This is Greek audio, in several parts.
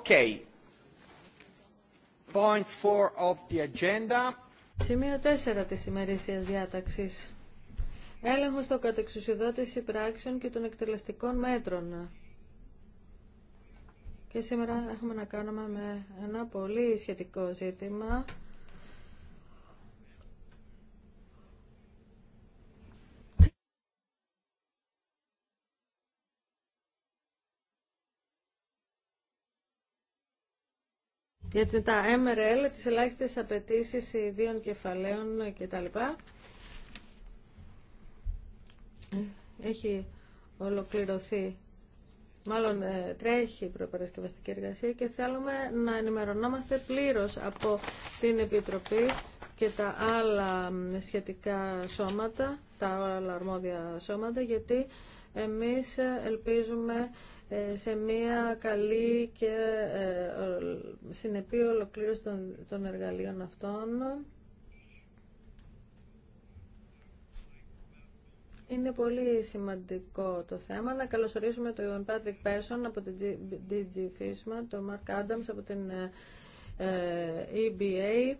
Okay. Point four of the agenda. Σημείο 4 της ημερήσιας διάταξης. Έλεγχος στο κατεξουσιοδότηση πράξεων και των εκτελεστικών μέτρων. Και σήμερα έχουμε να κάνουμε με ένα πολύ σχετικό ζήτημα για τα MRL, τις ελάχιστες απαιτήσει ιδίων κεφαλαίων κτλ. Έχει ολοκληρωθεί, μάλλον ε, τρέχει η προπαρασκευαστική εργασία και θέλουμε να ενημερωνόμαστε πλήρως από την Επιτροπή και τα άλλα σχετικά σώματα, τα άλλα αρμόδια σώματα, γιατί εμείς ε, ελπίζουμε ε, σε μια καλή και ε, συνεπή ολοκλήρωση των εργαλείων αυτών. Είναι πολύ σημαντικό το θέμα. Να καλωσορίσουμε τον Patrick Πέρσον από την DG FISMA, τον Mark Adams από την ε, EBA.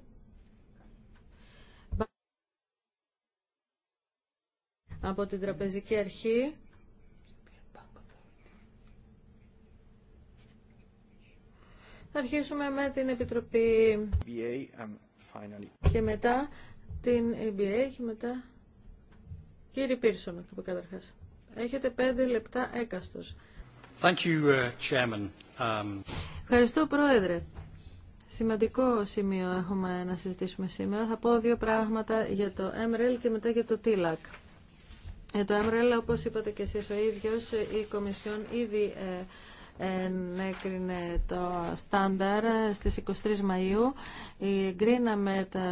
από την Τραπεζική Αρχή Θα αρχίσουμε με την Επιτροπή BA finally. και μετά την EBA και μετά... Κύριε Πίρσον, καταρχάς. Έχετε πέντε λεπτά έκαστος. Thank you, uh, um, Ευχαριστώ, Πρόεδρε. Σημαντικό σημείο έχουμε να συζητήσουμε σήμερα. Θα πω δύο πράγματα για το ΕΜΡΕΛ και μετά για το ΤΙΛΑΚ. Για το ΕΜΡΕΛ όπως είπατε και εσείς ο ίδιος, η Κομισιόν ήδη ε, ενέκρινε το στάνταρ στις 23 Μαΐου. Εγκρίναμε τα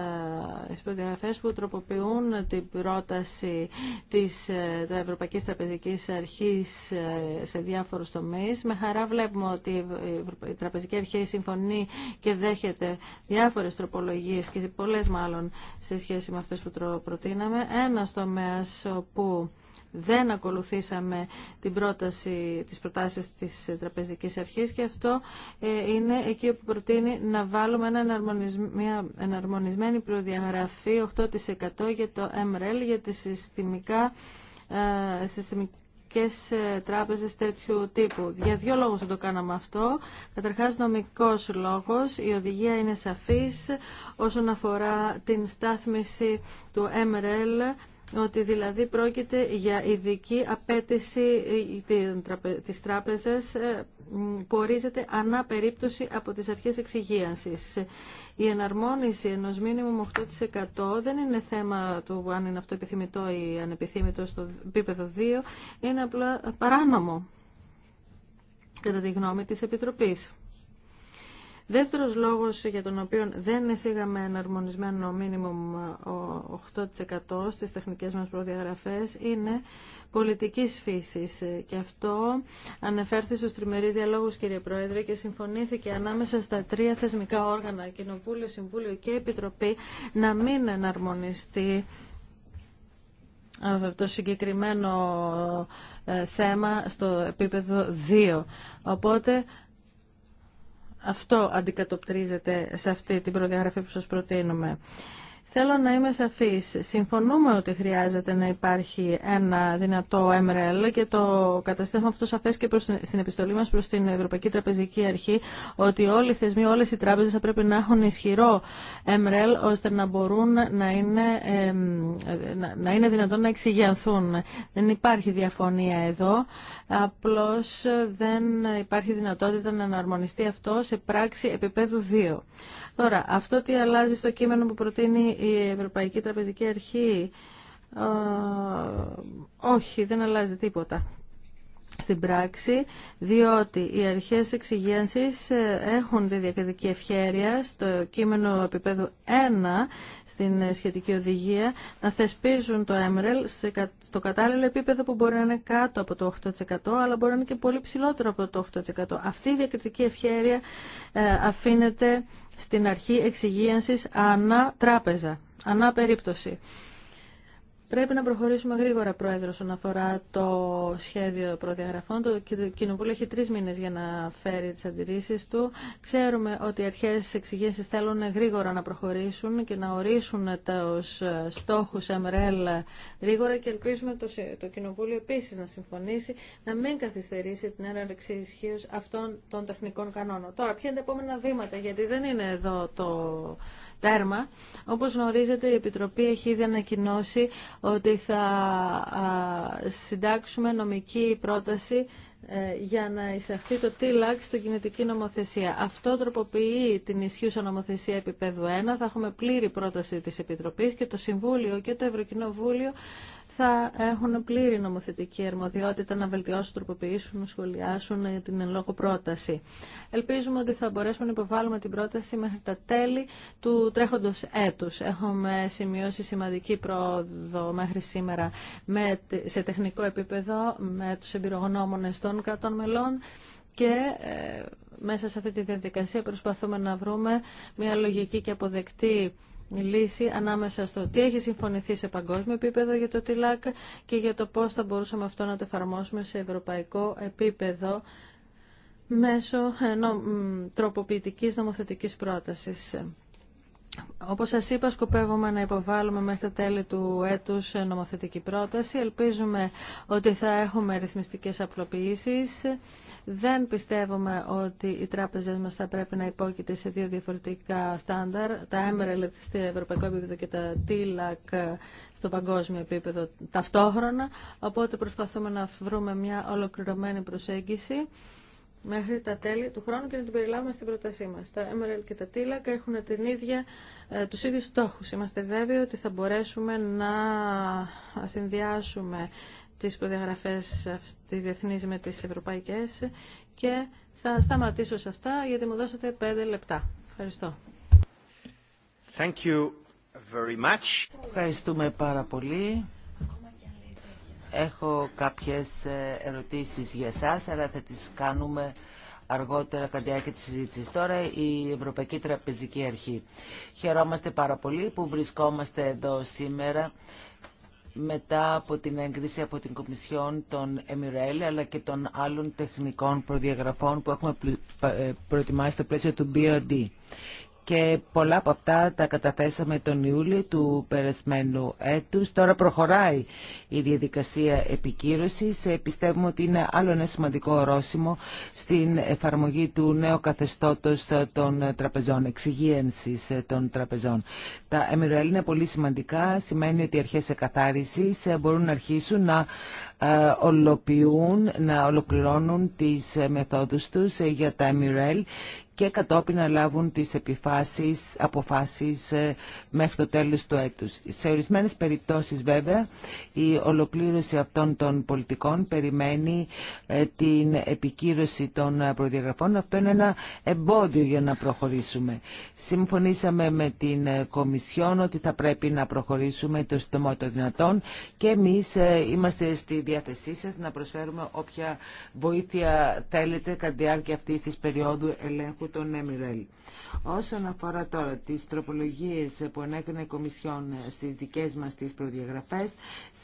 προδιαγραφές που τροποποιούν την πρόταση της ε, Ευρωπαϊκής Τραπεζικής Αρχής ε, σε διάφορους τομείς. Με χαρά βλέπουμε ότι η Τραπεζική Αρχή συμφωνεί και δέχεται διάφορες τροπολογίες και πολλές μάλλον σε σχέση με αυτές που προτείναμε. Ένας τομέας όπου δεν ακολουθήσαμε την πρόταση, τις προτάσεις της τραπεζικής αρχής και αυτό ε, είναι εκεί που προτείνει να βάλουμε ένα μια εναρμονισμένη προδιαγραφή 8% για το MREL για τις συστημικά ε, συστημικές ε, τράπεζες τέτοιου τύπου. Για δύο λόγους δεν το κάναμε αυτό. Καταρχάς νομικός λόγος, η οδηγία είναι σαφής όσον αφορά την στάθμιση του MRL ότι δηλαδή πρόκειται για ειδική απέτηση ε, της τράπεζας ε, που ορίζεται ανά περίπτωση από τις αρχές εξιγίανσης Η εναρμόνιση ενός μήνυμου 8% δεν είναι θέμα του αν είναι αυτό επιθυμητό ή ανεπιθύμητο στο επίπεδο 2, είναι απλά παράνομο κατά τη γνώμη της Επιτροπής. Δεύτερος λόγος για τον οποίο δεν εισήγαμε εναρμονισμένο μίνιμουμ 8% στι τεχνικέ μας προδιαγραφές είναι πολιτικής φύσης. Ε, και αυτό ανεφέρθη στου τριμερεί διαλόγους κύριε Πρόεδρε και συμφωνήθηκε ανάμεσα στα τρία θεσμικά όργανα, Κοινοβούλιο, Συμβούλιο και Επιτροπή, να μην εναρμονιστεί ε, το συγκεκριμένο ε, θέμα στο επίπεδο 2. Οπότε αυτό αντικατοπτρίζεται σε αυτή την προδιαγραφή που σας προτείνουμε. Θέλω να είμαι σαφής. Συμφωνούμε ότι χρειάζεται να υπάρχει ένα δυνατό MRL και το καταστέφουμε αυτό σαφές και προς, στην επιστολή μας προς την Ευρωπαϊκή Τραπεζική Αρχή ότι όλοι οι θεσμοί, όλες οι τράπεζες θα πρέπει να έχουν ισχυρό MRL ώστε να μπορούν να είναι, να είναι δυνατόν να εξηγιανθούν. Δεν υπάρχει διαφωνία εδώ, απλώς δεν υπάρχει δυνατότητα να αναρμονιστεί αυτό σε πράξη επίπεδου 2. Τώρα, αυτό τι αλλάζει στο κείμενο που προτείνει η Ευρωπαϊκή Τραπεζική Αρχή. Ε, όχι, δεν αλλάζει τίποτα στην πράξη, διότι οι αρχές εξυγένσης ε, έχουν τη διακριτική ευχέρεια στο κείμενο επίπεδο 1 στην ε, σχετική οδηγία να θεσπίζουν το MREL στο κατάλληλο επίπεδο που μπορεί να είναι κάτω από το 8% αλλά μπορεί να είναι και πολύ ψηλότερο από το 8%. Αυτή η διακριτική ευχέρεια ε, αφήνεται στην αρχή εξυγίανσης ανά τράπεζα, ανά περίπτωση. Πρέπει να προχωρήσουμε γρήγορα, Πρόεδρο, όσον αφορά το σχέδιο προδιαγραφών. Το Κοινοβούλιο έχει τρει μήνε για να φέρει τι αντιρρήσει του. Ξέρουμε ότι οι αρχέ εξηγήσει θέλουν γρήγορα να προχωρήσουν και να ορίσουν του ε, στόχου MRL γρήγορα και ελπίζουμε το, το Κοινοβούλιο επίση να συμφωνήσει να μην καθυστερήσει την έναρξη ισχύω αυτών των τεχνικών κανόνων. Τώρα, ποια είναι τα επόμενα βήματα, γιατί δεν είναι εδώ το τέρμα. Όπως γνωρίζετε η Επιτροπή έχει ήδη ανακοινώσει ότι θα συντάξουμε νομική πρόταση ε, για να εισαχθεί το TILAC στην κινητική νομοθεσία. Αυτό τροποποιεί την ισχύουσα νομοθεσία επίπεδου 1. Θα έχουμε πλήρη πρόταση της Επιτροπής και το Συμβούλιο και το Ευρωκοινοβούλιο θα έχουν πλήρη νομοθετική αρμοδιότητα να βελτιώσουν, τροποποιήσουν, σχολιάσουν ε, την εν λόγω πρόταση. Ελπίζουμε ότι θα μπορέσουμε να υποβάλουμε την πρόταση μέχρι τα τέλη του τρέχοντος έτους. Έχουμε σημειώσει σημαντική πρόοδο μέχρι σήμερα σε τεχνικό επίπεδο με τους εμπειρογνώμονες των κρατών μελών και ε, μέσα σε αυτή τη διαδικασία προσπαθούμε να βρούμε μια λογική και αποδεκτή λύση ανάμεσα στο τι έχει συμφωνηθεί σε παγκόσμιο επίπεδο για το ΤΙΛΑΚ και για το πώς θα μπορούσαμε αυτό να το εφαρμόσουμε σε ευρωπαϊκό επίπεδο μέσω ε, τροποποιητικής νομοθετικής πρότασης. Όπως σας είπα, σκοπεύουμε να υποβάλουμε μέχρι το τέλη του έτους νομοθετική πρόταση. Ελπίζουμε ότι θα έχουμε ρυθμιστικές απλοποιήσεις. Δεν πιστεύουμε ότι οι τράπεζες μας θα πρέπει να υπόκειται σε δύο διαφορετικά στάνταρ, τα έμερα στο ευρωπαϊκό επίπεδο και τα TILAC στο παγκόσμιο επίπεδο ταυτόχρονα. Οπότε προσπαθούμε να βρούμε μια ολοκληρωμένη προσέγγιση μέχρι τα τέλη του χρόνου και να την περιλάβουμε στην πρότασή μα. Τα MRL και τα TILAC έχουν την ίδια, ε, τους ίδιους στόχους. Είμαστε βέβαιοι ότι θα μπορέσουμε να συνδυάσουμε τις προδιαγραφέ τη διεθνής με τις ευρωπαϊκές και θα σταματήσω σε αυτά γιατί μου δώσατε πέντε λεπτά. Ευχαριστώ. Thank you very much. Ευχαριστούμε πάρα πολύ. Έχω κάποιες ε, ερωτήσεις για σας, αλλά θα τις κάνουμε αργότερα κατά τη διάρκεια της συζήτησης. Τώρα η Ευρωπαϊκή Τραπεζική Αρχή. Χαιρόμαστε πάρα πολύ που βρισκόμαστε εδώ σήμερα μετά από την έγκριση από την Κομισιόν των Εμιρέλ αλλά και των άλλων τεχνικών προδιαγραφών που έχουμε ε, προετοιμάσει στο πλαίσιο του BOD και πολλά από αυτά τα καταθέσαμε τον Ιούλιο του περασμένου έτους. Τώρα προχωράει η διαδικασία επικύρωσης. Ε, πιστεύουμε ότι είναι άλλο ένα σημαντικό ορόσημο στην εφαρμογή του νέου καθεστώτος των τραπεζών, εξυγίανσης των τραπεζών. Τα MRL είναι πολύ σημαντικά, σημαίνει ότι οι αρχές εκαθάρισης ε, μπορούν να αρχίσουν να ε, ολοποιούν, να ολοκληρώνουν τις μεθόδους τους για τα MRL και κατόπιν να λάβουν τις επιφάσεις, αποφάσεις ε, μέχρι το τέλος του έτους. Σε ορισμένες περιπτώσεις βέβαια η ολοκλήρωση αυτών των πολιτικών περιμένει ε, την επικύρωση των προδιαγραφών. Αυτό είναι ένα εμπόδιο για να προχωρήσουμε. Συμφωνήσαμε με την ε, Κομισιόν ότι θα πρέπει να προχωρήσουμε το σύντομο των δυνατών και εμείς είμαστε στη διάθεσή σας να προσφέρουμε όποια βοήθεια θέλετε κατά τη διάρκεια αυτής της περίοδου ελέγχου και τον Εμιρέλ. Όσον αφορά τώρα τις τροπολογίες που ενέκρινε η Κομισιόν στις δικές μας τις προδιαγραφές,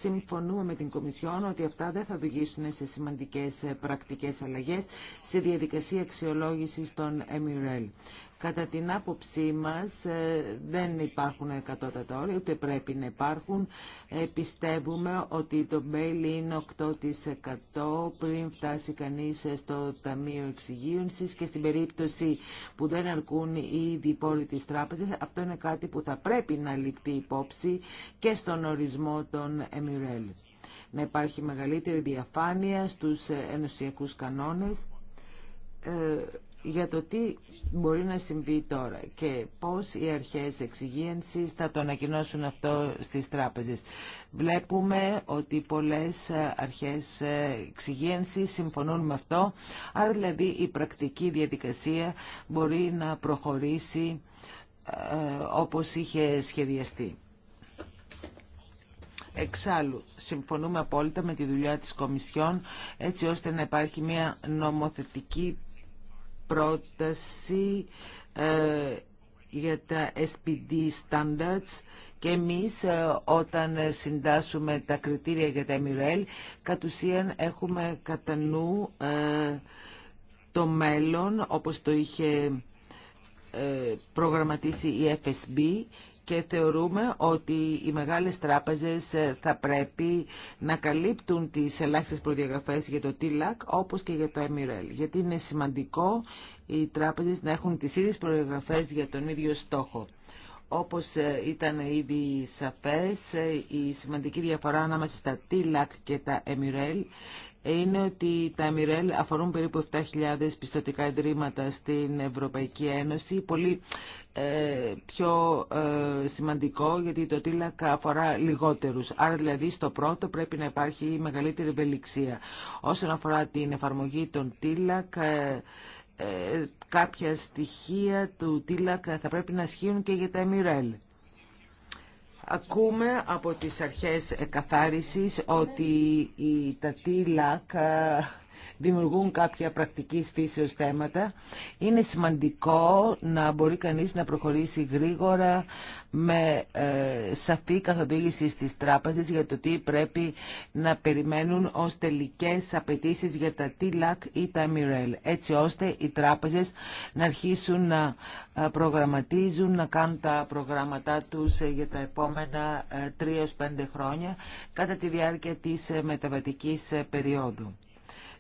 συμφωνούμε με την Κομισιόν ότι αυτά δεν θα οδηγήσουν σε σημαντικές πρακτικές αλλαγές στη διαδικασία αξιολόγησης των Εμιρέλ. Κατά την άποψή μας ε, δεν υπάρχουν εκατότατα όρια, ούτε πρέπει να υπάρχουν. Ε, πιστεύουμε ότι το bail είναι 8% πριν φτάσει κανείς στο Ταμείο Εξυγείωνσης και στην περίπτωση που δεν αρκούν οι διπόλοι της τράπεζας, αυτό είναι κάτι που θα πρέπει να ληφθεί υπόψη και στον ορισμό των Εμιρέλ. Να υπάρχει μεγαλύτερη διαφάνεια στους ενωσιακούς κανόνες ε, για το τι μπορεί να συμβεί τώρα και πώς οι αρχές εξυγίανσης θα το ανακοινώσουν αυτό στις τράπεζες. Βλέπουμε ότι πολλές αρχές εξυγίανσης συμφωνούν με αυτό, άρα δηλαδή η πρακτική διαδικασία μπορεί να προχωρήσει ε, όπως είχε σχεδιαστεί. Εξάλλου, συμφωνούμε απόλυτα με τη δουλειά της Κομισιόν έτσι ώστε να υπάρχει μια νομοθετική πρόταση ε, για τα SPD standards και εμείς ε, όταν συντάσσουμε τα κριτήρια για τα MRL κατ' ουσίαν έχουμε κατά νου ε, το μέλλον όπως το είχε προγραμματίσει η FSB και θεωρούμε ότι οι μεγάλες τράπεζες ε, θα πρέπει να καλύπτουν τις ελάχιστες προδιαγραφές για το ΤΙΛΑΚ όπως και για το εμιρέλ, Γιατί είναι σημαντικό οι τράπεζες να έχουν τις ίδιες προδιαγραφές για τον ίδιο στόχο. Όπως ε, ήταν ήδη σαφές, ε, η σημαντική διαφορά ανάμεσα στα ΤΙΛΑΚ και τα MRL είναι ότι τα Μιρέλ αφορούν περίπου 7.000 πιστοτικά ιδρύματα στην Ευρωπαϊκή Ένωση. Πολύ ε, πιο ε, σημαντικό γιατί το TILAC αφορά λιγότερους. Άρα δηλαδή στο πρώτο πρέπει να υπάρχει μεγαλύτερη ευελιξία. Όσον αφορά την εφαρμογή των TILAC, ε, κάποια στοιχεία του TILAC θα πρέπει να ισχύουν και για τα Μιρέλ. Ακούμε από τις αρχές καθάρισης ότι η τατίλακ, ε, δημιουργούν κάποια πρακτικής φύσεως θέματα. Είναι σημαντικό να μπορεί κανείς να προχωρήσει γρήγορα με ε, σαφή καθοδήγηση στις τράπεζες για το τι πρέπει να περιμένουν ως τελικές απαιτήσει για τα TLAC ή τα MIREL, έτσι ώστε οι τράπεζες να αρχίσουν να ε, προγραμματίζουν, να κάνουν τα προγράμματά τους ε, για τα επόμενα 3-5 χρόνια κατά τη διάρκεια της μεταβατικής περίοδου.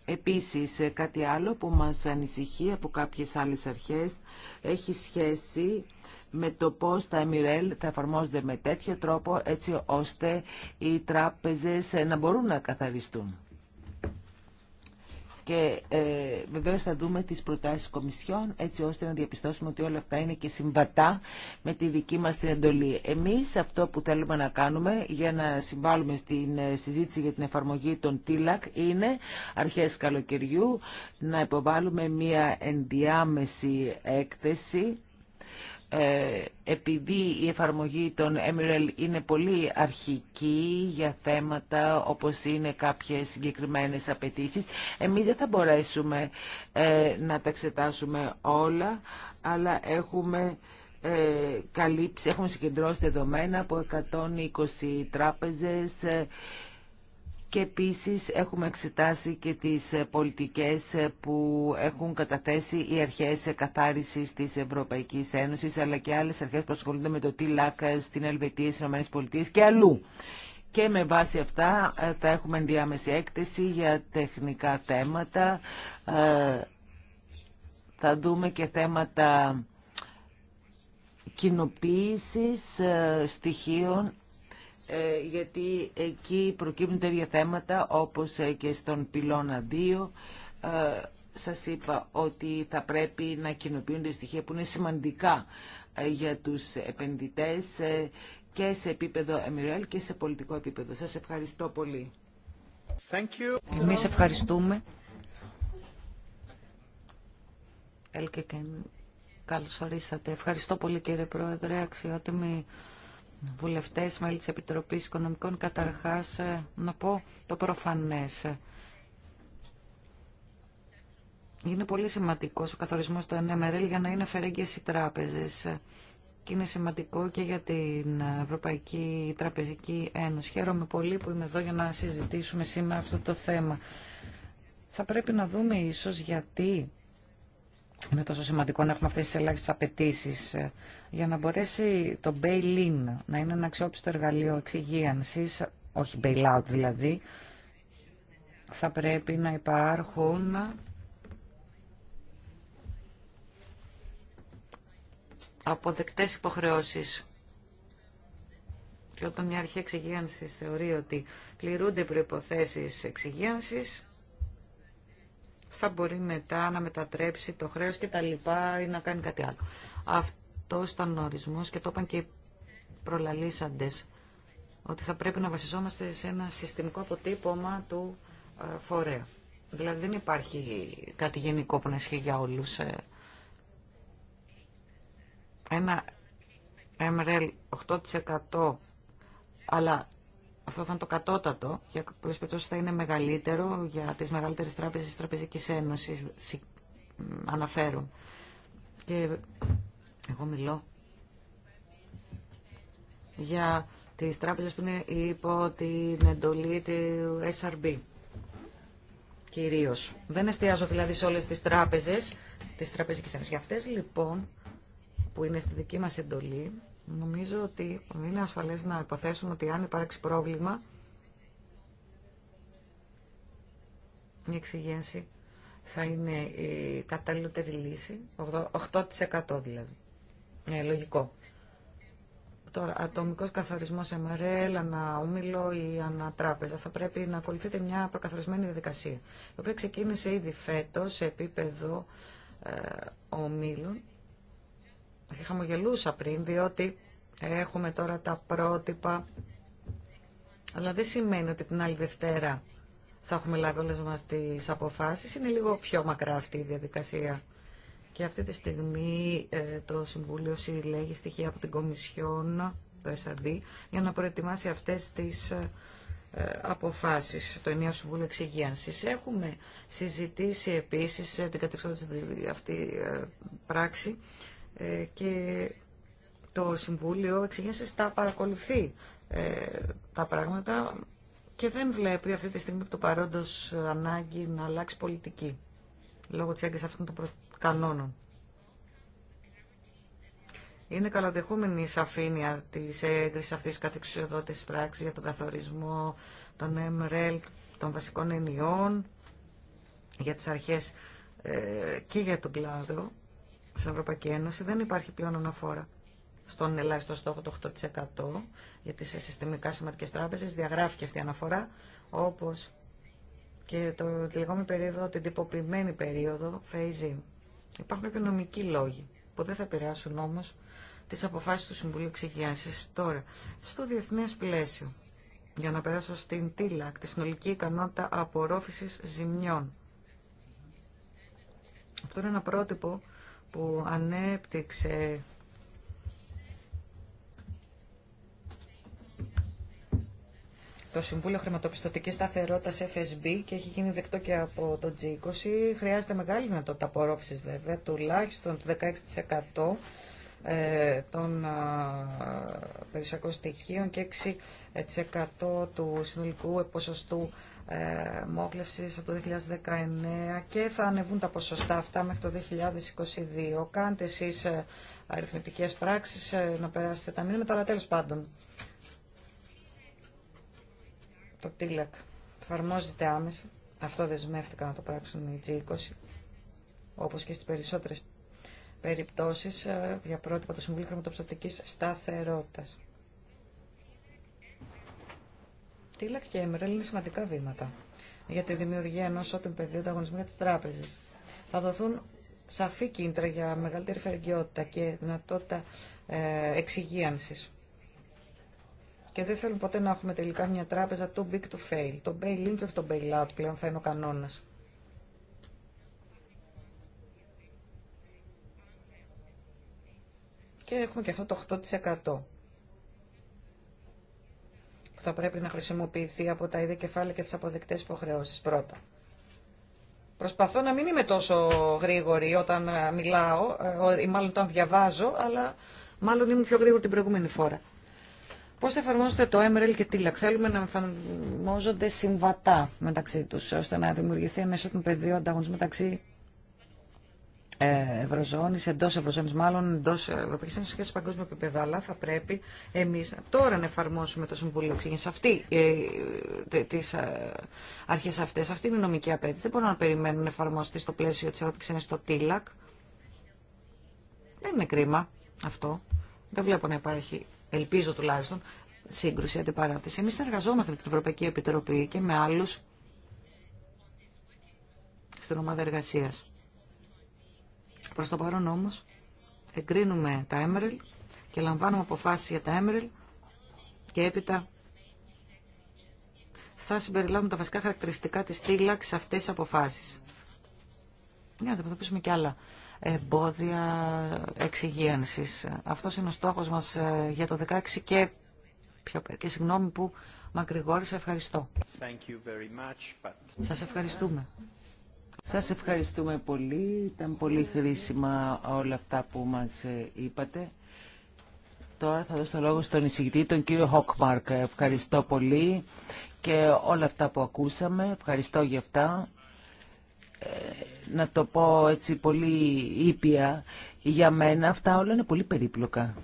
Επίσης, ε, κάτι άλλο που μας ανησυχεί από κάποιες άλλες αρχές έχει σχέση με το πώς τα MRL θα εφαρμόζονται με τέτοιο τρόπο έτσι ώστε οι τράπεζες ε, να μπορούν να καθαριστούν και ε, βεβαίως θα δούμε τις προτάσεις Κομισιόν έτσι ώστε να διαπιστώσουμε ότι όλα αυτά είναι και συμβατά με τη δική μας την εντολή. Εμείς αυτό που θέλουμε να κάνουμε για να συμβάλλουμε στην ε, συζήτηση για την εφαρμογή των ΤΙΛΑΚ είναι αρχές καλοκαιριού να υποβάλουμε μια ενδιάμεση έκθεση ε, επειδή η εφαρμογή των Emerald είναι πολύ αρχική για θέματα όπως είναι κάποιες συγκεκριμένες απαιτήσει, εμείς δεν θα μπορέσουμε ε, να τα εξετάσουμε όλα, αλλά έχουμε ε, καλύψει, έχουμε συγκεντρώσει δεδομένα από 120 τράπεζες και επίσης έχουμε εξετάσει και τις ε, πολιτικές ε, που έχουν καταθέσει οι αρχές ε, καθάρισης της Ευρωπαϊκής Ένωσης αλλά και άλλες αρχές που ασχολούνται με το ΤΙΛΑΚ στην Ελβετία, στις ΗΠΑ και αλλού. Και με βάση αυτά θα έχουμε ενδιάμεση έκθεση για τεχνικά θέματα. Θα δούμε και θέματα κοινοποίησης στοιχείων ε, γιατί εκεί προκύπτουν τέτοια θέματα όπως ε, και στον πυλώνα 2 ε, σας είπα ότι θα πρέπει να κοινοποιούνται στοιχεία που είναι σημαντικά για τους επενδυτές και σε επίπεδο MRL και σε πολιτικό επίπεδο. Σας ευχαριστώ πολύ. Thank Εμείς ευχαριστούμε. Ευχαριστώ πολύ κύριε Πρόεδρε, αξιότιμη βουλευτές, μέλη της Επιτροπής Οικονομικών, καταρχάς ε, να πω το προφανές. Είναι πολύ σημαντικός ο καθορισμός του NMRL για να είναι φερέγγιες οι τράπεζες. Και είναι σημαντικό και για την Ευρωπαϊκή Τραπεζική Ένωση. Χαίρομαι πολύ που είμαι εδώ για να συζητήσουμε σήμερα αυτό το θέμα. Θα πρέπει να δούμε ίσως γιατί είναι τόσο σημαντικό να έχουμε αυτές τις ελάχιστες απαιτήσει ε, για να μπορέσει το bail-in να είναι ένα αξιόπιστο εργαλείο εξυγίανσης, όχι bail-out δηλαδή, θα πρέπει να υπάρχουν αποδεκτές υποχρεώσεις. Και όταν μια αρχή εξυγίανσης θεωρεί ότι πληρούνται προϋποθέσεις εξυγίανσης, θα μπορεί μετά να μετατρέψει το χρέος και τα λοιπά ή να κάνει κάτι άλλο. Αυτό ήταν ο ορισμός και το είπαν και οι προλαλήσαντες ότι θα πρέπει να βασιζόμαστε σε ένα συστημικό αποτύπωμα του ε, φορέα. Δηλαδή δεν υπάρχει κάτι γενικό που να ισχύει για όλους. Ε. Ένα MRL 8% αλλά αυτό θα είναι το κατώτατο, για πολλές θα είναι μεγαλύτερο για τις μεγαλύτερες τράπεζες της Τραπεζικής Ένωσης, αναφέρουν. Και εγώ μιλώ για τις τράπεζες που είναι υπό την εντολή του SRB. Κυρίως. Δεν εστιάζω δηλαδή σε όλες τις τράπεζες της Τραπεζικής Ένωσης. Για αυτές λοιπόν που είναι στη δική μας εντολή, Νομίζω ότι είναι ασφαλές να υποθέσουμε ότι αν υπάρξει πρόβλημα, η εξηγένση θα είναι η καταλληλότερη λύση, 8% δηλαδή. Ε, λογικό. Τώρα, ατομικός καθορισμός MRL, αναόμιλο ή ανατράπεζα, θα πρέπει να ακολουθείτε μια προκαθορισμένη διαδικασία, η ανατραπεζα θα πρεπει ξεκίνησε ήδη φέτος σε επίπεδο ε, ομίλων γελούσα πριν, διότι έχουμε τώρα τα πρότυπα, αλλά δεν σημαίνει ότι την άλλη Δευτέρα θα έχουμε λάβει όλες μας τις αποφάσεις. Είναι λίγο πιο μακρά αυτή η διαδικασία. Και αυτή τη στιγμή ε, το Συμβούλιο συλλέγει στοιχεία από την Κομισιόν, το SRB, για να προετοιμάσει αυτές τις ε, αποφάσεις, το ενίο Συμβούλιο Εξυγίανσης. Έχουμε συζητήσει επίσης ε, την κατευθυντική αυτή πράξη ε, και το Συμβούλιο εξηγήσει τα παρακολουθεί ε, τα πράγματα και δεν βλέπει αυτή τη στιγμή το παρόντος ανάγκη να αλλάξει πολιτική λόγω της έγκρισης αυτών των κανόνων. Είναι καλοδεχούμενη η σαφήνεια της έγκρισης αυτής της κατεξουσιοδότησης πράξης για τον καθορισμό των MREL, των βασικών ενιών, για τις αρχές ε, και για τον κλάδο στην Ευρωπαϊκή Ένωση δεν υπάρχει πλέον αναφορά στον ελάχιστο στόχο το 8% γιατί σε συστημικά σημαντικές τράπεζες διαγράφει και αυτή η αναφορά όπως και το, λεγόμενο περίοδο, την τυποποιημένη περίοδο phase-in. Υπάρχουν και νομικοί λόγοι που δεν θα επηρεάσουν όμως τις αποφάσεις του Συμβουλίου Εξυγίανσης τώρα στο διεθνές πλαίσιο για να περάσω στην TILAC τη συνολική ικανότητα απορρόφησης ζημιών. Αυτό είναι ένα πρότυπο που ανέπτυξε το Συμβούλιο Χρηματοπιστωτική Σταθερότητα FSB και έχει γίνει δεκτό και από το G20. Χρειάζεται μεγάλη δυνατότητα απορρόφηση βέβαια, τουλάχιστον του 16% ε, των περιουσιακών στοιχείων και 6% του συνολικού ποσοστού ε, μόκλευσης από το 2019 και θα ανεβούν τα ποσοστά αυτά μέχρι το 2022. Κάντε εσείς ε, αριθμητικές πράξεις να περάσετε τα μήνυματα, αλλά τέλος πάντων. Το TILAC e εφαρμόζεται άμεσα. Αυτό δεσμεύτηκαν να το πράξουν οι G20, όπως και στις περισσότερες περιπτώσεις ε, για πρότυπα του Συμβουλίου Χρηματοπιστωτικής Σταθερότητας. λέει και έμερα είναι σημαντικά βήματα για τη δημιουργία ενός ότιμου πεδίου ανταγωνισμού για τις τράπεζες. Θα δοθούν σαφή κίνητρα για μεγαλύτερη φεργιότητα και δυνατότητα ε, εξυγίανσης. Και δεν θέλουν ποτέ να έχουμε τελικά μια τράπεζα too big to fail. Το bail-in και όχι το bail-out πλέον θα είναι ο κανόνας. και έχουμε και αυτό το 8% που θα πρέπει να χρησιμοποιηθεί από τα ίδια κεφάλαια και τις αποδεκτές υποχρεώσεις πρώτα. Προσπαθώ να μην είμαι τόσο γρήγορη όταν ε, μιλάω, ε, ή μάλλον όταν διαβάζω, αλλά μάλλον ήμουν πιο γρήγορη την προηγούμενη φορά. Πώ θα εφαρμόζεται το MRL και TILAC. Θέλουμε να εφαρμόζονται συμβατά μεταξύ του, ώστε να δημιουργηθεί ένα ισότιμο πεδίο ανταγωνισμού μεταξύ Ευρωζώνη, εντό Ευρωζώνη, μάλλον εντό Ευρωπαϊκή Ένωση και σε παγκόσμιο επίπεδο. Αλλά θα πρέπει εμεί τώρα να εφαρμόσουμε το Συμβούλιο Εξήγηση αυτή, ε, τι ε, αρχέ αυτέ. Αυτή είναι η νομική απέτηση. Δεν μπορούμε να περιμένουμε να εφαρμοστεί στο πλαίσιο τη Ευρωπαϊκή Ένωση το ΤΙΛΑΚ. Δεν είναι κρίμα αυτό. Δεν βλέπω να υπάρχει, ελπίζω τουλάχιστον, σύγκρουση, αντιπαράθεση. Εμεί εργαζόμαστε με την Ευρωπαϊκή Επιτροπή και με άλλου στην ομάδα εργασία Προς το παρόν όμως εγκρίνουμε τα Emerald και λαμβάνουμε αποφάσεις για τα Emerald και έπειτα θα συμπεριλάβουμε τα βασικά χαρακτηριστικά της στήλα σε αυτές τις αποφάσεις. Για να αντιμετωπίσουμε και άλλα εμπόδια εξυγίανσης. Αυτός είναι ο στόχος μας ε, για το 16 και πιο Και συγγνώμη που μακρηγόρησα. Ευχαριστώ. Thank Σας ευχαριστούμε. Σας ευχαριστούμε πολύ. Ήταν πολύ χρήσιμα όλα αυτά που μας ε, είπατε. Τώρα θα δώσω το λόγο στον εισηγητή, τον κύριο Χόκμαρκ. Ευχαριστώ πολύ και όλα αυτά που ακούσαμε. Ευχαριστώ για αυτά. Ε, να το πω έτσι πολύ ήπια. Για μένα αυτά όλα είναι πολύ περίπλοκα.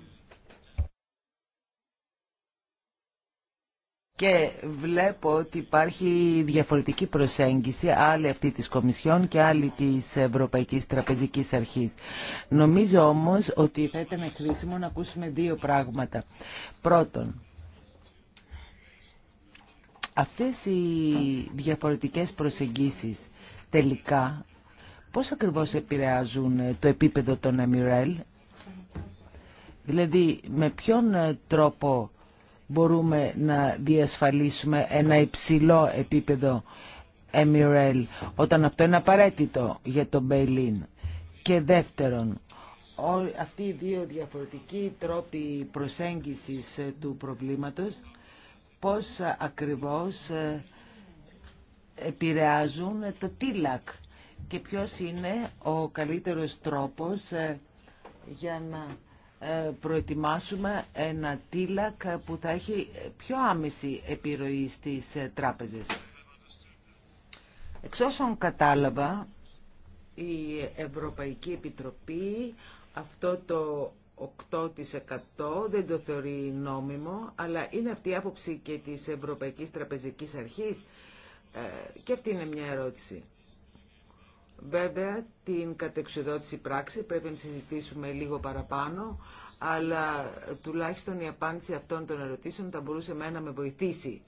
και βλέπω ότι υπάρχει διαφορετική προσέγγιση, άλλη αυτή της Κομισιόν και άλλη της Ευρωπαϊκής Τραπεζικής Αρχής. Νομίζω όμως ότι θα ήταν χρήσιμο να ακούσουμε δύο πράγματα. Πρώτον, αυτές οι διαφορετικές προσεγγίσεις τελικά πώς ακριβώς επηρεάζουν το επίπεδο των Εμιρέλ, δηλαδή με ποιον τρόπο μπορούμε να διασφαλίσουμε ένα υψηλό επίπεδο MRL όταν αυτό είναι απαραίτητο για το Μπέιλιν. Και δεύτερον, αυτοί οι δύο διαφορετικοί τρόποι προσέγγισης ε, του προβλήματος πώς ε, ακριβώς ε, επηρεάζουν το τίλακ και ποιος είναι ο καλύτερος τρόπος για να ε, προετοιμάσουμε ένα τίλακ που θα έχει πιο άμεση επιρροή στις ε, τράπεζες. Εξ όσων κατάλαβα, η Ευρωπαϊκή Επιτροπή αυτό το 8% δεν το θεωρεί νόμιμο, αλλά είναι αυτή η άποψη και της Ευρωπαϊκής Τραπεζικής Αρχής. Ε, και αυτή είναι μια ερώτηση. Βέβαια, την κατεξοδότηση πράξη πρέπει να συζητήσουμε λίγο παραπάνω, αλλά τουλάχιστον η απάντηση αυτών των ερωτήσεων θα μπορούσε εμένα να με βοηθήσει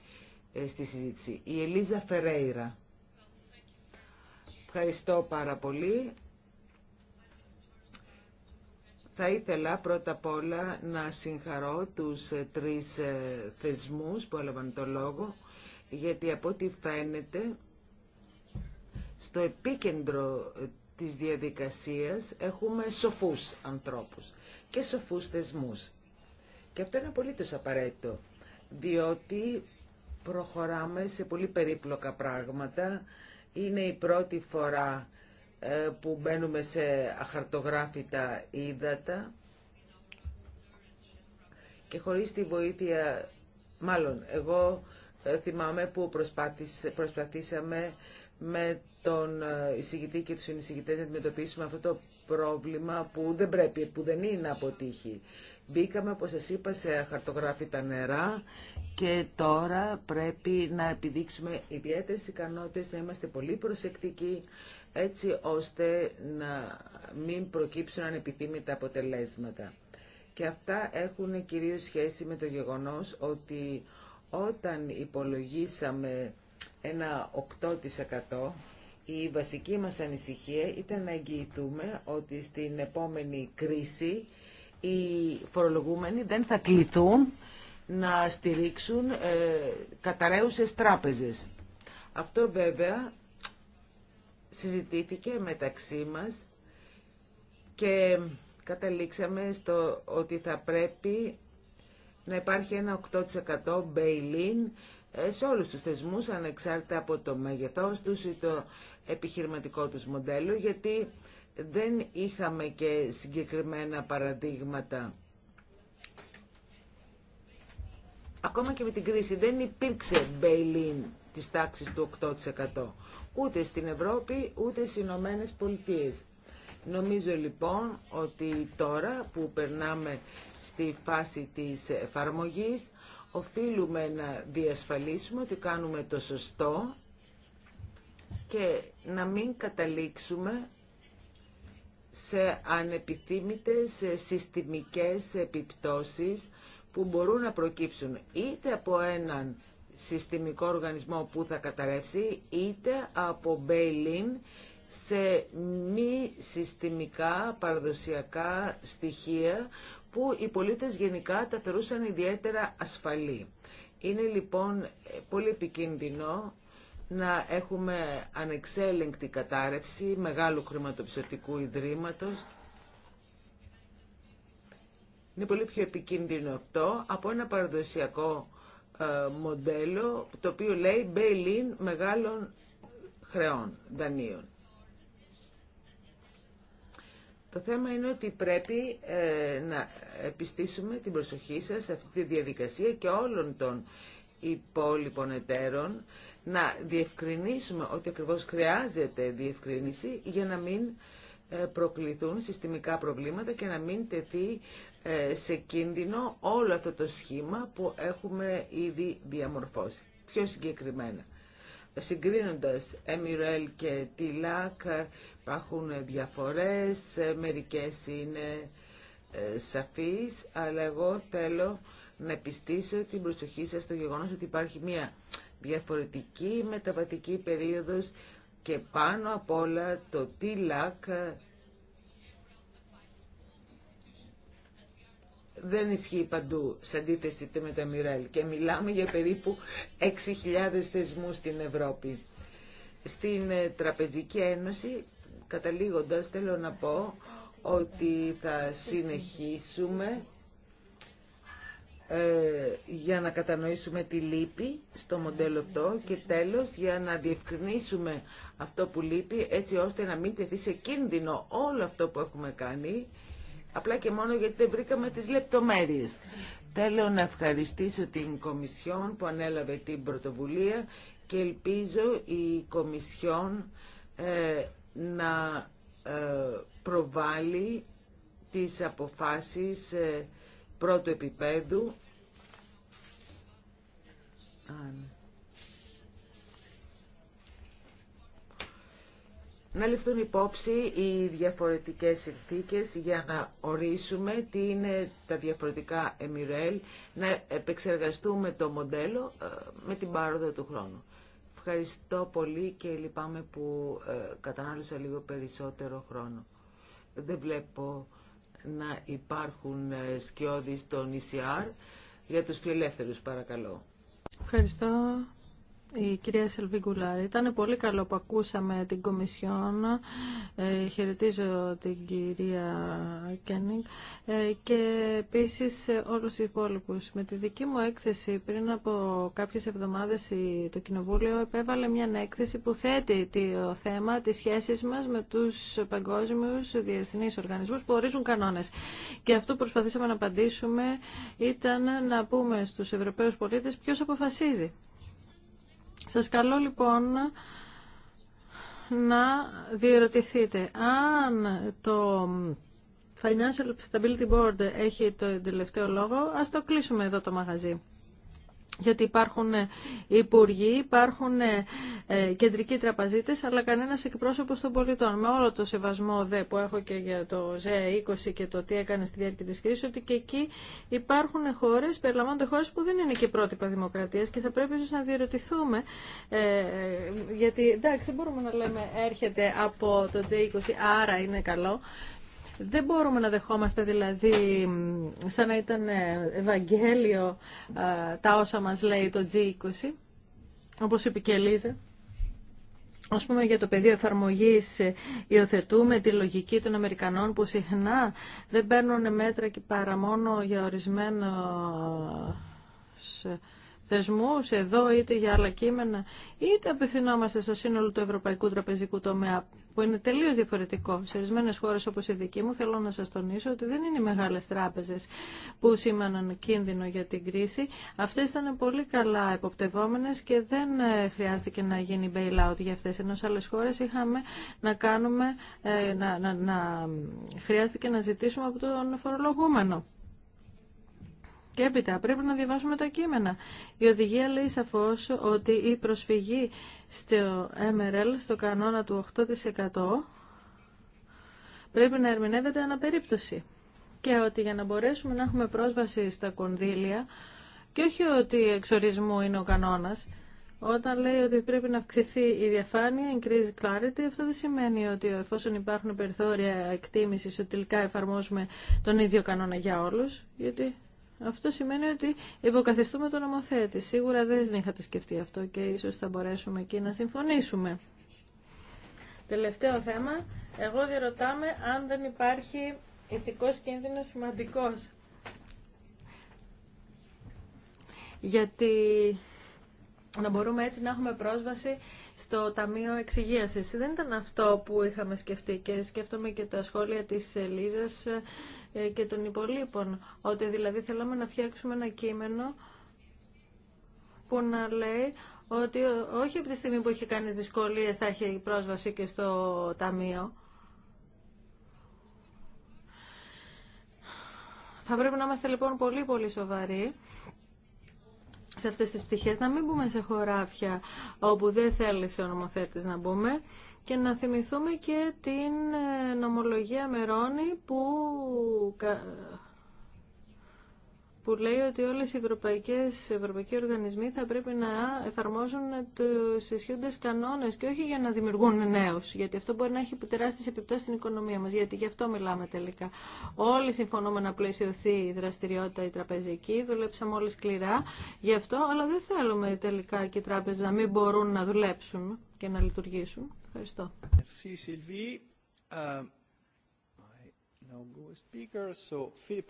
ε, στη συζήτηση. Η Ελίζα Φερέιρα. Ευχαριστώ πάρα πολύ. Θα ήθελα πρώτα απ' όλα να συγχαρώ τους ε, τρεις ε, θεσμούς που έλαβαν το λόγο, γιατί από ό,τι φαίνεται στο επίκεντρο ε, της διαδικασίας έχουμε σοφούς ανθρώπους και σοφούς θεσμούς. Και αυτό είναι απολύτως απαραίτητο, διότι προχωράμε σε πολύ περίπλοκα πράγματα. Είναι η πρώτη φορά ε, που μπαίνουμε σε αχαρτογράφητα ύδατα και χωρίς τη βοήθεια, μάλλον εγώ ε, θυμάμαι που προσπαθήσαμε με τον ε, εισηγητή και τους συνεισηγητές να αντιμετωπίσουμε αυτό το πρόβλημα που δεν πρέπει, που δεν είναι να αποτύχει. Μπήκαμε, όπως σας είπα, σε χαρτογράφητα νερά και τώρα πρέπει να επιδείξουμε ιδιαίτερε ικανότητες, να είμαστε πολύ προσεκτικοί, έτσι ώστε να μην προκύψουν ανεπιθύμητα αποτελέσματα. Και αυτά έχουν κυρίως σχέση με το γεγονός ότι όταν υπολογίσαμε ένα 8%. Η βασική μας ανησυχία ήταν να εγγυηθούμε ότι στην επόμενη κρίση οι φορολογούμενοι δεν θα κληθούν να στηρίξουν ε, καταραίουσες τράπεζες. Αυτό βέβαια συζητήθηκε μεταξύ μας και καταλήξαμε στο ότι θα πρέπει να υπάρχει ένα 8% bail-in σε όλους τους θεσμούς ανεξάρτητα από το μέγεθός τους ή το επιχειρηματικό τους μοντέλο γιατί δεν είχαμε και συγκεκριμένα παραδείγματα. Ακόμα και με την κρίση δεν υπήρξε της τάξης του 8% ούτε στην Ευρώπη ούτε στις Ηνωμένε Πολιτείες. Νομίζω λοιπόν ότι τώρα που περνάμε στη φάση της εφαρμογής οφείλουμε να διασφαλίσουμε ότι κάνουμε το σωστό και να μην καταλήξουμε σε ανεπιθύμητες συστημικές επιπτώσεις που μπορούν να προκύψουν είτε από έναν συστημικό οργανισμό που θα καταρρεύσει είτε από σε μη συστημικά παραδοσιακά στοιχεία που οι πολίτες γενικά τα θεωρούσαν ιδιαίτερα ασφαλή. Είναι λοιπόν ε, πολύ επικίνδυνο να έχουμε ανεξέλεγκτη κατάρρευση μεγάλου χρηματοπιστωτικού ιδρύματος. Είναι πολύ πιο επικίνδυνο αυτό από ένα παραδοσιακό ε, μοντέλο το οποίο λέει bail-in μεγάλων χρεών, δανείων. Το θέμα είναι ότι πρέπει ε, να επιστήσουμε την προσοχή σας σε αυτή τη διαδικασία και όλων των υπόλοιπων εταίρων να διευκρινίσουμε ότι ακριβώς χρειάζεται διευκρινίση για να μην ε, προκληθούν συστημικά προβλήματα και να μην τεθεί ε, σε κίνδυνο όλο αυτό το σχήμα που έχουμε ήδη διαμορφώσει. Πιο συγκεκριμένα, συγκρίνοντας Εμιρέλ και Τιλάκ υπάρχουν διαφορές, μερικές είναι ε, σαφείς, αλλά εγώ θέλω να επιστήσω την προσοχή σας στο γεγονός ότι υπάρχει μια διαφορετική μεταβατική περίοδος και πάνω απ' όλα το τιλάκ. δεν ισχύει παντού σε αντίθεση με τα Μιρέλ και μιλάμε για περίπου 6.000 θεσμούς στην Ευρώπη. Στην ε, Τραπεζική Ένωση, καταλήγοντας, θέλω να πω ότι θα συνεχίσουμε ε, για να κατανοήσουμε τη λύπη στο μοντέλο αυτό και τέλος για να διευκρινίσουμε αυτό που λείπει έτσι ώστε να μην τεθεί σε κίνδυνο όλο αυτό που έχουμε κάνει απλά και μόνο γιατί δεν βρήκαμε τις λεπτομέρειες. Θέλω να ευχαριστήσω την Κομισιόν που ανέλαβε την πρωτοβουλία και ελπίζω η Κομισιόν ε, να ε, προβάλλει τις αποφάσεις ε, πρώτου επίπεδου. να ληφθούν υπόψη οι διαφορετικές συνθήκες για να ορίσουμε τι είναι τα διαφορετικά εμιρέλ, να επεξεργαστούμε το μοντέλο ε, με την πάροδο του χρόνου. Ευχαριστώ πολύ και λυπάμαι που ε, κατανάλωσα λίγο περισσότερο χρόνο. Δεν βλέπω να υπάρχουν ε, σκιώδεις στον ECR. Για τους φιλελεύθερους παρακαλώ. Ευχαριστώ η κυρία Σελβί Γκουλάρη. Ήταν πολύ καλό που ακούσαμε την Κομισιόν. Ε, χαιρετίζω την κυρία Κένινγκ. ε, και επίσης όλους οι υπόλοιπους. Με τη δική μου έκθεση πριν από κάποιες εβδομάδες το Κοινοβούλιο επέβαλε μια έκθεση που θέτει το θέμα της σχέσης μας με τους παγκόσμιους διεθνείς οργανισμούς που ορίζουν κανόνες. Και αυτό που προσπαθήσαμε να απαντήσουμε ήταν να πούμε στους Ευρωπαίους πολίτες ποιος αποφασίζει σας καλώ λοιπόν να διερωτηθείτε αν το Financial Stability Board έχει το τελευταίο λόγο, ας το κλείσουμε εδώ το μαγαζί γιατί υπάρχουν ε, υπουργοί, υπάρχουν ε, ε, κεντρικοί τραπαζίτες, αλλά κανένας εκπρόσωπος των πολιτών. Με όλο το σεβασμό δε που έχω και για το ΖΕ20 και το τι έκανε στη διάρκεια της κρίσης, ότι και εκεί υπάρχουν χώρες, περιλαμβάνονται χώρες που δεν είναι και πρότυπα δημοκρατίας και θα πρέπει ίσως να διερωτηθούμε, ε, γιατί εντάξει δεν μπορούμε να λέμε έρχεται από το J20, άρα είναι καλό. Δεν μπορούμε να δεχόμαστε δηλαδή σαν να ήταν ε, Ευαγγέλιο τα όσα μας λέει το G20, όπως είπε και Ελίζα. πούμε για το πεδίο εφαρμογή ε, υιοθετούμε τη λογική των Αμερικανών που συχνά δεν παίρνουν μέτρα και παρά μόνο για ορισμένο ε, θεσμούς εδώ είτε για άλλα κείμενα, είτε απευθυνόμαστε στο σύνολο του ευρωπαϊκού τραπεζικού τομέα που είναι τελείως διαφορετικό. Σε ορισμένε χώρες όπως η δική μου θέλω να σας τονίσω ότι δεν είναι οι μεγάλες τράπεζες που σήμαναν κίνδυνο για την κρίση. Αυτές ήταν πολύ καλά εποπτευόμενες και δεν ε, χρειάστηκε να γίνει bailout για αυτέ Ενώ σε άλλες χώρες είχαμε να κάνουμε, ε, να, να, να χρειάστηκε να ζητήσουμε από τον φορολογούμενο. Και έπειτα πρέπει να διαβάσουμε τα κείμενα. Η οδηγία λέει σαφώς ότι η προσφυγή στο MRL, στο κανόνα του 8%, πρέπει να ερμηνεύεται αναπερίπτωση. Και ότι για να μπορέσουμε να έχουμε πρόσβαση στα κονδύλια, και όχι ότι εξορισμού είναι ο κανόνας, όταν λέει ότι πρέπει να αυξηθεί η διαφάνεια, increase clarity, αυτό δεν σημαίνει ότι εφόσον υπάρχουν περιθώρια εκτίμησης ότι τελικά εφαρμόζουμε τον ίδιο κανόνα για όλους, γιατί αυτό σημαίνει ότι υποκαθιστούμε τον νομοθέτη. Σίγουρα δεν είχατε σκεφτεί αυτό και ίσως θα μπορέσουμε εκεί να συμφωνήσουμε. Τελευταίο θέμα. Εγώ διαρωτάμε αν δεν υπάρχει ηθικός κίνδυνος σημαντικός. Γιατί να μπορούμε έτσι να έχουμε πρόσβαση στο Ταμείο Εξυγίασης. Δεν ήταν αυτό που είχαμε σκεφτεί και σκέφτομαι και τα σχόλια της Ελίζας ε, και των υπολείπων. Ότι δηλαδή θέλαμε να φτιάξουμε ένα κείμενο που να λέει ότι όχι από τη στιγμή που έχει κάνει δυσκολίες θα έχει πρόσβαση και στο ταμείο. Θα πρέπει να είμαστε λοιπόν πολύ πολύ σοβαροί σε αυτές τις πτυχές, να μην μπούμε σε χωράφια όπου δεν θέλει ο νομοθέτης να μπούμε και να θυμηθούμε και την ε, νομολογία Μερώνη που που λέει ότι όλες οι ευρωπαϊκές, ευρωπαϊκοί οργανισμοί θα πρέπει να εφαρμόζουν τους ισχύοντες κανόνες και όχι για να δημιουργούν νέους, γιατί αυτό μπορεί να έχει τεράστιες επιπτώσεις στην οικονομία μας, γιατί γι' αυτό μιλάμε τελικά. Όλοι συμφωνούμε να πλαισιωθεί η δραστηριότητα η τραπεζική, δουλέψαμε όλοι σκληρά γι' αυτό, αλλά δεν θέλουμε τελικά και οι τράπεζες να μην μπορούν να δουλέψουν και να λειτουργήσουν. Ευχαριστώ.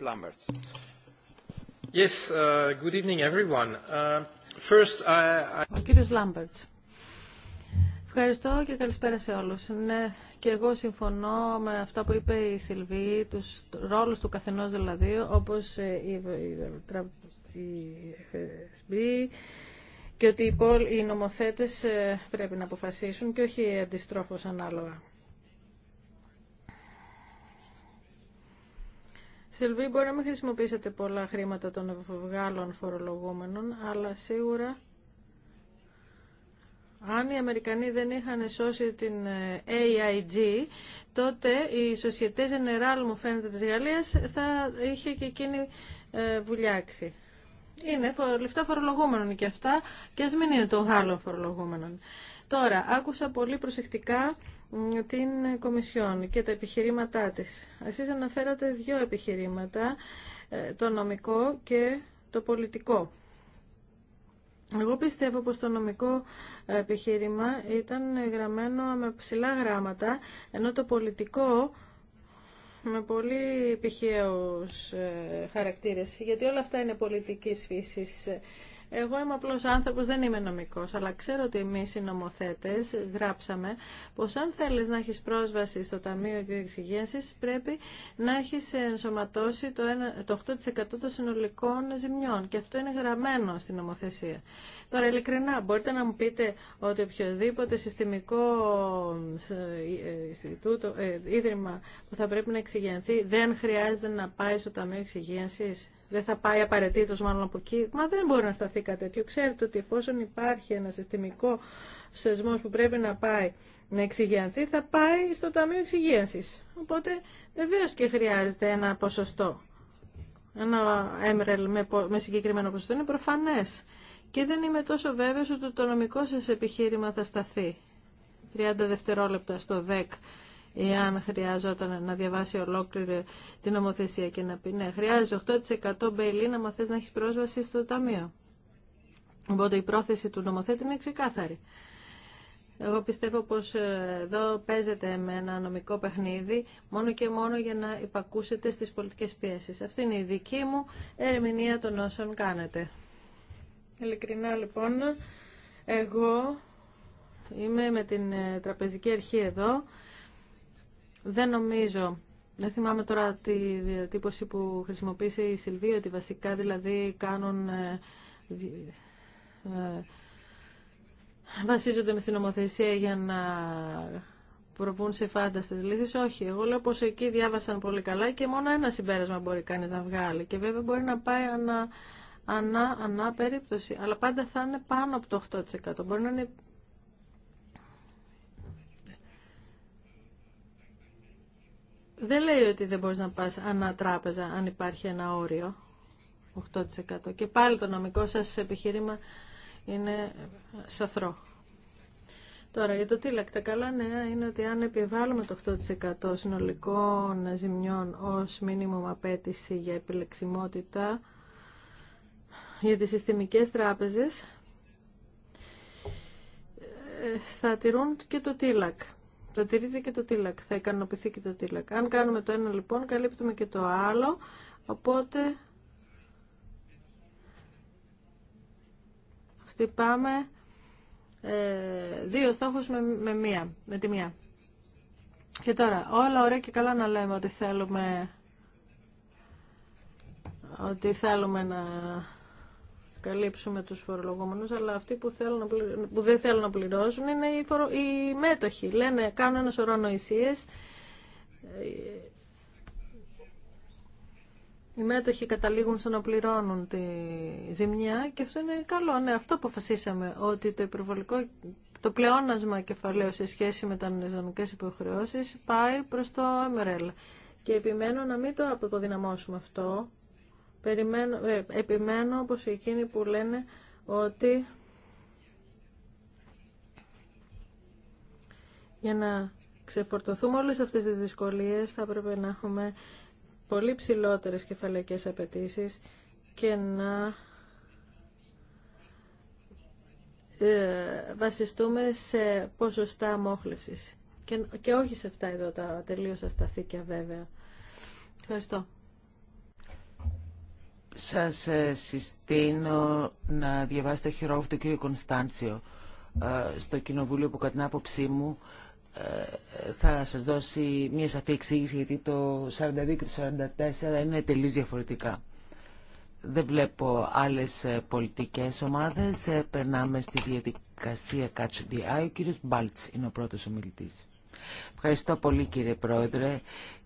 Merci, Yes, uh, good evening everyone. Uh, Λάμπερτς. Ευχαριστώ και καλησπέρα σε όλους. Ναι, και εγώ συμφωνώ με αυτά που είπε η Σιλβή, τους ρόλους του καθενός δηλαδή, όπως ε, η, η, και ότι οι νομοθέτες ε, πρέπει να αποφασίσουν και όχι αντιστρόφως ανάλογα. Σελβί μπορεί να μην χρησιμοποιήσετε πολλά χρήματα των Γάλλων φορολογούμενων, αλλά σίγουρα αν οι Αμερικανοί δεν είχαν σώσει την ε, AIG, τότε η Société Générale, μου φαίνεται, της Γαλλίας θα είχε και εκείνη ε, βουλιάξει. Είναι λεφτά φορολογούμενων και αυτά και α μην είναι το άλλο φορολογούμενων. Τώρα, άκουσα πολύ προσεκτικά την Κομισιόν και τα επιχειρήματά της. Εσείς αναφέρατε δύο επιχειρήματα, ε, το νομικό και το πολιτικό. Εγώ πιστεύω πως το νομικό επιχείρημα ήταν γραμμένο με ψηλά γράμματα, ενώ το πολιτικό με πολύ επιχείρους ε, χαρακτήρες, γιατί όλα αυτά είναι πολιτικής φύσης. Εγώ είμαι απλό άνθρωπος, δεν είμαι νομικός, αλλά ξέρω ότι εμείς οι νομοθέτες γράψαμε πως αν θέλει να έχεις πρόσβαση στο Ταμείο Εξυγένσης πρέπει να έχεις ενσωματώσει το 8% των συνολικών ζημιών και αυτό είναι γραμμένο στην νομοθεσία. Τώρα ειλικρινά μπορείτε να μου πείτε ότι οποιοδήποτε συστημικό ε, ε, ίδρυμα που θα πρέπει να εξηγενθεί δεν χρειάζεται να πάει στο Ταμείο Εξυγένσης δεν θα πάει απαραίτητο μάλλον από εκεί. Μα δεν μπορεί να σταθεί κάτι τέτοιο. Ξέρετε ότι εφόσον υπάρχει ένα συστημικό σεσμό που πρέπει να πάει να εξυγιανθεί, θα πάει στο Ταμείο Εξυγίανση. Οπότε βεβαίω και χρειάζεται ένα ποσοστό. Ένα έμρελ με συγκεκριμένο ποσοστό είναι προφανέ. Και δεν είμαι τόσο βέβαιος ότι το νομικό σας επιχείρημα θα σταθεί. 30 δευτερόλεπτα στο 10 εάν χρειάζονταν να διαβάσει ολόκληρη την νομοθεσία και να πει ναι, χρειάζεσαι 8% μπέιλι να μαθες να έχεις πρόσβαση στο ταμείο. Οπότε η πρόθεση του νομοθέτη είναι ξεκάθαρη. Εγώ πιστεύω πως ε, εδώ παίζεται με ένα νομικό παιχνίδι μόνο και μόνο για να υπακούσετε στις πολιτικές πιέσεις. Αυτή είναι η δική μου ερμηνεία των όσων κάνετε. Ειλικρινά λοιπόν, εγώ είμαι με την ε, τραπεζική αρχή εδώ δεν νομίζω δεν θυμάμαι τώρα τη διατύπωση που χρησιμοποίησε η Σιλβία, ότι βασικά δηλαδή κάνουν, ε, ε, βασίζονται με την νομοθεσία για να προβούν σε φάνταστες λύσεις. Όχι, εγώ λέω πως εκεί διάβασαν πολύ καλά και μόνο ένα συμπέρασμα μπορεί κανείς να βγάλει. Και βέβαια μπορεί να πάει ανά, ανά, ανά περίπτωση, αλλά πάντα θα είναι πάνω από το 8%. Μπορεί να είναι δεν λέει ότι δεν μπορείς να πας ανά τράπεζα αν υπάρχει ένα όριο 8%. Και πάλι το νομικό σας επιχείρημα είναι σαθρό. Τώρα, για το τίλακ, τα καλά νέα είναι ότι αν επιβάλλουμε το 8% συνολικών ζημιών ως μίνιμουμ απέτηση για επιλεξιμότητα για τις συστημικές τράπεζες, ε, θα τηρούν και το τίλακ. Θα τηρείται και το τίλακ, θα ικανοποιηθεί και το τίλακ. Αν κάνουμε το ένα λοιπόν, καλύπτουμε και το άλλο, οπότε χτυπάμε ε, δύο στόχους με, με, μία, με τη μία. Και τώρα, όλα ωραία και καλά να λέμε ότι θέλουμε ότι θέλουμε να καλύψουμε τους φορολογούμενους, αλλά αυτοί που, θέλουν να που δεν θέλουν να πληρώσουν είναι οι, φορο... οι μέτοχοι. Λένε, κάνουν ένα σωρό νοησίες. Οι μέτοχοι καταλήγουν στο να πληρώνουν τη ζημιά και αυτό είναι καλό. Ναι, αυτό αποφασίσαμε, ότι το υπερβολικό το πλεόνασμα κεφαλαίου σε σχέση με τα νεζονικές υποχρεώσεις πάει προς το MRL. Και επιμένω να μην το αποδυναμώσουμε αυτό, Περιμένω, ε, επιμένω όπως εκείνοι που λένε ότι για να ξεφορτωθούμε όλες αυτές τις δυσκολίες θα πρέπει να έχουμε πολύ ψηλότερες κεφαλαϊκές απαιτήσει και να ε, βασιστούμε σε ποσοστά μόχλευσης και, και όχι σε αυτά εδώ τα τελείωσα ασταθήκια βέβαια. Ευχαριστώ. Σας ε, συστήνω να διαβάσετε το χειρόγραφο του Κωνστάντσιο ε, στο κοινοβούλιο που κατά την άποψή μου ε, θα σας δώσει μια σαφή εξήγηση γιατί το 42 και το 44 είναι τελείως διαφορετικά. Δεν βλέπω άλλες πολιτικές ομάδες. Περνάμε στη διαδικασία Catch the Eye. Ο κύριος Μπάλτς είναι ο πρώτος ομιλητής. Ευχαριστώ πολύ κύριε Πρόεδρε.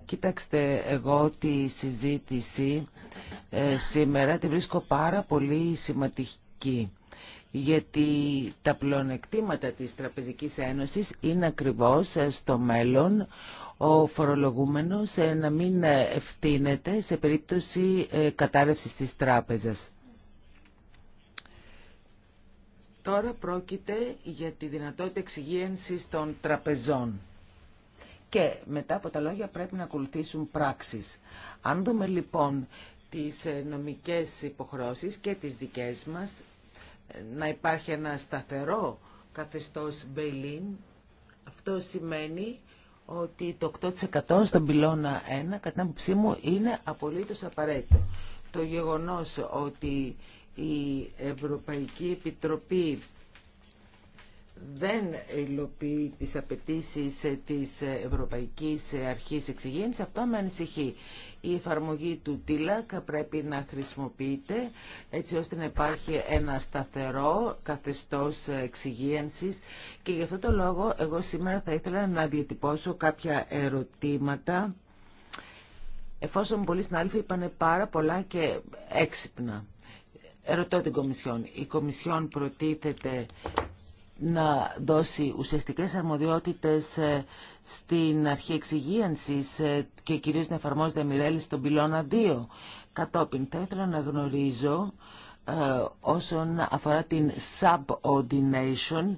Κοιτάξτε, εγώ τη συζήτηση ε, σήμερα τη βρίσκω πάρα πολύ σημαντική γιατί τα πλεονεκτήματα της Τραπεζικής Ένωσης είναι ακριβώς ε, στο μέλλον ο φορολογούμενος ε, να μην ευθύνεται σε περίπτωση κατάρρευσης της τράπεζας. Τώρα πρόκειται για τη δυνατότητα εξυγίανσης των τραπεζών και μετά από τα λόγια πρέπει να ακολουθήσουν πράξεις. Αν δούμε λοιπόν τις ε, νομικές υποχρώσεις και τις δικές μας, να υπάρχει ένα σταθερό καθεστώς Μπέιλιν, αυτό σημαίνει ότι το 8% στον πυλώνα 1, κατά την άποψή μου, είναι απολύτως απαραίτητο. Το γεγονός ότι η Ευρωπαϊκή Επιτροπή δεν υλοποιεί τις απαιτήσεις της Ευρωπαϊκής Αρχής Εξυγήνης, αυτό με ανησυχεί. Η εφαρμογή του ΤΙΛΑΚ πρέπει να χρησιμοποιείται έτσι ώστε να υπάρχει ένα σταθερό καθεστώς εξυγίανσης και γι' αυτό το λόγο εγώ σήμερα θα ήθελα να διατυπώσω κάποια ερωτήματα εφόσον πολλοί συνάδελφοι είπαν πάρα πολλά και έξυπνα. Ερωτώ την Κομισιόν. Η Κομισιόν προτίθεται να δώσει ουσιαστικές αρμοδιότητες ε, στην αρχή εξυγίανσης ε, και κυρίως να εφαρμόζεται μοιρέλη στον πυλώνα 2. Κατόπιν θα ήθελα να γνωρίζω ε, όσον αφορά την subordination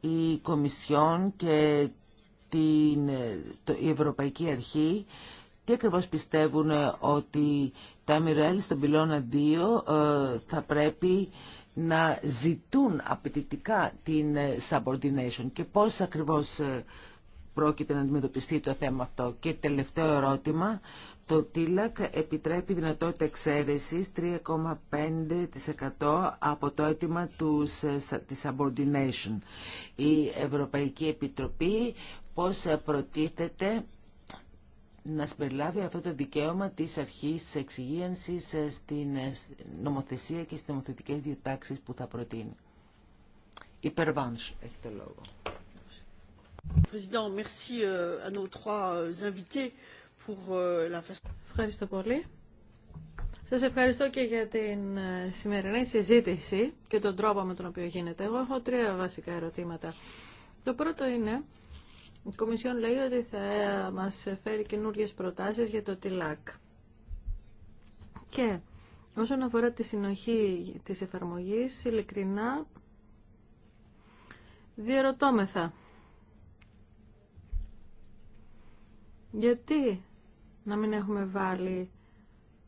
η Κομισιόν και την, το, η Ευρωπαϊκή Αρχή τι ακριβώ πιστεύουν ότι τα μοιρέλη στον πυλώνα 2 θα πρέπει να ζητούν απαιτητικά την ε, subordination και πώς ακριβώς ε, πρόκειται να αντιμετωπιστεί το θέμα αυτό. Και τελευταίο ερώτημα, το TILAC επιτρέπει δυνατότητα εξαίρεσης 3,5% από το αίτημα τους, ε, της subordination. Η Ευρωπαϊκή Επιτροπή πώς προτίθεται να συμπεριλάβει αυτό το δικαίωμα της αρχής της ε, στην ε, νομοθεσία και στις νομοθετικές διατάξεις που θα προτείνει. Υπερβάνς έχει το λόγο. Ε, ευχαριστώ πολύ. Σας ευχαριστώ και για την σημερινή συζήτηση και τον τρόπο με τον οποίο γίνεται. Εγώ έχω τρία βασικά ερωτήματα. Το πρώτο είναι η Κομισιόν λέει ότι θα μας φέρει καινούριε προτάσεις για το ΤΙΛΑΚ. Και όσον αφορά τη συνοχή της εφαρμογής, ειλικρινά διερωτώμεθα. Γιατί να μην έχουμε βάλει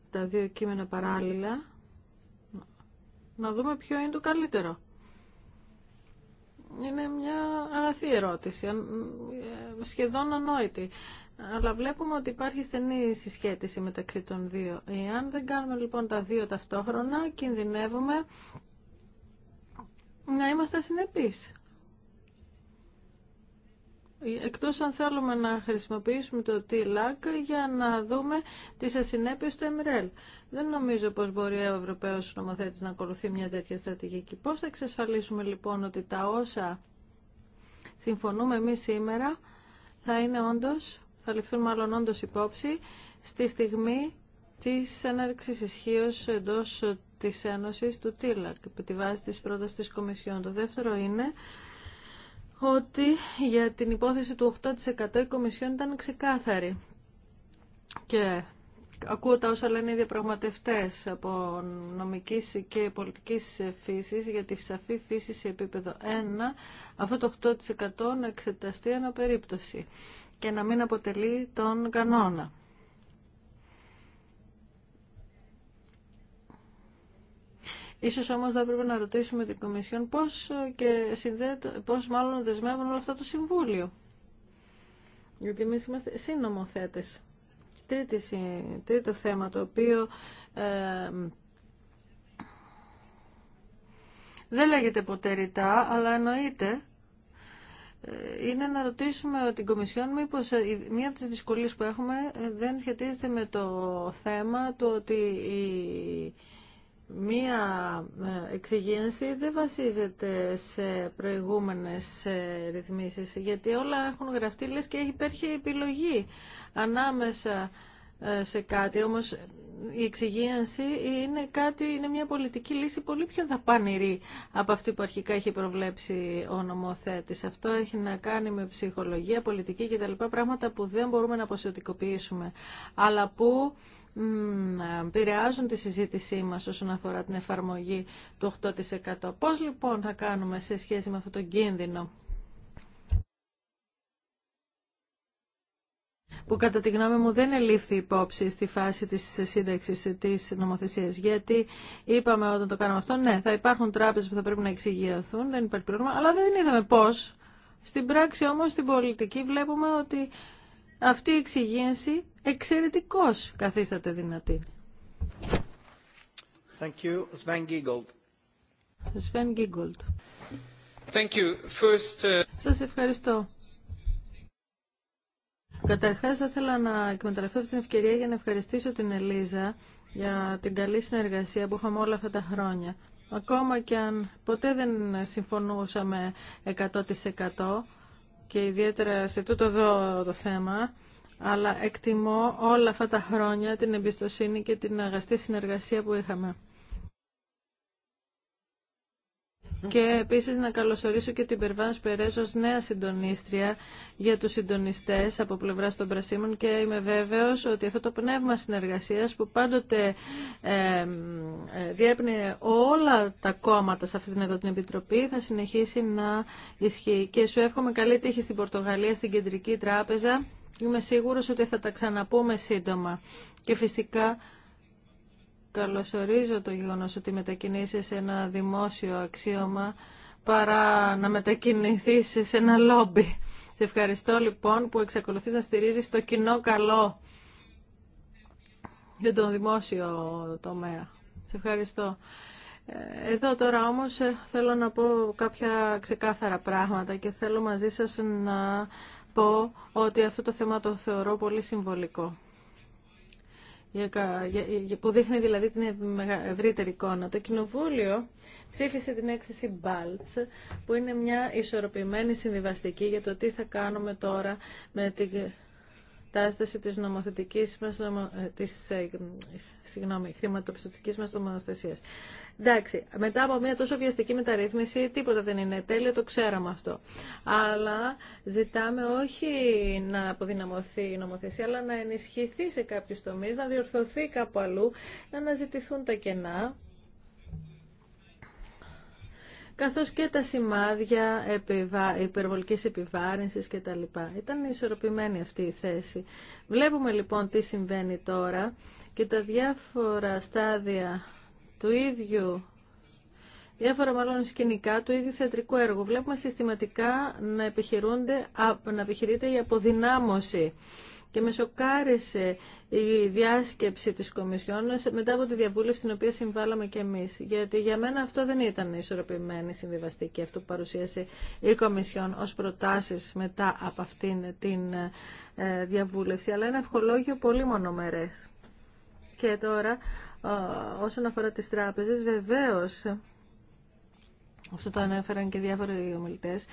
τα δύο κείμενα παράλληλα, να δούμε ποιο είναι το καλύτερο είναι μια αγαθή ερώτηση, ε, σχεδόν ανόητη. Αλλά βλέπουμε ότι υπάρχει στενή συσχέτιση μεταξύ των δύο. Εάν δεν κάνουμε λοιπόν τα δύο ταυτόχρονα, κινδυνεύουμε να είμαστε συνεπείς. Εκτός αν θέλουμε να χρησιμοποιήσουμε το T-Lag για να δούμε τις ασυνέπειες του MRL. Δεν νομίζω πως μπορεί ο Ευρωπαίος νομοθέτης να ακολουθεί μια τέτοια στρατηγική. Πώς θα εξασφαλίσουμε λοιπόν ότι τα όσα συμφωνούμε εμείς σήμερα θα είναι όντως, θα ληφθούν μάλλον όντως υπόψη στη στιγμή της έναρξης ισχύω εντός της Ένωσης του ΤΙΛΑΚ, επί τη βάση της πρότασης της Κομισιόν. Το δεύτερο είναι ότι για την υπόθεση του 8% η Κομισιόν ήταν ξεκάθαρη και Ακούω τα όσα λένε οι διαπραγματευτέ από νομική και πολιτική φύση για τη σαφή φύση σε επίπεδο 1, αυτό το 8% να εξεταστεί αναπερίπτωση περίπτωση και να μην αποτελεί τον κανόνα. Ίσως όμως θα έπρεπε να ρωτήσουμε την Κομισιόν πώς, και συνδέεται, πώς μάλλον δεσμεύουν όλα αυτά το Συμβούλιο. Γιατί εμεί είμαστε συνομοθέτες τρίτη, ε, τρίτο θέμα το οποίο ε, δεν λέγεται ποτέ ρητά, αλλά εννοείται ε, είναι να ρωτήσουμε την Κομισιόν μήπως μία από τις δυσκολίες που έχουμε δεν σχετίζεται με το θέμα του ότι η μία ε, εξυγίανση δεν βασίζεται σε προηγούμενες ε, ρυθμίσεις, γιατί όλα έχουν γραφτεί, λες και υπέρχει επιλογή ανάμεσα ε, σε κάτι, όμως η εξυγίανση είναι κάτι, είναι μια πολιτική λύση πολύ πιο δαπανηρή από αυτή που αρχικά έχει προβλέψει ο νομοθέτης. Αυτό έχει να κάνει με ψυχολογία, πολιτική κτλ. Πράγματα που δεν μπορούμε να αποσιωτικοποιήσουμε, αλλά που επηρεάζουν τη συζήτησή μας όσον αφορά την εφαρμογή του 8%. Πώς λοιπόν θα κάνουμε σε σχέση με αυτό το κίνδυνο που κατά τη γνώμη μου δεν ελήφθη υπόψη στη φάση της σύνταξης της νομοθεσίας. Γιατί είπαμε όταν το κάναμε αυτό, ναι, θα υπάρχουν τράπεζες που θα πρέπει να εξηγηθούν, δεν υπάρχει πρόβλημα, αλλά δεν είδαμε πώς. Στην πράξη όμως, στην πολιτική, βλέπουμε ότι αυτή η εξηγήνση εξαιρετικός καθίσατε δυνατή. Thank you, Sven Giegold. Sven Giegold. Thank you. First, uh, Σας ευχαριστώ. Καταρχάς θα ήθελα να εκμεταλλευτώ την ευκαιρία για να ευχαριστήσω την Ελίζα για την καλή συνεργασία που είχαμε όλα αυτά τα χρόνια. Ακόμα και αν ποτέ δεν συμφωνούσαμε 100% και ιδιαίτερα σε τούτο εδώ το θέμα, αλλά εκτιμώ όλα αυτά τα χρόνια την εμπιστοσύνη και την αγαστή συνεργασία που είχαμε. Και επίσης να καλωσορίσω και την Περβάνς Περές ως νέα συντονίστρια για τους συντονιστές από πλευρά των Πρασίμων και είμαι βέβαιος ότι αυτό το πνεύμα συνεργασίας που πάντοτε ε, διέπνε όλα τα κόμματα σε αυτή την εδώ την Επιτροπή θα συνεχίσει να ισχύει. Και σου εύχομαι καλή τύχη στην Πορτογαλία, στην Κεντρική Τράπεζα Είμαι σίγουρος ότι θα τα ξαναπούμε σύντομα. Και φυσικά καλωσορίζω το γεγονός ότι μετακινήσεις σε ένα δημόσιο αξίωμα παρά να μετακινηθείς σε ένα λόμπι. Σε ευχαριστώ λοιπόν που εξακολουθείς να στηρίζεις το κοινό καλό για το δημόσιο τομέα. Σε ευχαριστώ. Ε, εδώ τώρα όμως ε, θέλω να πω κάποια ξεκάθαρα πράγματα και θέλω μαζί σας να πω ότι αυτό το θέμα το θεωρώ πολύ συμβολικό που δείχνει δηλαδή την ευρύτερη εικόνα. Το Κοινοβούλιο ψήφισε την έκθεση BALTS, που είναι μια ισορροπημένη συμβιβαστική για το τι θα κάνουμε τώρα με την κατάσταση της νομοθετικής μας, ε, της, ε, συγγνώμη, χρηματοπιστωτικής μας νομοθεσίας. Εντάξει, μετά από μια τόσο βιαστική μεταρρύθμιση, τίποτα δεν είναι τέλειο, το ξέραμε αυτό. Αλλά ζητάμε όχι να αποδυναμωθεί η νομοθεσία, αλλά να ενισχυθεί σε κάποιους τομείς, να διορθωθεί κάπου αλλού, να αναζητηθούν τα κενά καθώς και τα σημάδια επιβα... υπερβολικής επιβάρυνσης κτλ. Ήταν ισορροπημένη αυτή η θέση. Βλέπουμε λοιπόν τι συμβαίνει τώρα και τα διάφορα στάδια του ίδιου διάφορα μάλλον σκηνικά του ίδιου θεατρικού έργου. Βλέπουμε συστηματικά να, επιχειρούνται, να επιχειρείται η αποδυνάμωση και με σοκάρισε η διάσκεψη της Κομισιόν μετά από τη διαβούλευση στην οποία συμβάλαμε και εμείς. Γιατί για μένα αυτό δεν ήταν ισορροπημένη συμβιβαστική αυτό που παρουσίασε η Κομισιόν ως προτάσεις μετά από αυτήν την ε, διαβούλευση. Αλλά ένα ευχολόγιο πολύ μονομερές. Και τώρα όσον αφορά τις τράπεζες βεβαίως αυτό το ανέφεραν και διάφοροι ομιλητές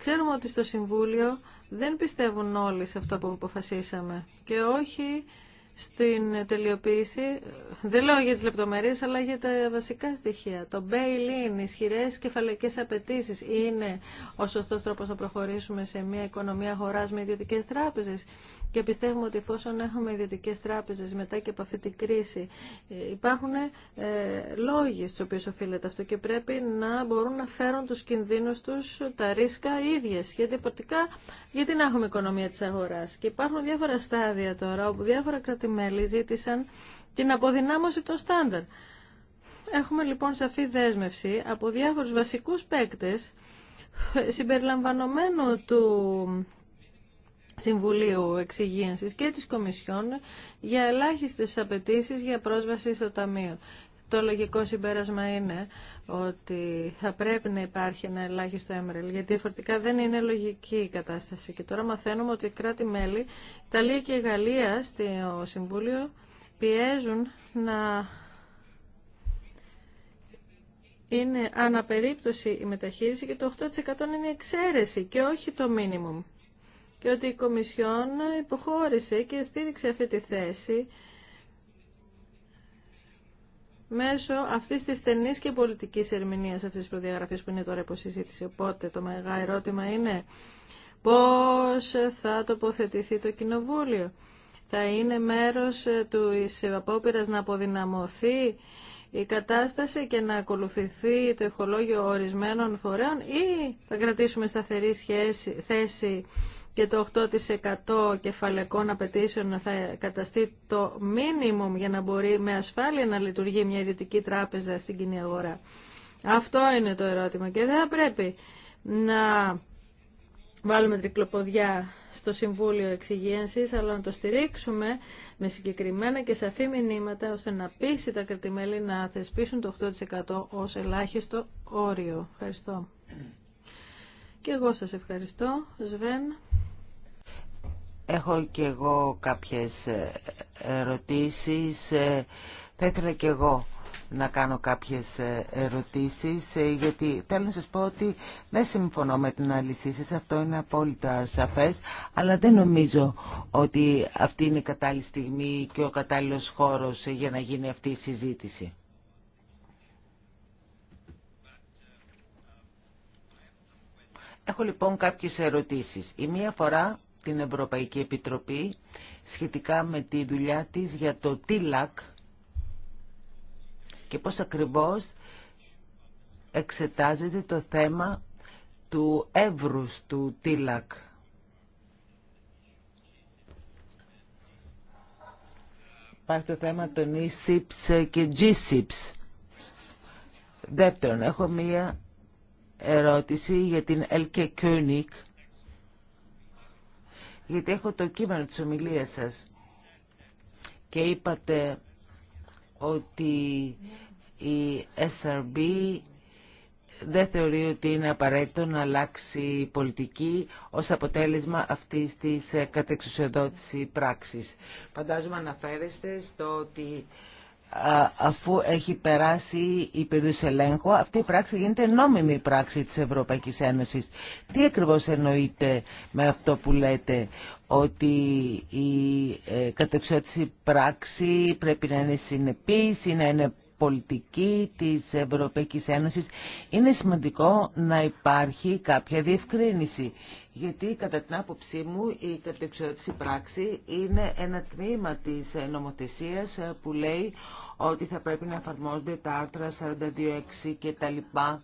Ξέρουμε ότι στο Συμβούλιο δεν πιστεύουν όλοι σε αυτό που αποφασίσαμε και όχι στην τελειοποίηση, δεν λέω για τις λεπτομέρειες, αλλά για τα βασικά στοιχεία. Το bail-in, ισχυρές κεφαλαϊκές απαιτήσει είναι ο σωστός τρόπος να προχωρήσουμε σε μια οικονομία χωράς με ιδιωτικέ τράπεζες και πιστεύουμε ότι εφόσον έχουμε ιδιωτικέ τράπεζε μετά και από αυτή την κρίση, ε, υπάρχουν ε, λόγοι στου οποίου οφείλεται αυτό και πρέπει να μπορούν να φέρουν του κινδύνου του, τα ρίσκα ίδιε. Γιατί πρακτικά, γιατί να έχουμε οικονομία τη αγορά. Και υπάρχουν διάφορα στάδια τώρα όπου διάφορα κρατημέλη ζήτησαν την αποδυνάμωση των στάνταρ. Έχουμε λοιπόν σαφή δέσμευση από διάφορους βασικούς παίκτες ε, συμπεριλαμβανομένου του Συμβουλίου Εξυγίανσης και τη Κομισιόν για ελάχιστες απαιτήσει για πρόσβαση στο Ταμείο. Το λογικό συμπέρασμα είναι ότι θα πρέπει να υπάρχει ένα ελάχιστο έμρελ, γιατί διαφορετικά δεν είναι λογική η κατάσταση. Και τώρα μαθαίνουμε ότι κράτη-μέλη, Ιταλία και Γαλλία στο Συμβούλιο πιέζουν να είναι αναπερίπτωση η μεταχείριση και το 8% είναι εξαίρεση και όχι το μίνιμουμ και ότι η Κομισιόν υποχώρησε και στήριξε αυτή τη θέση μέσω αυτή τη στενή και πολιτική ερμηνεία αυτή τη προδιαγραφή που είναι τώρα υποσυζήτηση. Οπότε το μεγάλο ερώτημα είναι πώς θα τοποθετηθεί το Κοινοβούλιο. Θα είναι μέρος του απόπειρα να αποδυναμωθεί η κατάσταση και να ακολουθηθεί το ευχολόγιο ορισμένων φορέων ή θα κρατήσουμε σταθερή θέση και το 8% κεφαλαικών απαιτήσεων θα καταστεί το μίνιμουμ για να μπορεί με ασφάλεια να λειτουργεί μια ιδιωτική τράπεζα στην κοινή αγορά. Αυτό είναι το ερώτημα και δεν θα πρέπει να βάλουμε τρικλοποδιά στο Συμβούλιο Εξυγίανσης, αλλά να το στηρίξουμε με συγκεκριμένα και σαφή μηνύματα, ώστε να πείσει τα κρατημέλη να θεσπίσουν το 8% ως ελάχιστο όριο. Ευχαριστώ. Και εγώ σας ευχαριστώ, Σβέν. Έχω και εγώ κάποιες ε, ερωτήσεις. Ε, θα ήθελα και εγώ να κάνω κάποιες ε, ερωτήσεις, γιατί θέλω να σας πω ότι δεν συμφωνώ με την ανάλυση σας, αυτό είναι απόλυτα σαφές, αλλά δεν νομίζω ότι αυτή είναι η κατάλληλη στιγμή και ο κατάλληλος χώρος για να γίνει αυτή η συζήτηση. Έχω λοιπόν κάποιες ερωτήσεις. Η μία φορά την Ευρωπαϊκή Επιτροπή σχετικά με τη δουλειά της για το ΤΙΛΑΚ και πώς ακριβώς εξετάζεται το θέμα του εύρους του ΤΙΛΑΚ. Υπάρχει το θέμα των e και G-SIPS. Δεύτερον, έχω μία ερώτηση για την Ελκε König γιατί έχω το κείμενο της ομιλίας σας και είπατε ότι η SRB δεν θεωρεί ότι είναι απαραίτητο να αλλάξει πολιτική ως αποτέλεσμα αυτής της κατεξουσιοδότηση πράξης. Φαντάζομαι αναφέρεστε στο ότι αφού έχει περάσει η περίοδος ελέγχου, αυτή η πράξη γίνεται νόμιμη πράξη της Ευρωπαϊκής Ένωσης. Τι ακριβώς εννοείται με αυτό που λέτε, ότι η ε, πράξη πρέπει να είναι συνεπής ή να είναι πολιτική της Ευρωπαϊκής Ένωσης είναι σημαντικό να υπάρχει κάποια διευκρίνηση. Γιατί κατά την άποψή μου η κατεξοδότηση πράξη είναι ένα τμήμα της νομοθεσίας που λέει ότι θα πρέπει να εφαρμόζονται τα άρθρα 42.6 και τα λοιπά.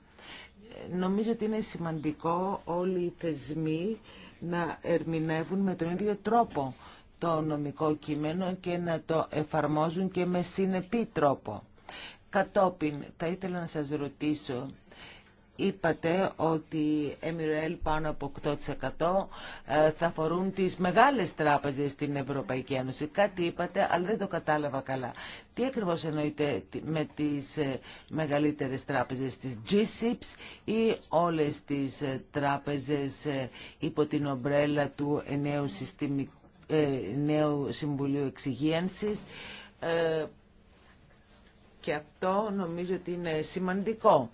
Νομίζω ότι είναι σημαντικό όλοι οι θεσμοί να ερμηνεύουν με τον ίδιο τρόπο το νομικό κείμενο και να το εφαρμόζουν και με συνεπή τρόπο. Κατόπιν, θα ήθελα να σας ρωτήσω, είπατε ότι ΕΜΡΕΛ πάνω από 8% ε, θα αφορούν τις μεγάλες τράπεζες στην Ευρωπαϊκή Ένωση. Κάτι είπατε, αλλά δεν το κατάλαβα καλά. Τι ακριβώς εννοείτε με τις ε, μεγαλύτερες τράπεζες, της g ή όλες τις ε, τράπεζες υπό την ομπρέλα του νέου, νέου Συμβουλίου Εξυγίανσης, και αυτό νομίζω ότι είναι σημαντικό.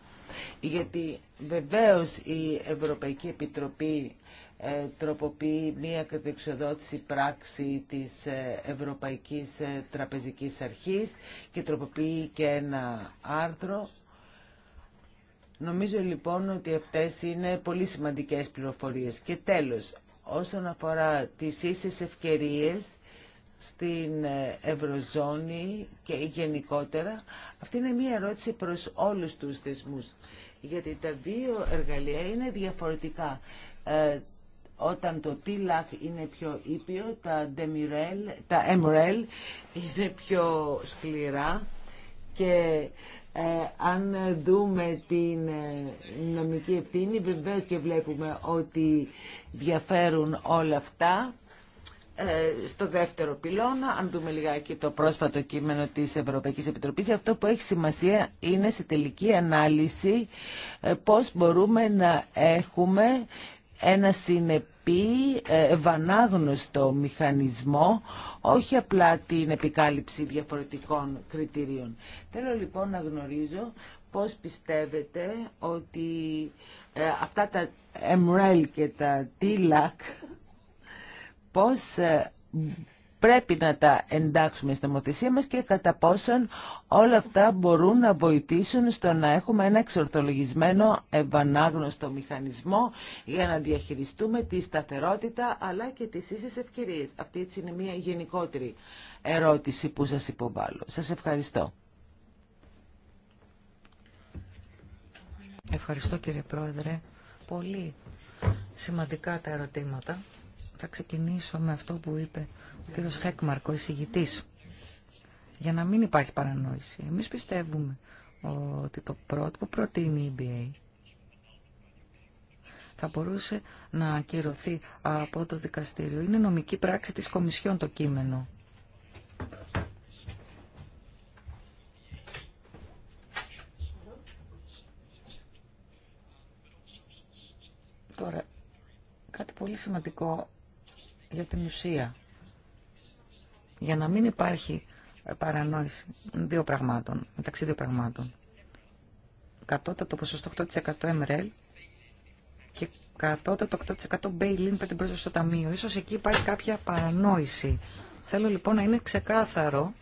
Γιατί βεβαίως η Ευρωπαϊκή Επιτροπή ε, τροποποιεί μία κατεξοδότηση πράξη της ε, Ευρωπαϊκής ε, Τραπεζικής Αρχής και τροποποιεί και ένα άρθρο. Νομίζω λοιπόν ότι αυτές είναι πολύ σημαντικές πληροφορίες. Και τέλος, όσον αφορά τις ίσες ευκαιρίες, στην ε, Ευρωζώνη και γενικότερα. Αυτή είναι μία ερώτηση προς όλους τους θεσμούς, γιατί τα δύο εργαλεία είναι διαφορετικά. Ε, όταν το TILAC είναι πιο ήπιο, τα, DEMIREL, τα MREL είναι πιο σκληρά και ε, αν δούμε την νομική ευθύνη, βεβαίως και βλέπουμε ότι διαφέρουν όλα αυτά. Ε, στο δεύτερο πυλώνα, αν δούμε λιγάκι το πρόσφατο κείμενο της Ευρωπαϊκής Επιτροπής, αυτό που έχει σημασία είναι σε τελική ανάλυση ε, πώς μπορούμε να έχουμε ένα συνεπή, ε, ευανάγνωστο μηχανισμό, όχι απλά την επικάλυψη διαφορετικών κριτηρίων. Θέλω λοιπόν να γνωρίζω πώς πιστεύετε ότι αυτά τα MREL και τα TLAC πώς ε, πρέπει να τα εντάξουμε στην νομοθεσία μας και κατά πόσον όλα αυτά μπορούν να βοηθήσουν στο να έχουμε ένα εξορθολογισμένο ευανάγνωστο μηχανισμό για να διαχειριστούμε τη σταθερότητα αλλά και τις ίσες ευκαιρίες. Αυτή έτσι είναι μια γενικότερη ερώτηση που σας υποβάλλω. Σας ευχαριστώ. Ευχαριστώ κύριε Πρόεδρε. Πολύ σημαντικά τα ερωτήματα. Θα ξεκινήσω με αυτό που είπε ο κύριος Χέκμαρκο, εισηγητής, για να μην υπάρχει παρανόηση. Εμείς πιστεύουμε ότι το πρώτο που προτείνει η EBA θα μπορούσε να ακυρωθεί από το δικαστήριο. Είναι νομική πράξη της Κομισιόν το κείμενο. Τώρα, κάτι πολύ σημαντικό για την ουσία. Για να μην υπάρχει παρανόηση δύο πραγμάτων, μεταξύ δύο πραγμάτων. Κατώτατο ποσοστό 8% MREL και κατώτατο 8% bail-in πέντε στο ταμείο. Ίσως εκεί υπάρχει κάποια παρανόηση. Θέλω λοιπόν να είναι ξεκάθαρο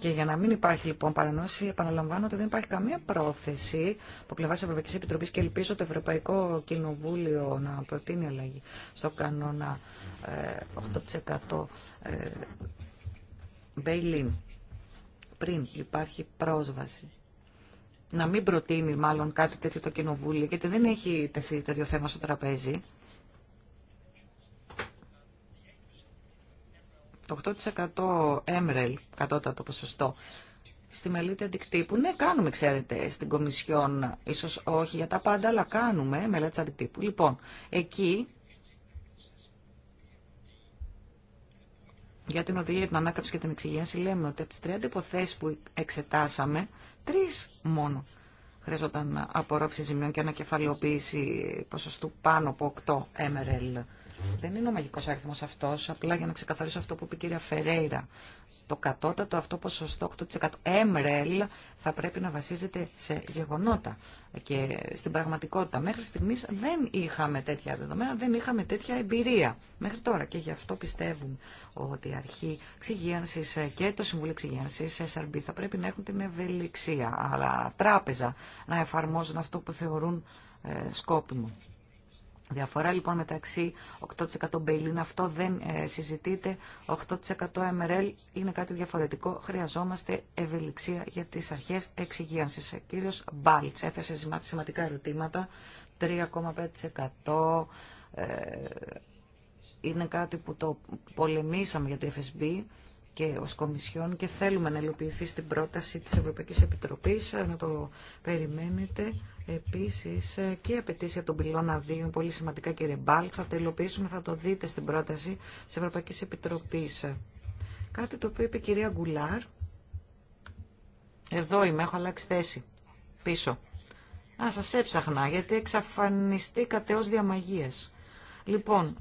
και για να μην υπάρχει λοιπόν παρανόηση, επαναλαμβάνω ότι δεν υπάρχει καμία πρόθεση από πλευρά τη Ευρωπαϊκή Επιτροπή και ελπίζω το Ευρωπαϊκό Κοινοβούλιο να προτείνει αλλαγή στο κανόνα 8% ε, Μπέιλιν. Ε, Πριν υπάρχει πρόσβαση. Να μην προτείνει μάλλον κάτι τέτοιο το Κοινοβούλιο, γιατί δεν έχει τεθεί τέτοιο θέμα στο τραπέζι. Το 8% έμρελ, κατώτατο ποσοστό. Στη μελέτη αντικτύπου, ναι, κάνουμε, ξέρετε, στην Κομισιόν, ίσως όχι για τα πάντα, αλλά κάνουμε μελέτη αντικτύπου. Λοιπόν, εκεί για την οδηγία, την ανάκαμψη και την εξυγίανση, λέμε ότι από τις 30 υποθέσεις που εξετάσαμε, τρει μόνο χρειαζόταν απορρόφηση ζημιών και ανακεφαλαιοποίηση ποσοστού πάνω από 8 MRL. Δεν είναι ο μαγικό άριθμο αυτό, απλά για να ξεκαθαρίσω αυτό που είπε η κυρία Φερέιρα. Το κατώτατο αυτό ποσοστό 8% έμρελ θα πρέπει να βασίζεται σε γεγονότα και στην πραγματικότητα. Μέχρι στιγμή δεν είχαμε τέτοια δεδομένα, δεν είχαμε τέτοια εμπειρία μέχρι τώρα και γι' αυτό πιστεύουν ότι η αρχή εξυγίανση και το Συμβούλιο Εξυγίανση, SRB θα πρέπει να έχουν την ευελιξία, αλλά τράπεζα να εφαρμόζουν αυτό που θεωρούν ε, σκόπιμο. Διαφορά λοιπόν μεταξύ 8% Μπέιλιν, αυτό δεν ε, συζητείται, 8% MRL είναι κάτι διαφορετικό. Χρειαζόμαστε ευελιξία για τις αρχές εξυγίανσης. Ο ε, κύριος Μπάλτς έθεσε σημαντικά ερωτήματα, 3,5% ε, είναι κάτι που το πολεμήσαμε για το FSB και ως Κομισιόν και θέλουμε να υλοποιηθεί στην πρόταση της Ευρωπαϊκής Επιτροπής, ε, να το περιμένετε. Επίσης και η απαιτήση για τον πυλώνα 2 είναι πολύ σημαντικά κύριε Μπάλτς. Θα το θα το δείτε στην πρόταση της Ευρωπαϊκής Επιτροπής. Κάτι το οποίο είπε η κυρία Γκουλάρ. Εδώ είμαι, έχω αλλάξει θέση. Πίσω. Α, σας έψαχνα, γιατί εξαφανιστήκατε ως διαμαγείας. Λοιπόν,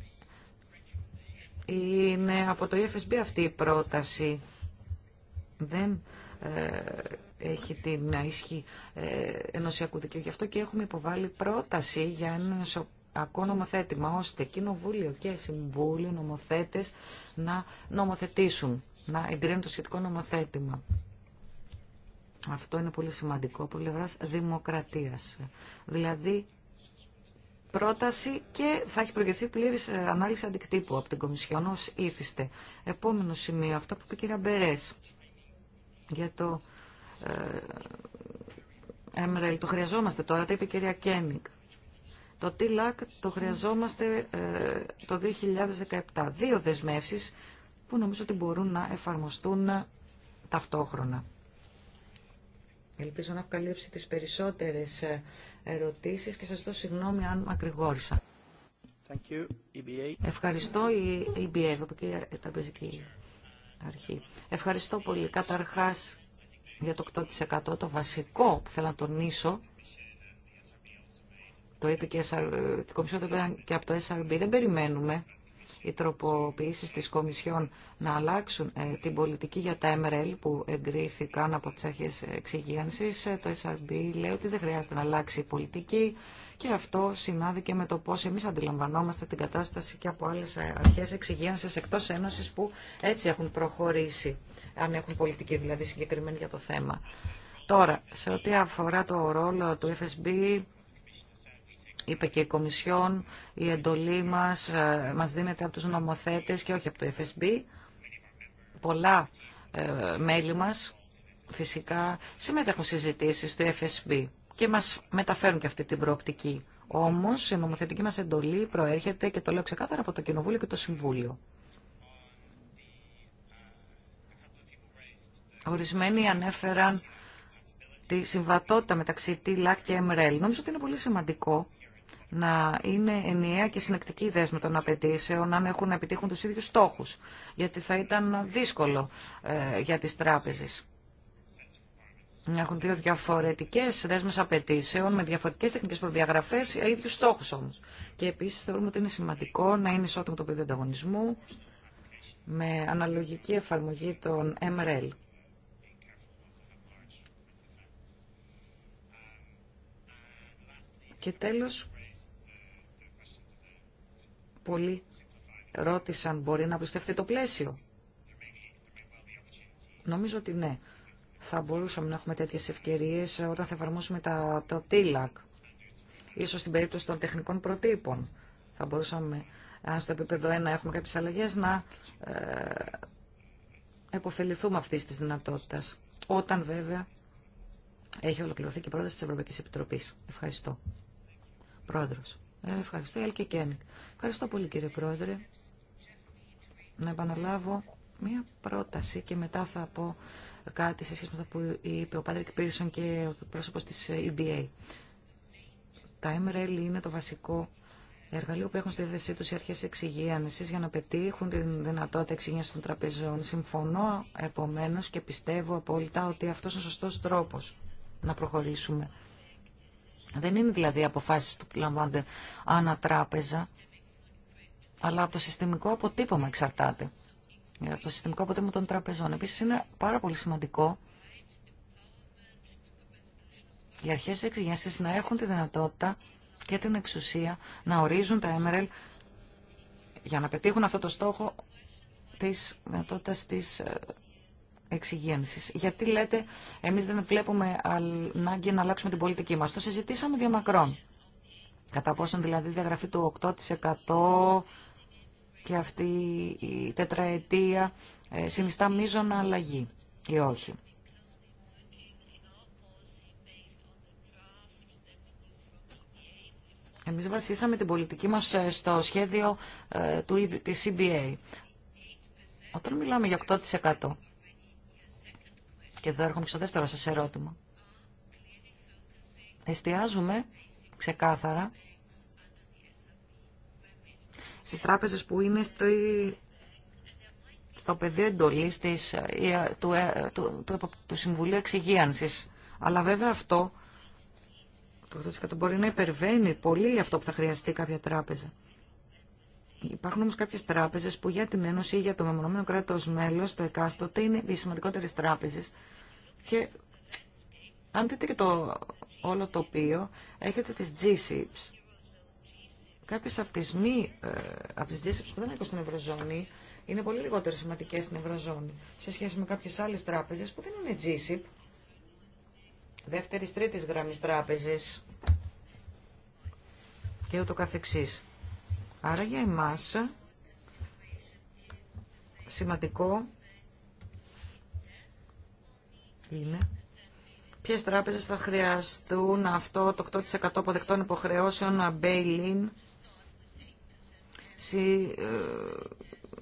είναι από το EFSB αυτή η πρόταση. Δεν ε, έχει την ισχύ ε, ενωσιακού δικαίου. Γι' αυτό και έχουμε υποβάλει πρόταση για ένα ενωσιακό νομοθέτημα, ώστε κοινοβούλιο και συμβούλιο νομοθέτε να νομοθετήσουν, να εγκρίνουν το σχετικό νομοθέτημα. Αυτό είναι πολύ σημαντικό από πλευρά δημοκρατίας. Δηλαδή, πρόταση και θα έχει προηγηθεί πλήρης ε, ανάλυση αντικτύπου από την Κομισιόν ως ήθιστε. Επόμενο σημείο, αυτό που είπε η κυρία Μπερές για το ε, το χρειαζόμαστε τώρα, τα είπε η κυρία Κένικ. Το TILAC το χρειαζόμαστε ε, το 2017. Δύο δεσμεύσεις που νομίζω ότι μπορούν να εφαρμοστούν ταυτόχρονα. Ελπίζω να έχω τις περισσότερες ε, ερωτήσεις και σας δώσω συγγνώμη αν μακρηγόρησα. E Ευχαριστώ η EBA, Ευρωπαϊκή Αρχή. Ευχαριστώ πολύ. Καταρχάς, για το 8%. Το βασικό που θέλω να τονίσω, το είπε και η Κομισιόν, και από το SRB, δεν περιμένουμε οι τροποποιήσει τη Κομισιόν να αλλάξουν ε, την πολιτική για τα MRL που εγκρίθηκαν από τις αρχές εξυγίανσης. Ε, το SRB λέει ότι δεν χρειάζεται να αλλάξει η πολιτική και αυτό συνάδει και με το πώ εμεί αντιλαμβανόμαστε την κατάσταση και από άλλες αρχές εξυγίανση εκτό Ένωση που έτσι έχουν προχωρήσει αν έχουν πολιτική δηλαδή συγκεκριμένη για το θέμα. Τώρα, σε ό,τι αφορά το ρόλο του FSB, είπε και η Κομισιόν, η εντολή μας ε, μας δίνεται από τους νομοθέτες και όχι από το FSB. Πολλά ε, μέλη μας φυσικά συμμετέχουν συζητήσεις του FSB και μας μεταφέρουν και αυτή την προοπτική. Όμως η νομοθετική μας εντολή προέρχεται και το λέω ξεκάθαρα από το Κοινοβούλιο και το Συμβούλιο. Ορισμένοι ανέφεραν τη συμβατότητα μεταξύ TLAC και ΕΜΡΕΛ. Νομίζω ότι είναι πολύ σημαντικό να είναι ενιαία και συνεκτική η δέσμη των απαιτήσεων αν έχουν να επιτύχουν τους ίδιους στόχους, γιατί θα ήταν δύσκολο ε, για τις τράπεζες. Να έχουν δύο διαφορετικές δέσμες απαιτήσεων με διαφορετικές τεχνικές προδιαγραφές, ίδιους στόχους όμως. Και επίσης θεωρούμε ότι είναι σημαντικό να είναι ισότιμο το πεδίο ανταγωνισμού με αναλογική εφαρμογή των MRL. Και τέλος, πολλοί ρώτησαν μπορεί να προστευτεί το πλαίσιο. Νομίζω ότι ναι. Θα μπορούσαμε να έχουμε τέτοιες ευκαιρίες όταν θα εφαρμόσουμε τα, το TILAC. Ίσως στην περίπτωση των τεχνικών προτύπων. Θα μπορούσαμε, αν στο επίπεδο 1 έχουμε κάποιες αλλαγές, να ε, εποφεληθούμε αυτής της δυνατότητας. Όταν βέβαια έχει ολοκληρωθεί και η πρόταση της Ευρωπαϊκής Επιτροπής. Ευχαριστώ. Πρόεδρος. Ε, ευχαριστώ, Ελκε Κένικ. Ευχαριστώ πολύ, κύριε Πρόεδρε. Να επαναλάβω μία πρόταση και μετά θα πω κάτι σε σχέση με αυτά που είπε ο Πάτρικ Πίρσον και ο πρόσωπος της EBA. Ε Τα MRL είναι το βασικό εργαλείο που έχουν στη διάθεσή του οι αρχέ εξυγίανση για να πετύχουν την δυνατότητα εξυγίανση των τραπεζών. Συμφωνώ επομένω και πιστεύω απόλυτα ότι αυτό είναι ο σωστό τρόπο να προχωρήσουμε. Δεν είναι δηλαδή αποφάσεις που λαμβάνονται ανά τράπεζα, αλλά από το συστημικό αποτύπωμα εξαρτάται. Από το συστημικό αποτύπωμα των τραπεζών. Επίσης είναι πάρα πολύ σημαντικό οι αρχές εξηγήσεις να έχουν τη δυνατότητα και την εξουσία να ορίζουν τα MRL για να πετύχουν αυτό το στόχο της δυνατότητας της ε, γιατί λέτε, εμείς δεν βλέπουμε ανάγκη να αλλάξουμε την πολιτική μας. Το συζητήσαμε διαμακρών. Κατά πόσον δηλαδή διαγραφή του 8% και αυτή η τετραετία ε, συνιστά μείζωνα αλλαγή ή όχι. Εμείς βασίσαμε την πολιτική μας ε, στο σχέδιο ε, του, της CBA. Όταν μιλάμε για 8%, και εδώ έρχομαι στο δεύτερο σας ερώτημα. Εστιάζουμε ξεκάθαρα στις τράπεζες που είναι στο, στο πεδίο εντολή ε- του, του, του, του, Συμβουλίου Εξυγίανσης. Αλλά βέβαια αυτό το μπορεί να υπερβαίνει πολύ αυτό που θα χρειαστεί κάποια τράπεζα. Υπάρχουν όμω κάποιε τράπεζε που για την Ένωση ή για το μεμονωμένο κράτο μέλο, το εκάστοτε, είναι οι σημαντικότερε τράπεζε. Και αν δείτε και το όλο οποίο, έχετε τι G-SIPs. Κάποιε από τι ε, G-SIPs που δεν έχουν στην Ευρωζώνη είναι πολύ λιγότερο σημαντικέ στην Ευρωζώνη σε σχέση με κάποιε άλλε τράπεζε που δεν είναι G-SIP. Δεύτερη-τρίτη γραμμή τράπεζε και ούτω καθεξής. Άρα για εμάς σημαντικό είναι ποιες τράπεζες θα χρειαστούν αυτό το 8% αποδεκτών υποχρεώσεων bail-in.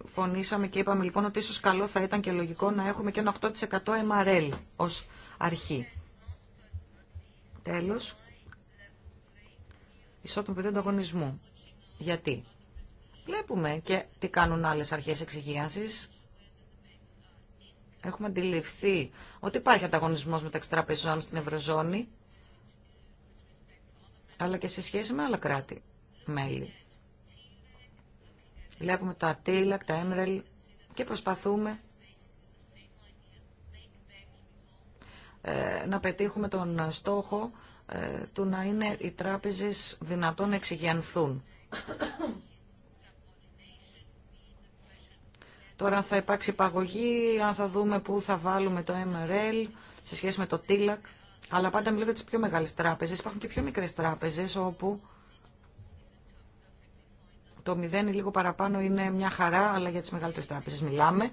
Συμφωνήσαμε ε, και είπαμε λοιπόν ότι ίσως καλό θα ήταν και λογικό να έχουμε και ένα 8% MRL ως αρχή. Τέλος, ισότιμο του ανταγωνισμού. Γιατί. Βλέπουμε και τι κάνουν άλλες αρχές εξυγίανσης. Έχουμε αντιληφθεί ότι υπάρχει ανταγωνισμός μεταξύ τραπεζών στην Ευρωζώνη, αλλά και σε σχέση με άλλα κράτη μέλη. Βλέπουμε τα TILAC, τα EMREL και προσπαθούμε ε, να πετύχουμε τον στόχο ε, του να είναι οι τράπεζες δυνατόν να εξυγιανθούν Τώρα αν θα υπάρξει παγωγή, αν θα δούμε πού θα βάλουμε το MRL σε σχέση με το TILAC. Αλλά πάντα μιλώ για τις πιο μεγάλες τράπεζες. Υπάρχουν και πιο μικρές τράπεζες όπου το μηδέν ή λίγο παραπάνω είναι μια χαρά, αλλά για τις μεγαλύτερες τράπεζες μιλάμε.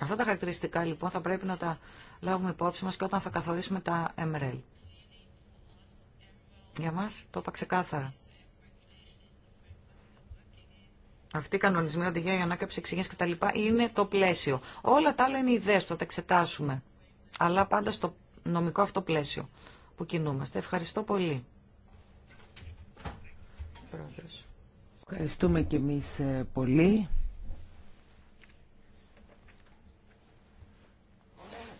Αυτά τα χαρακτηριστικά λοιπόν θα πρέπει να τα λάβουμε υπόψη μας και όταν θα καθορίσουμε τα MRL. Για μας το είπα ξεκάθαρα. η η κανονισμή οδηγία για ανάκαμψη τα λοιπά είναι το πλαίσιο. Όλα τα άλλα είναι ιδέες, το τα εξετάσουμε. Αλλά πάντα στο νομικό αυτό πλαίσιο που κινούμαστε. Ευχαριστώ πολύ. Ευχαριστούμε και εμείς ε, πολύ.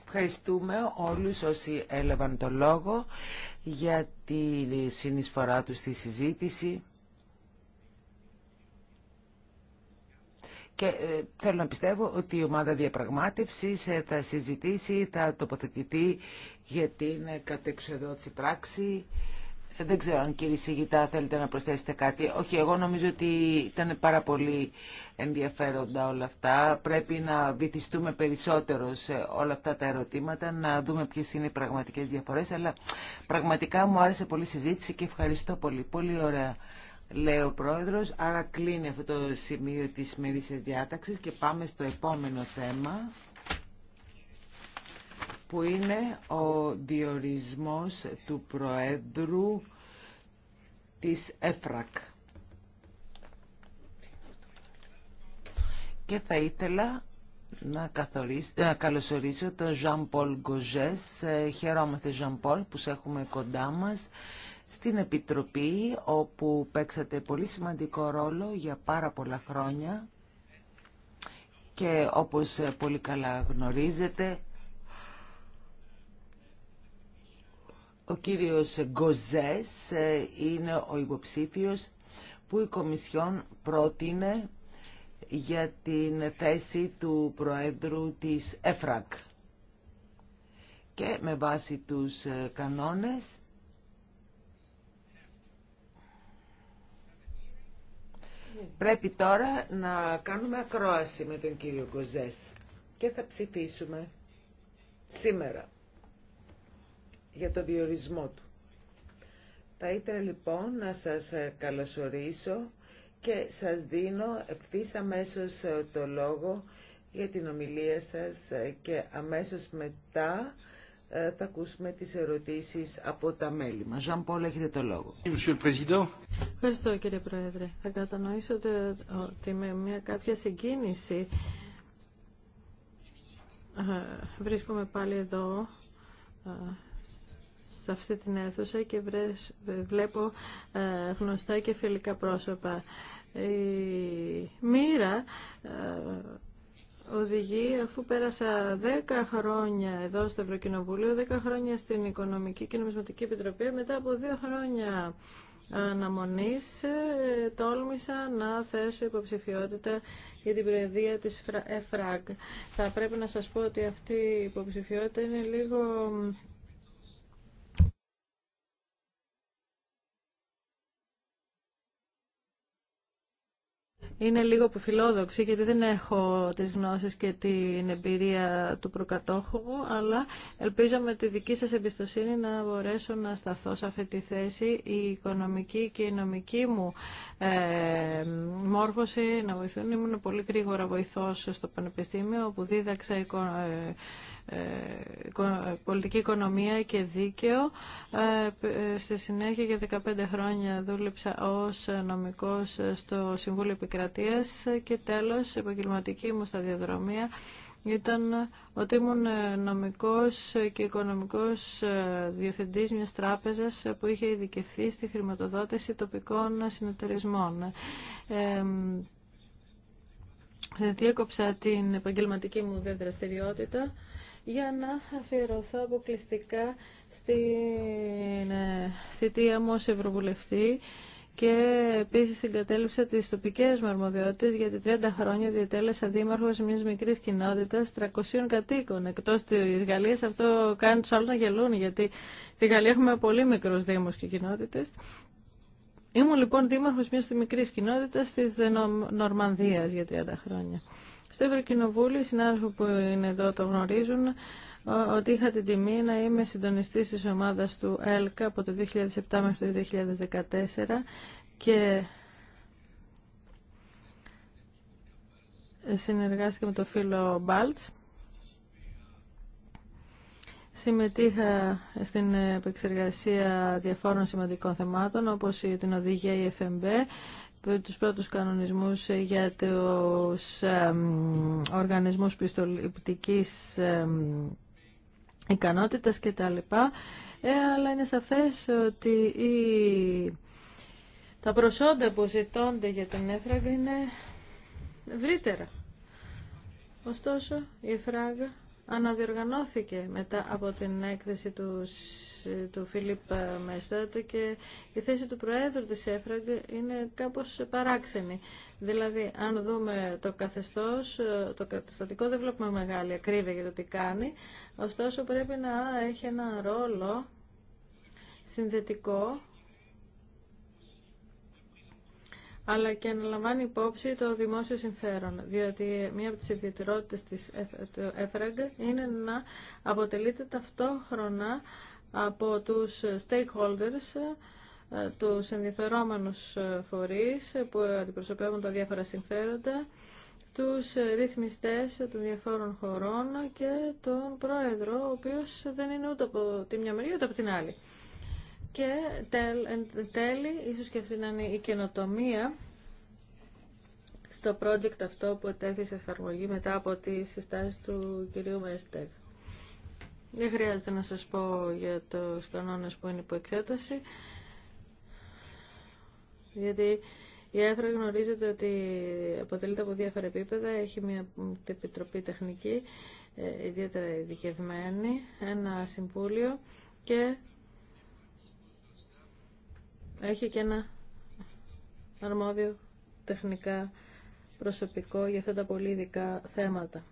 Ευχαριστούμε όλους όσοι έλαβαν το λόγο για τη συνεισφορά του στη συζήτηση. Και ε, θέλω να πιστεύω ότι η ομάδα διαπραγμάτευσης ε, θα συζητήσει, θα τοποθετηθεί για την κατεξοδότηση πράξη δεν ξέρω αν κύριε Σιγητά θέλετε να προσθέσετε κάτι. Όχι, εγώ νομίζω ότι ήταν πάρα πολύ ενδιαφέροντα όλα αυτά. Πρέπει να βυθιστούμε περισσότερο σε όλα αυτά τα ερωτήματα, να δούμε ποιες είναι οι πραγματικές διαφορές. Αλλά πραγματικά μου άρεσε πολύ η συζήτηση και ευχαριστώ πολύ. Πολύ ωραία λέει ο Πρόεδρος. Άρα κλείνει αυτό το σημείο της σημερινής διάταξης και πάμε στο επόμενο θέμα που είναι ο διορισμός του Προέδρου της ΕΦΡΑΚ. Και θα ήθελα να, καθορίσω, να καλωσορίσω τον Ζαν Πολ Γκοζές. Χαιρόμαστε Ζαν Πολ που σε έχουμε κοντά μας στην Επιτροπή όπου παίξατε πολύ σημαντικό ρόλο για πάρα πολλά χρόνια και όπως πολύ καλά γνωρίζετε Ο κύριος Γκοζές ε, είναι ο υποψήφιος που η Κομισιόν πρότεινε για την θέση του Προέδρου της ΕΦΡΑΚ. Και με βάση τους ε, κανόνες πρέπει τώρα να κάνουμε ακρόαση με τον κύριο Γκοζές και θα ψηφίσουμε σήμερα για το διορισμό του. Θα ήθελα λοιπόν να σας ε, καλωσορίσω και σας δίνω ευθύς αμέσως ε, το λόγο για την ομιλία σας ε, και αμέσως μετά θα ακούσουμε τις ερωτήσεις από τα μέλη μας. Ζαν έχετε το λόγο. Ευχαριστώ κύριε Πρόεδρε. Θα κατανοήσω ότι με μια κάποια συγκίνηση βρίσκομαι πάλι εδώ σε αυτή την αίθουσα και βλέπω ε, γνωστά και φιλικά πρόσωπα. Η μοίρα ε, οδηγεί, αφού πέρασα 10 χρόνια εδώ στο Ευρωκοινοβούλιο, 10 χρόνια στην Οικονομική και Νομισματική Επιτροπή, μετά από 2 χρόνια αναμονής ε, τόλμησα να θέσω υποψηφιότητα για την προεδρία της ΕΦΡΑΚ. Θα πρέπει να σας πω ότι αυτή η υποψηφιότητα είναι λίγο είναι λίγο φιλόδοξη, γιατί δεν έχω τις γνώσεις και την εμπειρία του προκατόχου μου, αλλά ελπίζω με τη δική σας εμπιστοσύνη να μπορέσω να σταθώ σε αυτή τη θέση. Η οικονομική και η νομική μου ε, μόρφωση να βοηθούν. Ήμουν πολύ γρήγορα βοηθός στο Πανεπιστήμιο που δίδαξα ε, ε, πολιτική οικονομία και δίκαιο. Ε, ε, στη συνέχεια για 15 χρόνια δούλεψα ως νομικός στο Συμβούλιο Επικρατείας και τέλος επαγγελματική μου σταδιοδρομία ήταν ότι ήμουν νομικός και οικονομικός διευθυντής μιας τράπεζας που είχε ειδικευθεί στη χρηματοδότηση τοπικών συνεταιρισμών. Διέκοψα την επαγγελματική μου δραστηριότητα για να αφιερωθώ αποκλειστικά στην ε, θητεία μου ως Ευρωβουλευτή και επίσης εγκατέλειψα τις τοπικές μου αρμοδιότητες γιατί 30 χρόνια διατέλεσα δήμαρχος μιας μικρής κοινότητας 300 κατοίκων. Εκτός της Γαλλίας αυτό κάνει τους άλλους να γελούν γιατί στη Γαλλία έχουμε πολύ μικρούς δήμους και κοινότητες. Ήμουν λοιπόν δήμαρχος μιας μικρής κοινότητας της Νορμανδίας για 30 χρόνια. Στο Ευρωκοινοβούλιο, οι συνάδελφοι που είναι εδώ το γνωρίζουν, ότι είχα την τιμή να είμαι συντονιστής της ομάδας του ΕΛΚΑ από το 2007 μέχρι το 2014 και συνεργάστηκα με τον φίλο Μπάλτς. Συμμετείχα στην επεξεργασία διαφόρων σημαντικών θεμάτων όπως την οδηγία EFMB, τους πρώτους κανονισμούς ε, για τους οργανισμούς πιστοληπτικής ικανότητας και τα λοιπά, αλλά είναι σαφές ότι τα προσόντα που ζητώνται για τον έφραγ είναι ευρύτερα. Ωστόσο, η εφράγα αναδιοργανώθηκε μετά από την έκθεση του, του Φίλιπ ε, Μέστατ και η θέση του Προέδρου της ΕΦΡΑΓ είναι κάπως παράξενη. Δηλαδή, αν δούμε το καθεστώς, ε, το καταστατικό δεν βλέπουμε μεγάλη ακρίβεια για το τι κάνει, ωστόσο πρέπει να έχει ένα ρόλο συνδετικό αλλά και να λαμβάνει υπόψη το δημόσιο συμφέρον, διότι μία από τις ιδιαιτερότητες της ΕΦΡΑΓ είναι να αποτελείται ταυτόχρονα από τους stakeholders, ε, τους ενδιαφερόμενους φορείς που αντιπροσωπεύουν τα διάφορα συμφέροντα, τους ρυθμιστές των διαφόρων χωρών και τον πρόεδρο, ο οποίος δεν είναι ούτε από τη μια μεριά ούτε από την άλλη. Και τέλει, ίσως και αυτή να είναι η καινοτομία στο project αυτό που ετέθησε σε εφαρμογή μετά από τις συστάσεις του κυρίου Μέστεγ. Δεν χρειάζεται να σας πω για τους κανόνες που είναι υπό εξέταση, γιατί η ΕΦΡΑ γνωρίζεται ότι αποτελείται από διάφορα επίπεδα, έχει μια επιτροπή τεχνική, ε, ιδιαίτερα ειδικευμένη, ένα συμβούλιο και έχει και ένα αρμόδιο τεχνικά προσωπικό για αυτά τα πολύ ειδικά θέματα.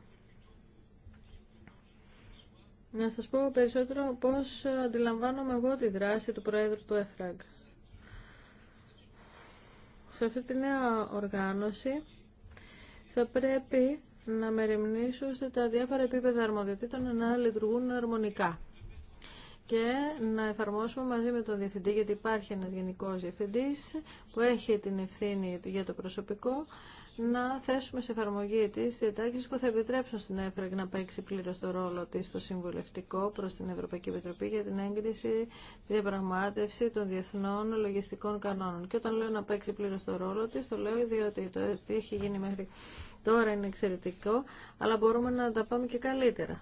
Να σας πω περισσότερο πώς αντιλαμβάνομαι εγώ τη δράση του Προέδρου του ΕΦΡΑΓ. Σε αυτή τη νέα οργάνωση θα πρέπει να μεριμνήσω τα διάφορα επίπεδα αρμοδιοτήτων να λειτουργούν αρμονικά και να εφαρμόσουμε μαζί με τον Διευθυντή, γιατί υπάρχει ένας Γενικός Διευθυντής που έχει την ευθύνη για το προσωπικό, να θέσουμε σε εφαρμογή τις διατάξεις που θα επιτρέψουν στην ΕΦΡΑΚ να παίξει πλήρως το ρόλο της στο συμβουλευτικό προς την Ευρωπαϊκή Επιτροπή για την έγκριση, τη διαπραγμάτευση των διεθνών λογιστικών κανόνων. Και όταν λέω να παίξει πλήρως το ρόλο της, το λέω διότι το τι έχει γίνει μέχρι τώρα είναι εξαιρετικό, αλλά μπορούμε να τα πάμε και καλύτερα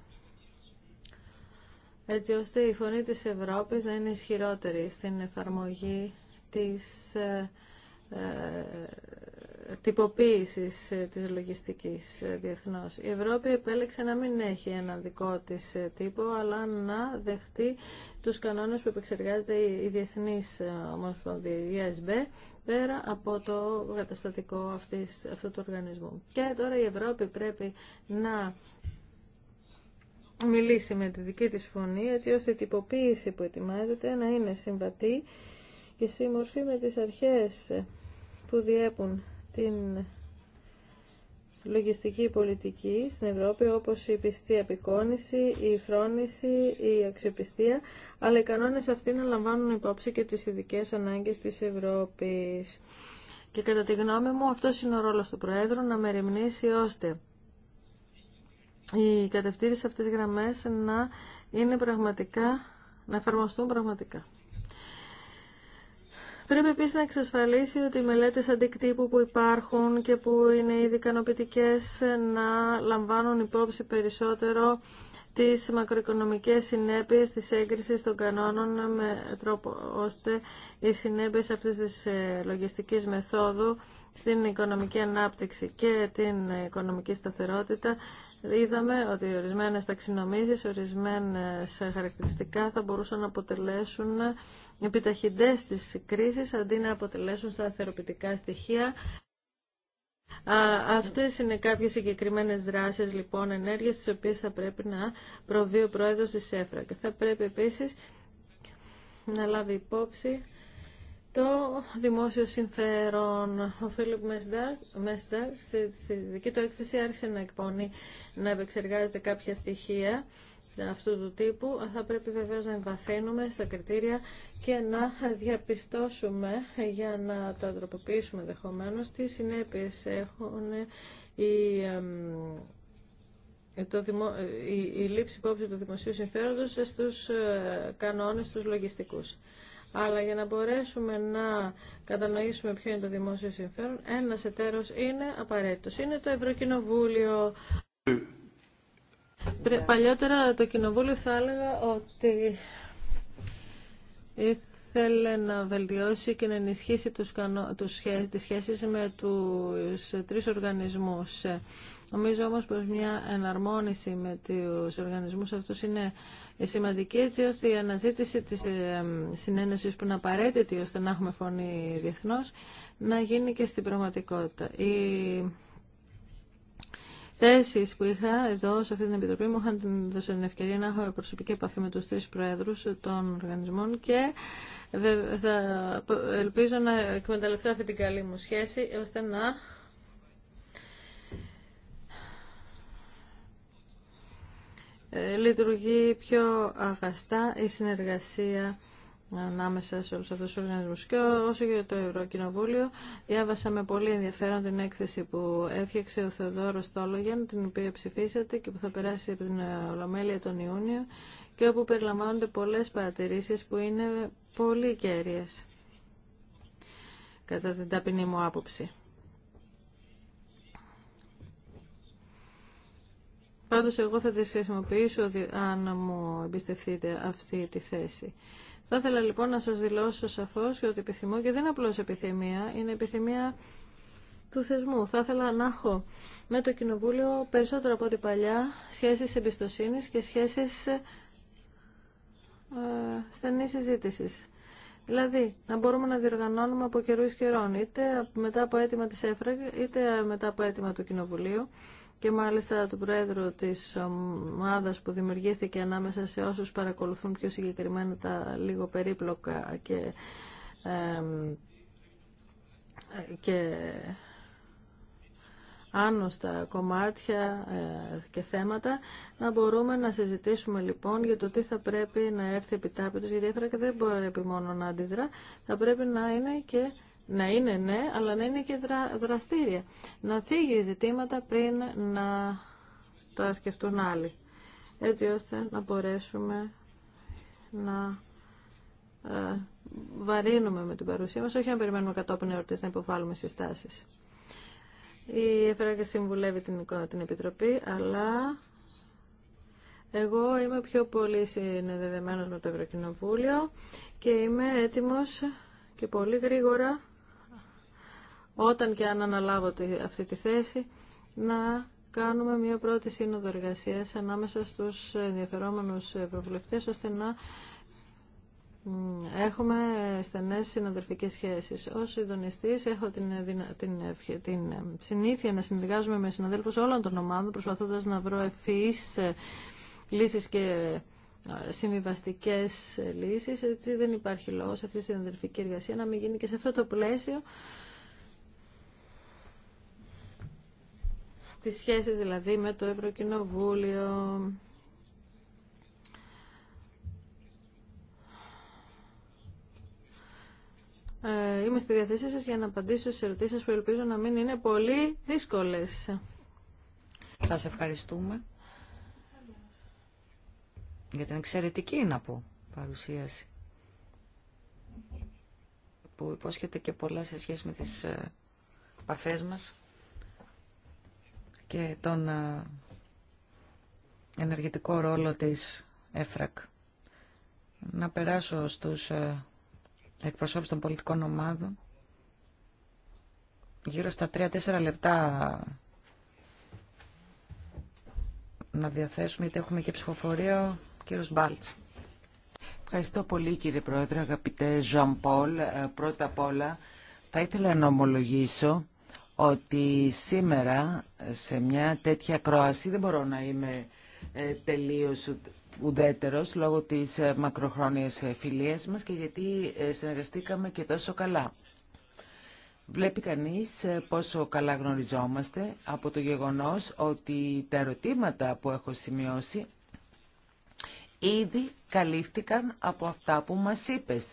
έτσι ώστε η φωνή της Ευρώπης να είναι ισχυρότερη στην εφαρμογή της ε, ε, τυποποίησης ε, της λογιστικής διεθνώς. Η Ευρώπη επέλεξε να μην έχει ένα δικό της τύπο, αλλά να δεχτεί τους κανόνες που επεξεργάζεται η Διεθνής Ομοσπονδία, η πέρα από το καταστατικό αυτού του οργανισμού. Και τώρα η Ευρώπη πρέπει να μιλήσει με τη δική της φωνή έτσι ώστε η τυποποίηση που ετοιμάζεται να είναι συμβατή και σύμμορφη με τις αρχές που διέπουν την λογιστική πολιτική στην Ευρώπη όπως η πιστή απεικόνηση, η φρόνηση, η αξιοπιστία αλλά οι κανόνες αυτοί να λαμβάνουν υπόψη και τις ειδικέ ανάγκες της Ευρώπης. Και κατά τη γνώμη μου αυτός είναι ο ρόλος του Προέδρου να μεριμνήσει ώστε οι κατευθύνσεις αυτές τις γραμμές να είναι πραγματικά, να εφαρμοστούν πραγματικά. Πρέπει επίσης να εξασφαλίσει ότι οι μελέτες αντικτύπου που υπάρχουν και που είναι ήδη ικανοποιητικέ να λαμβάνουν υπόψη περισσότερο τις μακροοικονομικές συνέπειες της έγκρισης των κανόνων με τρόπο ώστε οι συνέπειες αυτής της ε, λογιστικής μεθόδου στην οικονομική ανάπτυξη και την οικονομική σταθερότητα είδαμε ότι ορισμένες ταξινομήσεις, ορισμένες χαρακτηριστικά θα μπορούσαν να αποτελέσουν επιταχυντές της κρίσης αντί να αποτελέσουν σταθεροποιητικά στοιχεία. Αυτές είναι κάποιες συγκεκριμένες δράσεις λοιπόν ενέργειες, τις οποίες θα πρέπει να προβεί ο πρόεδρος της ΕΦΡΑ και θα πρέπει επίσης να λάβει υπόψη το δημόσιο συμφέρον. Ο Φίλιπ Μέστα στη δική του έκθεση άρχισε να εκπονεί, να επεξεργάζεται κάποια στοιχεία αυτού του τύπου. Θα πρέπει βεβαίως να εμβαθύνουμε στα κριτήρια και να διαπιστώσουμε για να τα αντροποποιήσουμε δεχομένως τι συνέπειες έχουν οι το η... η λήψη υπόψη του δημοσίου συμφέροντος στους ε, κανόνες, στους λογιστικούς. Αλλά για να μπορέσουμε να κατανοήσουμε ποιο είναι το δημόσιο συμφέρον, ένα εταίρο είναι απαραίτητο. Είναι το Ευρωκοινοβούλιο. Ναι. Παλιότερα το Κοινοβούλιο θα έλεγα ότι ήθελε να βελτιώσει και να ενισχύσει τους κανο... τους τις σχέσεις με τους τρεις οργανισμούς Νομίζω όμως πως μια εναρμόνιση με τους οργανισμούς αυτούς είναι σημαντική έτσι ώστε η αναζήτηση της ε, συνένεσης που είναι απαραίτητη ώστε να έχουμε φωνή διεθνώς να γίνει και στην πραγματικότητα. Οι θέσει που είχα εδώ σε αυτή την επιτροπή μου είχαν δώσει την ευκαιρία να έχω προσωπική επαφή με τους τρεις προέδρους των οργανισμών και ελπίζω να εκμεταλλευτώ αυτή την καλή μου σχέση ώστε να Ε, λειτουργεί πιο αγαστά η συνεργασία ανάμεσα σε όλους αυτούς τους οργανισμούς. Και όσο για το Ευρωκοινοβούλιο, διάβασα με πολύ ενδιαφέρον την έκθεση που έφτιαξε ο Θεοδόρος Τόλογεν, την οποία ψηφίσατε και που θα περάσει από την Ολομέλεια τον Ιούνιο και όπου περιλαμβάνονται πολλές παρατηρήσεις που είναι πολύ κέρυες, κατά την ταπεινή μου άποψη. Πάντως εγώ θα τις χρησιμοποιήσω αν μου εμπιστευτείτε αυτή τη θέση. Θα ήθελα λοιπόν να σας δηλώσω σαφώς ότι επιθυμώ και δεν είναι απλώς επιθυμία, είναι επιθυμία του θεσμού. Θα ήθελα να έχω με το Κοινοβούλιο περισσότερο από ό,τι παλιά σχέσεις εμπιστοσύνης και σχέσεις ε, στενή συζήτηση. Δηλαδή, να μπορούμε να διοργανώνουμε από καιρού καιρών, είτε μετά από αίτημα της ΕΦΡΑΚ, είτε μετά από αίτημα του Κοινοβουλίου, και μάλιστα του Πρόεδρου της ομάδας που δημιουργήθηκε ανάμεσα σε όσους παρακολουθούν πιο συγκεκριμένα τα λίγο περίπλοκα και, ε, και κομμάτια και θέματα, να μπορούμε να συζητήσουμε λοιπόν για το τι θα πρέπει να έρθει επιτάπητος, γιατί η δεν μπορεί μόνο να αντιδρά, θα πρέπει να είναι και να είναι ναι, αλλά να είναι και δραστήρια. Να θίγει ζητήματα πριν να τα σκεφτούν άλλοι. Έτσι ώστε να μπορέσουμε να ε, βαρύνουμε με την παρουσία μας, όχι να περιμένουμε κατόπιν εορτής να υποβάλουμε συστάσεις. Η και συμβουλεύει την, την Επιτροπή, αλλά εγώ είμαι πιο πολύ συνδεδεμένος με το Ευρωκοινοβούλιο και είμαι έτοιμος και πολύ γρήγορα όταν και αν αναλάβω αυτή τη θέση, να κάνουμε μια πρώτη σύνοδο εργασία ανάμεσα στους ενδιαφερόμενους ευρωβουλευτές, ώστε να Έχουμε στενές συναδελφικές σχέσεις. Ως συντονιστή, έχω την, την, την συνήθεια να συνεργάζομαι με συναδέλφους όλων των ομάδων, προσπαθώντας να βρω ευφυείς ε, λύσεις και ε, συμβιβαστικέ ε, λύσεις. Έτσι δεν υπάρχει σε αυτή τη συναδελφική εργασία να μην γίνει και σε αυτό το πλαίσιο στη σχέση δηλαδή με το Ευρωκοινοβούλιο. Ε, είμαι στη διαθέσή σας για να απαντήσω στις ερωτήσεις που ελπίζω να μην είναι πολύ δύσκολες. Σας ευχαριστούμε για την εξαιρετική, να πω, παρουσίαση που υπόσχεται και πολλά σε σχέση με τις ε, επαφές μας και τον ε, ενεργητικό ρόλο της ΕΦΡΑΚ. Να περάσω στους ε, εκπροσώπους των πολιτικών ομάδων. Γύρω στα 3-4 λεπτά να διαθέσουμε, γιατί έχουμε και ψηφοφορία, κύριος Μπάλτς. Ευχαριστώ πολύ κύριε Πρόεδρε, αγαπητέ Ζαν Πολ. Ε, πρώτα απ' όλα θα ήθελα να ομολογήσω ότι σήμερα σε μια τέτοια κρόαση δεν μπορώ να είμαι ε, τελείως ουδέτερος λόγω της ε, μακροχρόνιας ε, φιλίας μας και γιατί συνεργαστήκαμε και τόσο καλά. Βλέπει κανείς πόσο καλά γνωριζόμαστε από το γεγονός ότι τα ερωτήματα που έχω σημειώσει ήδη καλύφθηκαν από αυτά που μας είπες.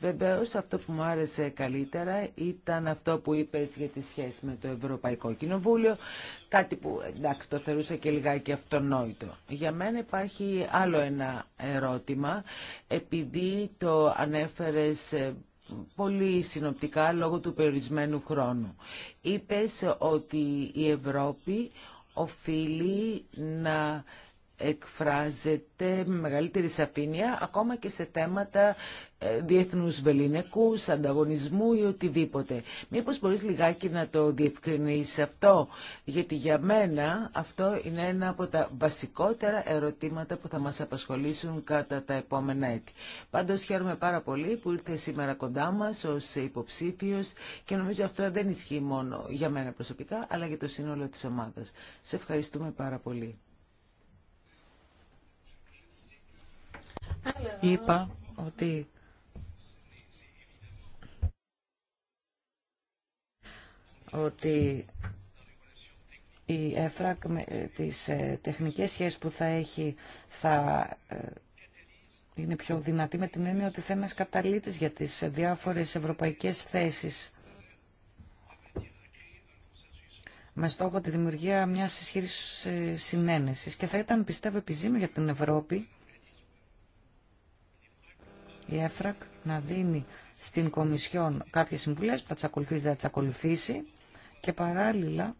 Βεβαίως αυτό που μου άρεσε καλύτερα ήταν αυτό που είπες για τη σχέση με το Ευρωπαϊκό Κοινοβούλιο, κάτι που εντάξει το θεωρούσα και λιγάκι αυτονόητο. Για μένα υπάρχει άλλο ένα ερώτημα, επειδή το ανέφερες ε, πολύ συνοπτικά λόγω του περιορισμένου χρόνου. Είπες ότι η Ευρώπη οφείλει να εκφράζεται με μεγαλύτερη σαφήνεια ακόμα και σε θέματα ε, διεθνούς βεληνικούς, ανταγωνισμού ή οτιδήποτε. Μήπως μπορείς λιγάκι να το διευκρινίσεις αυτό, γιατί για μένα αυτό είναι ένα από τα βασικότερα ερωτήματα που θα μας απασχολήσουν κατά τα επόμενα έτη. Πάντως χαίρομαι πάρα πολύ που ήρθε σήμερα κοντά μας ως υποψήφιος και νομίζω αυτό δεν ισχύει μόνο για μένα προσωπικά, αλλά για το σύνολο της ομάδας. Σε ευχαριστούμε πάρα πολύ. είπα ότι ότι η ΕΦΡΑΚ με τις ε, τεχνικές σχέσεις που θα έχει θα ε, είναι πιο δυνατή με την έννοια ότι θα είναι για τις διάφορες ευρωπαϊκές θέσεις με στόχο τη δημιουργία μιας ισχύρης ε, συνένεσης και θα ήταν πιστεύω επιζήμιο για την Ευρώπη η ΕΦΡΑΚ να δίνει στην Κομισιόν κάποιες συμβουλές που θα τις ακολουθήσει, θα τις ακολουθήσει και παράλληλα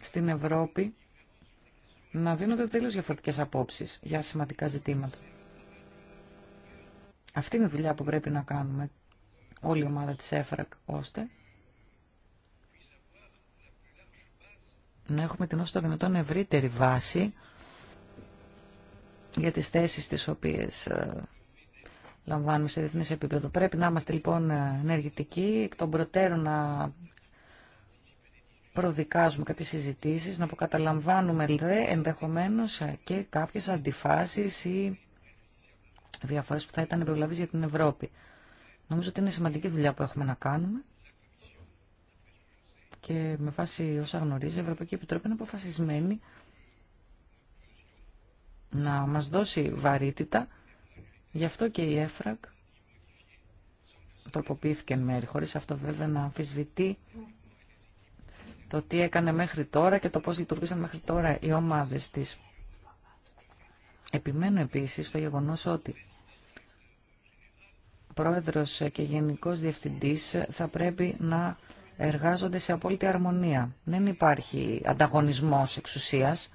στην Ευρώπη να δίνονται τελείως διαφορετικές απόψεις για σημαντικά ζητήματα. Αυτή είναι η δουλειά που πρέπει να κάνουμε όλη η ομάδα της ΕΦΡΑΚ, ώστε να έχουμε την όσο το δυνατόν ευρύτερη βάση για τις θέσεις τις οποίες ε, λαμβάνουμε σε διεθνές επίπεδο. Πρέπει να είμαστε λοιπόν ενεργητικοί, εκ των προτέρων να προδικάζουμε κάποιες συζητήσεις, να αποκαταλαμβάνουμε δε, ενδεχομένως και κάποιες αντιφάσεις ή διαφορές που θα ήταν επιβλαβείς για την Ευρώπη. Νομίζω ότι είναι σημαντική δουλειά που έχουμε να κάνουμε και με βάση όσα γνωρίζω η Ευρωπαϊκή Επιτροπή είναι αποφασισμένη να μας δώσει βαρύτητα Γι' αυτό και η ΕΦΡΑΚ τροποποιήθηκε εν μέρη, χωρίς αυτό βέβαια να αμφισβητεί το τι έκανε μέχρι τώρα και το πώς λειτουργήσαν μέχρι τώρα οι ομάδες της. Επιμένω επίσης στο γεγονός ότι πρόεδρος και γενικός διευθυντής θα πρέπει να εργάζονται σε απόλυτη αρμονία. Δεν υπάρχει ανταγωνισμός εξουσίας.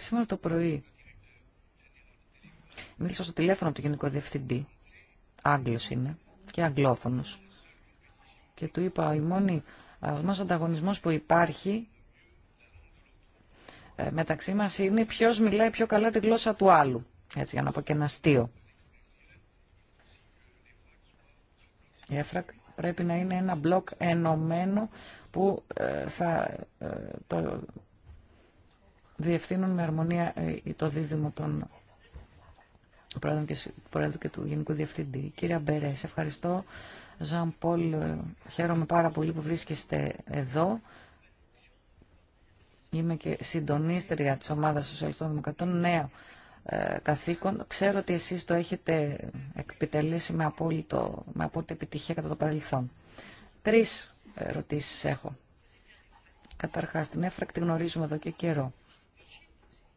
Σήμερα το πρωί μίλησα στο τηλέφωνο του Γενικό Διευθυντή. Άγγλος είναι και αγγλόφωνος. Και του είπα, η μόνη ε, μας ανταγωνισμός που υπάρχει ε, μεταξύ μας είναι ποιος μιλάει πιο καλά τη γλώσσα του άλλου. Έτσι, για να πω και ένα αστείο. Η ΕΦΡΑΚ πρέπει να είναι ένα μπλοκ ενωμένο που ε, θα το διευθύνουν με αρμονία ε, το δίδυμο των προέδρων και, του Γενικού Διευθυντή. Κύριε Μπερέ, σε ευχαριστώ. Ζαν Πολ, ε, χαίρομαι πάρα πολύ που βρίσκεστε εδώ. Είμαι και συντονίστρια της ομάδας Σοσιαλιστών Δημοκρατών νέο ε, καθήκον. Ξέρω ότι εσείς το έχετε επιτελέσει με, απόλυτο, με απόλυτη επιτυχία κατά το παρελθόν. Τρεις ερωτήσεις έχω. Καταρχάς, την έφρακτη γνωρίζουμε εδώ και καιρό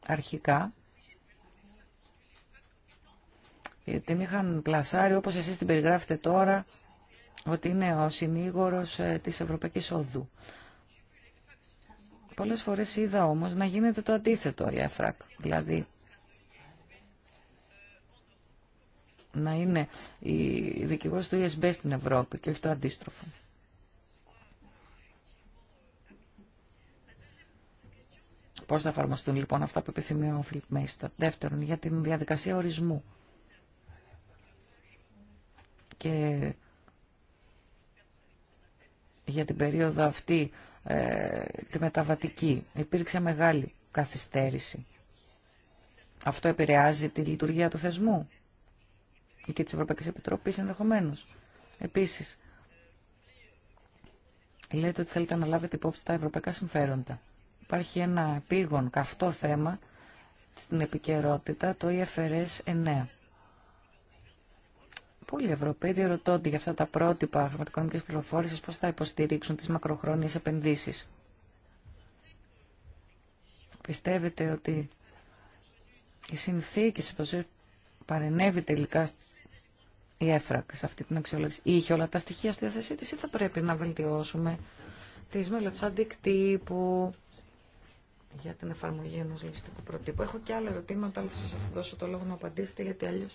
αρχικά την είχαν πλασάρει όπως εσείς την περιγράφετε τώρα ότι είναι ο συνήγορος ε, της Ευρωπαϊκής Οδού. Πολλές φορές είδα όμως να γίνεται το αντίθετο η ΕΦΡΑΚ. δηλαδή να είναι η δικηγόρος του ESB στην Ευρώπη και όχι το αντίστροφο. Πώς θα εφαρμοστούν λοιπόν αυτά που επιθυμεί ο Φιλιπ Μέιστα. Δεύτερον, για την διαδικασία ορισμού. Και για την περίοδο αυτή, ε, τη μεταβατική, υπήρξε μεγάλη καθυστέρηση. Αυτό επηρεάζει τη λειτουργία του θεσμού και της Ευρωπαϊκής Επιτροπής ενδεχομένως. Επίσης, λέτε ότι θέλετε να λάβετε υπόψη τα ευρωπαϊκά συμφέροντα. Υπάρχει ένα επίγον καυτό θέμα στην επικαιρότητα, το IFRS e 9. Πολλοί Ευρωπαίοι διερωτώνται για αυτά τα πρότυπα χρηματοοικονομική πληροφόρηση πώ θα υποστηρίξουν τι μακροχρόνιε επενδύσει. Πιστεύετε ότι η συνθήκη που παρενέβη τελικά η ΕΦΡΑΚ σε αυτή την αξιολόγηση είχε όλα τα στοιχεία στη διάθεσή τη ή θα πρέπει να βελτιώσουμε τις μελέτε αντικτύπου, για την εφαρμογή ενό λογιστικού προτύπου. Έχω και άλλα ερωτήματα, αλλά θα σα δώσω το λόγο να απαντήσετε, γιατί αλλιώ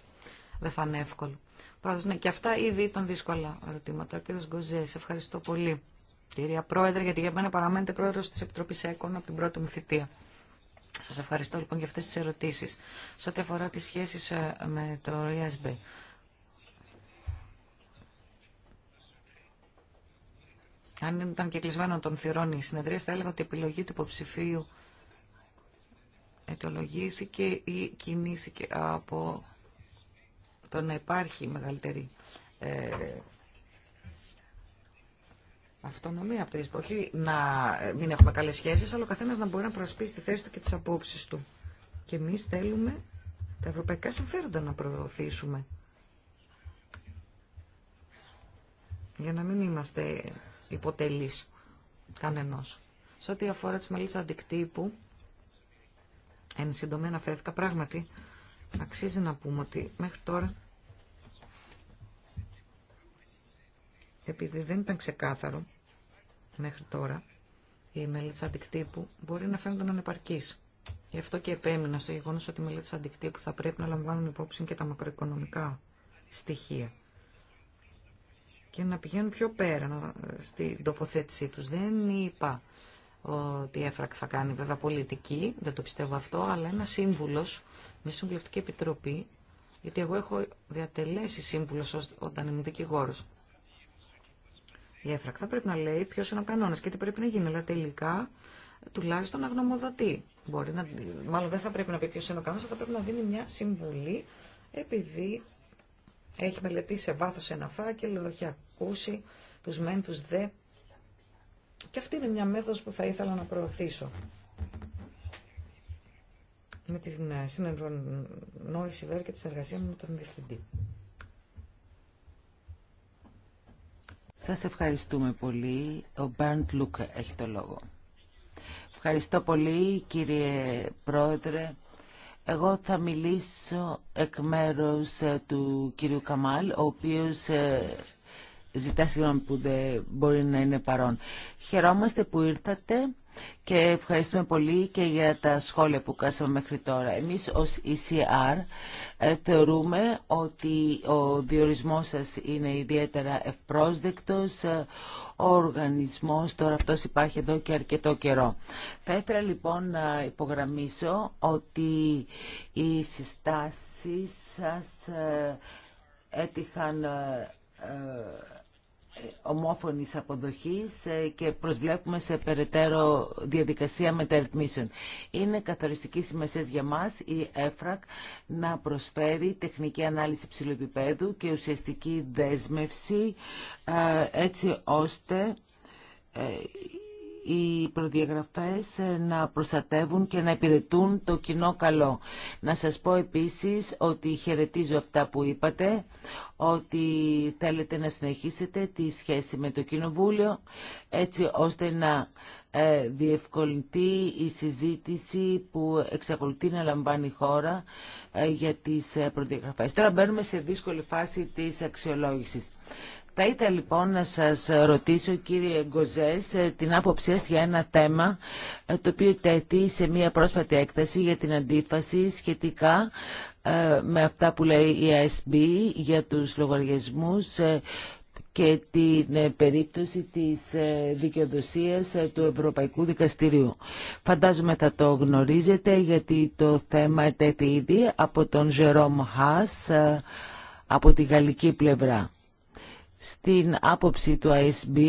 δεν θα είναι εύκολο. Πάντω, ναι, και αυτά ήδη ήταν δύσκολα ερωτήματα. Ο κ. Γκοζές, ευχαριστώ πολύ. Κυρία Πρόεδρε, γιατί για μένα παραμένετε πρόεδρο τη Επιτροπή ΕΚΟΝ από την πρώτη μου θητεία. Σα ευχαριστώ λοιπόν για αυτέ τι ερωτήσει. Σε ό,τι αφορά τι σχέσει ε, με το ΡΙΑΣΜΠ. Αν ήταν και κλεισμένο των θυρών η συνεδρία, θα έλεγα ότι η επιλογή του υποψηφίου αιτιολογήθηκε ή κινήθηκε από το να υπάρχει μεγαλύτερη ε, αυτονομία από την εποχή, να ε, μην έχουμε καλές σχέσεις, αλλά ο καθένας να μπορεί να προασπίσει τη θέση του και τις απόψεις του. Και εμείς θέλουμε τα ευρωπαϊκά συμφέροντα να προωθήσουμε. Για να μην είμαστε υποτελείς κανενός. Σε ό,τι αφορά τις μελίτες αντικτύπου, Εν συντομένα, φέρθηκα Πράγματι, αξίζει να πούμε ότι μέχρι τώρα, επειδή δεν ήταν ξεκάθαρο μέχρι τώρα, η μελέτη αντικτύπου μπορεί να φαίνονταν ανεπαρκής. Γι' αυτό και επέμεινα στο γεγονό ότι οι μελέτε αντικτύπου θα πρέπει να λαμβάνουν υπόψη και τα μακροοικονομικά στοιχεία και να πηγαίνουν πιο πέρα στην τοποθέτησή τους. Δεν είπα ότι η ΕΦΡΑΚ θα κάνει βέβαια πολιτική, δεν το πιστεύω αυτό, αλλά ένα σύμβουλο, μια συμβουλευτική επιτροπή, γιατί εγώ έχω διατελέσει σύμβουλο όταν είμαι δικηγόρο. Η ΕΦΡΑΚ θα πρέπει να λέει ποιο είναι ο κανόνα και τι πρέπει να γίνει, αλλά τελικά τουλάχιστον να γνωμοδοτεί. Μπορεί να, μάλλον δεν θα πρέπει να πει ποιο είναι ο κανόνα, θα πρέπει να δίνει μια συμβουλή, επειδή έχει μελετήσει σε βάθο ένα φάκελο, έχει ακούσει του μεν, του δε και αυτή είναι μια μέθοδος που θα ήθελα να προωθήσω. Με την ε, συνεργονόηση βέβαια και τη συνεργασία μου με τον Διευθυντή. Σας ευχαριστούμε πολύ. Ο Μπέρντ Λούκα έχει το λόγο. Ευχαριστώ πολύ κύριε Πρόεδρε. Εγώ θα μιλήσω εκ μέρους ε, του κύριου Καμάλ, ο οποίος ε, ζητά συγγνώμη που δεν μπορεί να είναι παρόν. Χαιρόμαστε που ήρθατε και ευχαριστούμε πολύ και για τα σχόλια που κάσαμε μέχρι τώρα. Εμείς ως ECR ε, θεωρούμε ότι ο διορισμός σας είναι ιδιαίτερα ευπρόσδεκτος, ε, ο οργανισμός τώρα αυτός υπάρχει εδώ και αρκετό καιρό. Θα ήθελα λοιπόν να υπογραμμίσω ότι οι συστάσεις σας ε, έτυχαν ομόφωνης αποδοχής ε, και προσβλέπουμε σε περαιτέρω διαδικασία μεταρρυθμίσεων. Είναι καθοριστική σημασία για μας η ΕΦΡΑΚ να προσφέρει τεχνική ανάλυση ψηλοεπιπέδου και ουσιαστική δέσμευση ε, έτσι ώστε ε, οι προδιαγραφές να προστατεύουν και να υπηρετούν το κοινό καλό. Να σας πω επίσης ότι χαιρετίζω αυτά που είπατε, ότι θέλετε να συνεχίσετε τη σχέση με το Κοινοβούλιο, έτσι ώστε να ε, διευκολυνθεί η συζήτηση που εξακολουθεί να λαμβάνει η χώρα ε, για τις ε, προδιαγραφές. Τώρα μπαίνουμε σε δύσκολη φάση της αξιολόγησης. Θα ήθελα λοιπόν να σας ρωτήσω κύριε Γκοζές ε, την άποψή σας για ένα θέμα ε, το οποίο τέθη σε μια πρόσφατη έκθεση για την αντίφαση σχετικά ε, με αυτά που λέει η ASB για τους λογαριασμούς και την περίπτωση της δικαιοδοσίας του Ευρωπαϊκού Δικαστηρίου. Φαντάζομαι θα το γνωρίζετε γιατί το θέμα τέτοι ήδη από τον Ζερόμ Haas από τη γαλλική πλευρά. Στην άποψη του ISB,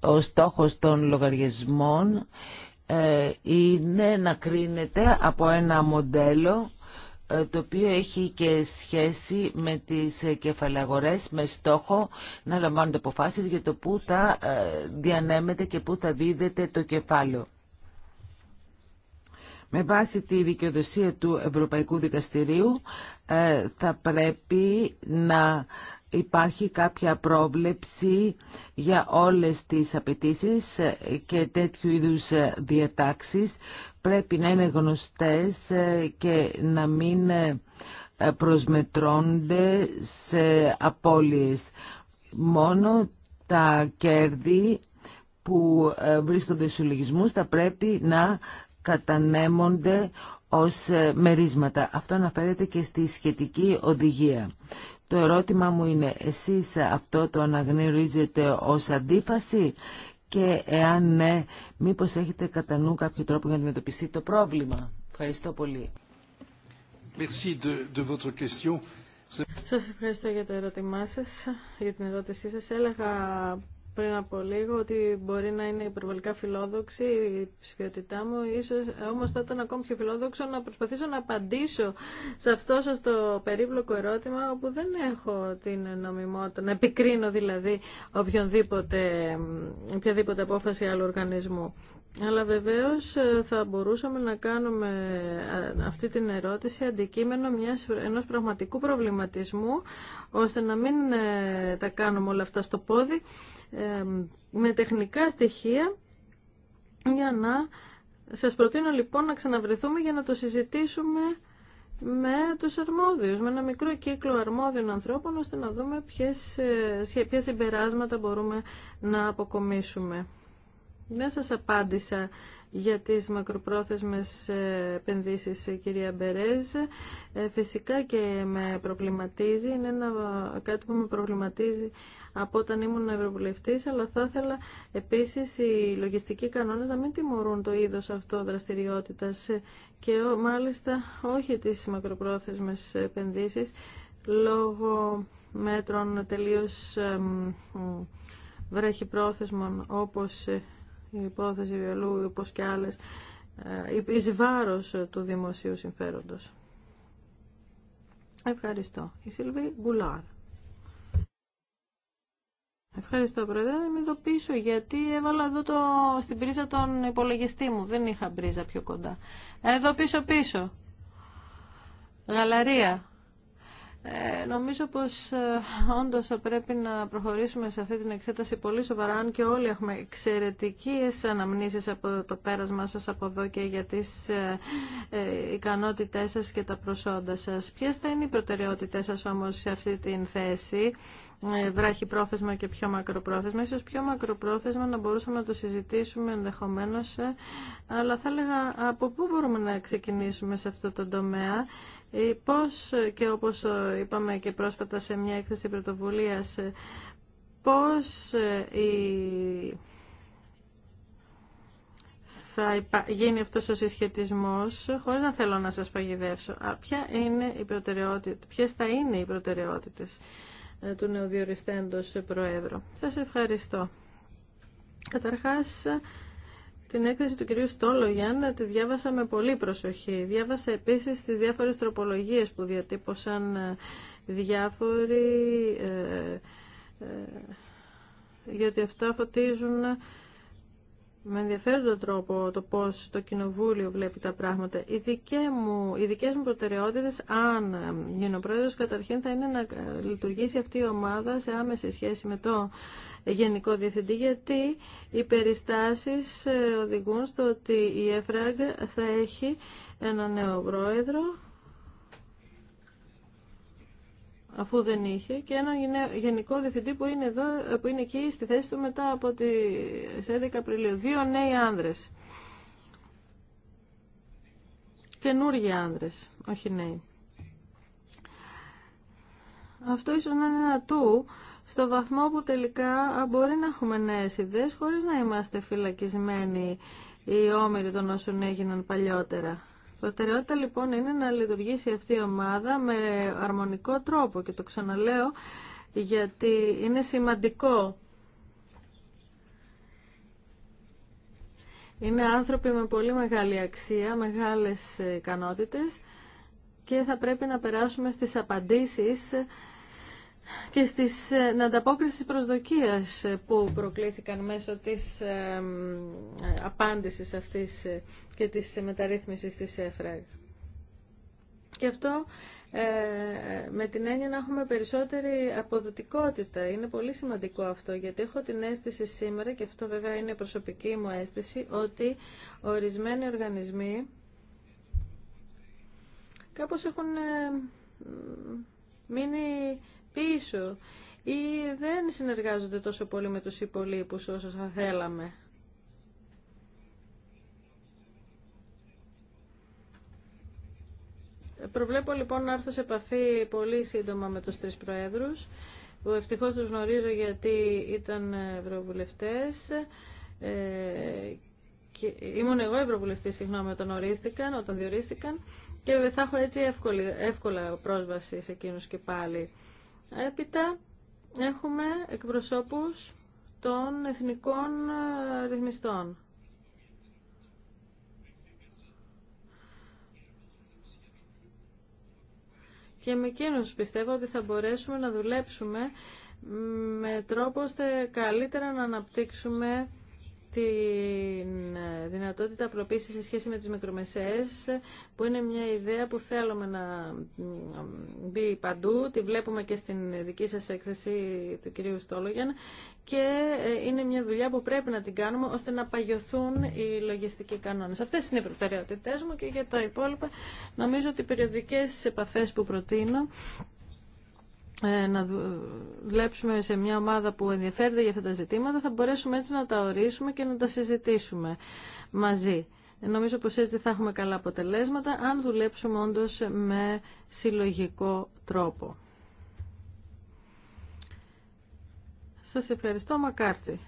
ο στόχος των λογαριασμών ε, είναι να κρίνεται από ένα μοντέλο ε, το οποίο έχει και σχέση με τις κεφαλαγορές με στόχο να λαμβάνονται αποφάσεις για το πού θα ε, διανέμεται και πού θα δίδεται το κεφάλαιο. Με βάση τη δικαιοδοσία του Ευρωπαϊκού Δικαστηρίου θα πρέπει να υπάρχει κάποια πρόβλεψη για όλες τις απαιτήσει και τέτοιου είδους διατάξεις πρέπει να είναι γνωστές και να μην προσμετρώνται σε απώλειες. Μόνο τα κέρδη που βρίσκονται στους λογισμούς θα πρέπει να κατανέμονται ως μερίσματα. Αυτό αναφέρεται και στη σχετική οδηγία. Το ερώτημά μου είναι, εσείς αυτό το αναγνωρίζετε ως αντίφαση και εάν ναι, μήπως έχετε κατά νου κάποιο τρόπο για να αντιμετωπιστεί το πρόβλημα. Ευχαριστώ πολύ. Σας ευχαριστώ για το ερώτημά σας, για την ερώτησή σας. Έλεγα πριν από λίγο ότι μπορεί να είναι υπερβολικά φιλόδοξη η ψηφιότητά μου, ίσως όμως θα ήταν ακόμη πιο φιλόδοξο να προσπαθήσω να απαντήσω σε αυτό σας το περίπλοκο ερώτημα όπου δεν έχω την νομιμότητα, να επικρίνω δηλαδή οποιονδήποτε, οποιαδήποτε απόφαση άλλου οργανισμού. Αλλά βεβαίως ε, θα μπορούσαμε να κάνουμε ε, αυτή την ερώτηση αντικείμενο μιας, ενός πραγματικού προβληματισμού ώστε να μην ε, τα κάνουμε όλα αυτά στο πόδι ε, με τεχνικά στοιχεία για να σας προτείνω λοιπόν να ξαναβρεθούμε για να το συζητήσουμε με τους αρμόδιους, με ένα μικρό κύκλο αρμόδιων ανθρώπων, ώστε να δούμε ποιες, ε, ποια συμπεράσματα μπορούμε να αποκομίσουμε. Δεν ναι, σας απάντησα για τις μακροπρόθεσμες επενδύσεις, κυρία Μπερέζ. Ε, φυσικά και με προβληματίζει. Είναι ένα, κάτι που με προβληματίζει από όταν ήμουν ευρωβουλευτής, αλλά θα ήθελα επίσης οι λογιστικοί κανόνες να μην τιμωρούν το είδος αυτό δραστηριότητας και μάλιστα όχι τις μακροπρόθεσμες επενδύσεις λόγω μέτρων τελείως βραχυπρόθεσμων όπως η υπόθεση Βιολού, όπως και άλλες, ε, εις βάρος του δημοσίου συμφέροντος. Ευχαριστώ. Η Σιλβή Γουλάρ. Ευχαριστώ, Πρόεδρε. Να είμαι εδώ πίσω, γιατί έβαλα εδώ το, στην πρίζα τον υπολογιστή μου. Δεν είχα πρίζα πιο κοντά. Εδώ πίσω-πίσω. Γαλαρία. Ε, νομίζω πως ε, όντως θα πρέπει να προχωρήσουμε σε αυτή την εξέταση πολύ σοβαρά αν και όλοι έχουμε εξαιρετικές αναμνήσεις από το πέρασμα σας από εδώ και για τις ε, ε, ικανότητές σας και τα προσόντα σας. Ποιες θα είναι οι προτεραιότητές σας όμως σε αυτή την θέση ε, βράχη πρόθεσμα και πιο μακροπρόθεσμα. Ίσως πιο μακροπρόθεσμα να μπορούσαμε να το συζητήσουμε ενδεχομένως, ε, αλλά θα έλεγα από πού μπορούμε να ξεκινήσουμε σε αυτό το τομέα ε, πώς και όπως είπαμε και πρόσφατα σε μια έκθεση πρωτοβουλίας, ε, πώς ε, θα γίνει αυτός ο συσχετισμός, χωρίς να θέλω να σας παγιδεύσω, Α, είναι η προτεραιότητα, ποιες θα είναι οι προτεραιότητες του νεοδιοριστέντος Προέδρου. Σας ευχαριστώ. Καταρχάς, την έκθεση του κυρίου Στόλογιαν τη διάβασα με πολύ προσοχή. Διάβασα επίσης τις διάφορες τροπολογίες που διατύπωσαν ε, διάφοροι, ε, ε, ε, γιατί αυτά φωτίζουν με τον τρόπο το πώς το Κοινοβούλιο βλέπει τα πράγματα. Οι, δικέ μου, οι δικές μου προτεραιότητες, αν γίνω πρόεδρος, καταρχήν θα είναι να λειτουργήσει αυτή η ομάδα σε άμεση σχέση με το Γενικό Διευθυντή, γιατί οι περιστάσεις ε, οδηγούν στο ότι η ΕΦΡΑΓ θα έχει ένα νέο πρόεδρο, αφού δεν είχε, και έναν γενικό διευθυντή που είναι, εδώ, που είναι εκεί στη θέση του μετά από τη 11 Απριλίου. Δύο νέοι άνδρες. Καινούργιοι άνδρες, όχι νέοι. Αυτό ίσως να είναι ένα του, στο βαθμό που τελικά μπορεί να έχουμε νέες ιδέες χωρίς να είμαστε φυλακισμένοι οι όμοιροι των όσων έγιναν παλιότερα. Προτεραιότητα λοιπόν είναι να λειτουργήσει αυτή η ομάδα με αρμονικό τρόπο και το ξαναλέω γιατί είναι σημαντικό. Είναι άνθρωποι με πολύ μεγάλη αξία, μεγάλες ικανότητες και θα πρέπει να περάσουμε στις απαντήσεις και στις ε, ανταπόκριση προσδοκίας ε, που προκλήθηκαν μέσω της ε, απάντησης αυτής και της μεταρρύθμισης της ΕΦΡΑΓ. Και αυτό με την έννοια να έχουμε περισσότερη αποδοτικότητα. Είναι πολύ σημαντικό αυτό, γιατί έχω την αίσθηση σήμερα, και αυτό βέβαια είναι προσωπική μου αίσθηση, ότι ορισμένοι οργανισμοί κάπως έχουν μείνει πίσω ή δεν συνεργάζονται τόσο πολύ με τους υπολείπους όσο θα θέλαμε. Προβλέπω λοιπόν να έρθω σε επαφή πολύ σύντομα με τους τρεις προέδρους που ευτυχώς τους γνωρίζω γιατί ήταν ευρωβουλευτές ε, και ήμουν εγώ ευρωβουλευτή, συγγνώμη, όταν ορίστηκαν, όταν διορίστηκαν και θα έχω έτσι εύκολα, εύκολα πρόσβαση σε εκείνους και πάλι. Έπειτα έχουμε εκπροσώπους των εθνικών ε, ρυθμιστών. Και με εκείνους πιστεύω ότι θα μπορέσουμε να δουλέψουμε με τρόπο ώστε καλύτερα να αναπτύξουμε την δυνατότητα προπίσης σε σχέση με τις μικρομεσαίες που είναι μια ιδέα που θέλουμε να μπει παντού τη βλέπουμε και στην δική σας έκθεση του κυρίου Στόλογεν και ε, είναι μια δουλειά που πρέπει να την κάνουμε ώστε να παγιωθούν οι λογιστικοί κανόνες. Αυτές είναι οι προτεραιότητές μου και για τα υπόλοιπα νομίζω ότι οι περιοδικές επαφές που προτείνω ε, να δουλέψουμε σε μια ομάδα που ενδιαφέρεται για αυτά τα ζητήματα, θα μπορέσουμε έτσι να τα ορίσουμε και να τα συζητήσουμε μαζί. Ε, νομίζω πως έτσι θα έχουμε καλά αποτελέσματα, αν δουλέψουμε όντως με συλλογικό τρόπο. Σας ευχαριστώ, Μακάρτη.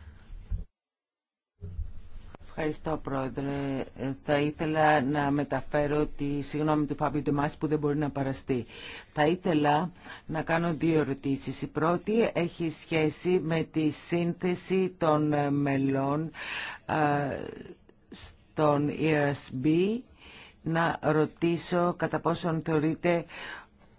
Ευχαριστώ Πρόεδρε. Θα ήθελα να μεταφέρω τη συγγνώμη του Φάμπιου Ντεμάς που δεν μπορεί να παραστεί. Θα ήθελα να κάνω δύο ερωτήσεις. Η πρώτη έχει σχέση με τη σύνθεση των μελών στον ERSB. Να ρωτήσω κατά πόσον θεωρείτε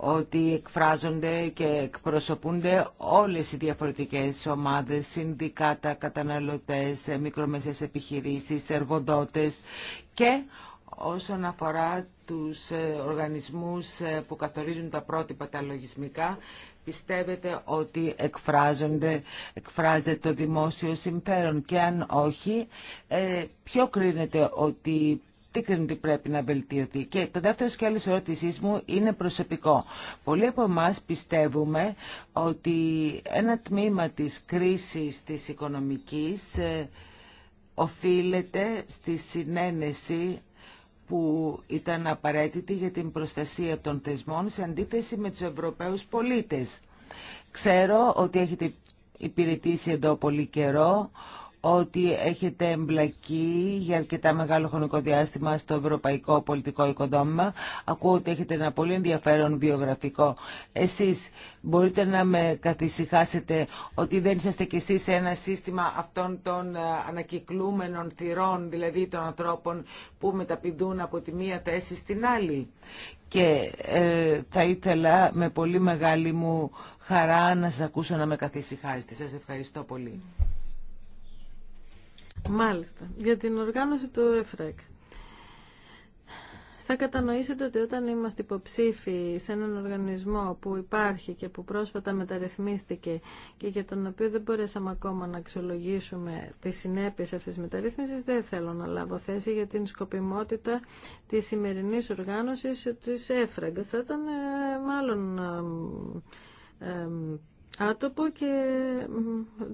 ότι εκφράζονται και εκπροσωπούνται όλες οι διαφορετικές ομάδες, συνδικάτα, καταναλωτές, μικρομεσαίες επιχειρήσεις, εργοδότες και όσον αφορά τους ε, οργανισμούς ε, που καθορίζουν τα πρότυπα τα λογισμικά, πιστεύετε ότι εκφράζονται, εκφράζεται το δημόσιο συμφέρον και αν όχι, ε, ποιο κρίνεται ότι τι κρίνουν ότι πρέπει να βελτιωθεί. Και το δεύτερο σκέλος ερώτησή μου είναι προσωπικό. Πολλοί από εμά πιστεύουμε ότι ένα τμήμα της κρίσης της οικονομικής ε, οφείλεται στη συνένεση που ήταν απαραίτητη για την προστασία των θεσμών σε αντίθεση με τους Ευρωπαίους πολίτες. Ξέρω ότι έχετε υπηρετήσει εδώ πολύ καιρό, ότι έχετε εμπλακεί για αρκετά μεγάλο χρονικό διάστημα στο ευρωπαϊκό πολιτικό οικοδόμημα. Ακούω ότι έχετε ένα πολύ ενδιαφέρον βιογραφικό. Εσείς μπορείτε να με καθησυχάσετε ότι δεν είσαστε κι εσείς σε ένα σύστημα αυτών των ε, ανακυκλούμενων θυρών, δηλαδή των ανθρώπων που μεταπηδούν από τη μία θέση στην άλλη. Και ε, θα ήθελα με πολύ μεγάλη μου χαρά να σας ακούσω να με καθησυχάσετε. Σας ευχαριστώ πολύ. Μάλιστα. Για την οργάνωση του ΕΦΡΕΚ. Θα κατανοήσετε ότι όταν είμαστε υποψήφοι σε έναν οργανισμό που υπάρχει και που πρόσφατα μεταρρυθμίστηκε και για τον οποίο δεν μπορέσαμε ακόμα να αξιολογήσουμε τις συνέπειες αυτής της μεταρρύθμισης, δεν θέλω να λάβω θέση για την σκοπιμότητα της σημερινής οργάνωση της ΕΦΡΑΓ. Θα ήταν ε, μάλλον ε, ε, Άτοπο και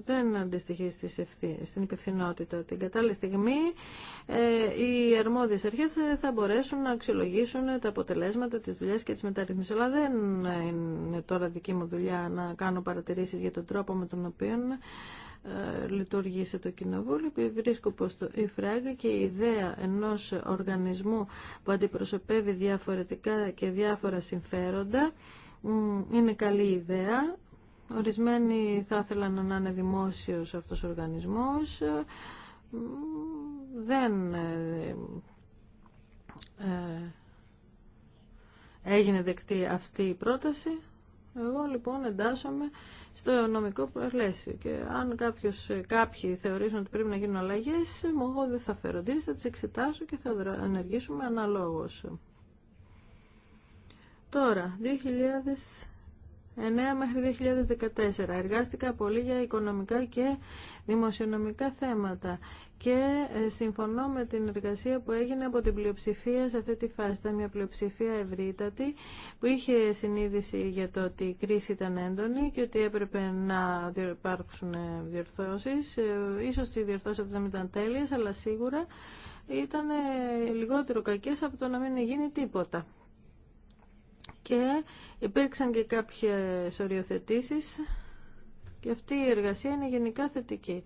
δεν αντιστοιχεί στις στην υπευθυνότητα. Την κατάλληλη στιγμή ε, οι αρμόδιες αρχές ε, θα μπορέσουν να αξιολογήσουν τα αποτελέσματα της δουλειάς και της μεταρρύθμισης. Αλλά δεν είναι τώρα δική μου δουλειά να κάνω παρατηρήσεις για τον τρόπο με τον οποίο ε, λειτουργήσε το κοινοβούλιο. Βρίσκω πως το ΙΦΡΑΓ και η ιδέα ενός οργανισμού που αντιπροσωπεύει διαφορετικά και διάφορα συμφέροντα είναι καλή ιδέα, Ορισμένοι θα ήθελαν να είναι δημόσιος αυτός ο οργανισμός. Δεν ε, ε, έγινε δεκτή αυτή η πρόταση. Εγώ λοιπόν εντάσσομαι στο νομικό πλαίσιο και αν κάποιος, κάποιοι θεωρήσουν ότι πρέπει να γίνουν αλλαγές, εγώ δεν θα φέρω αντίρρηση, θα τις εξετάσω και θα ενεργήσουμε αναλόγως. Τώρα, 2000 9 μέχρι 2014. Εργάστηκα πολύ για οικονομικά και δημοσιονομικά θέματα και ε, συμφωνώ με την εργασία που έγινε από την πλειοψηφία σε αυτή τη φάση. Ήταν μια πλειοψηφία ευρύτατη που είχε συνείδηση για το ότι η κρίση ήταν έντονη και ότι έπρεπε να υπάρξουν ε, διορθώσεις. Ε, ίσως οι διορθώσεις αυτές δεν ήταν τέλειες, αλλά σίγουρα ήταν λιγότερο κακές από το να μην γίνει τίποτα και υπήρξαν και κάποιες οριοθετήσεις και αυτή η εργασία είναι γενικά θετική.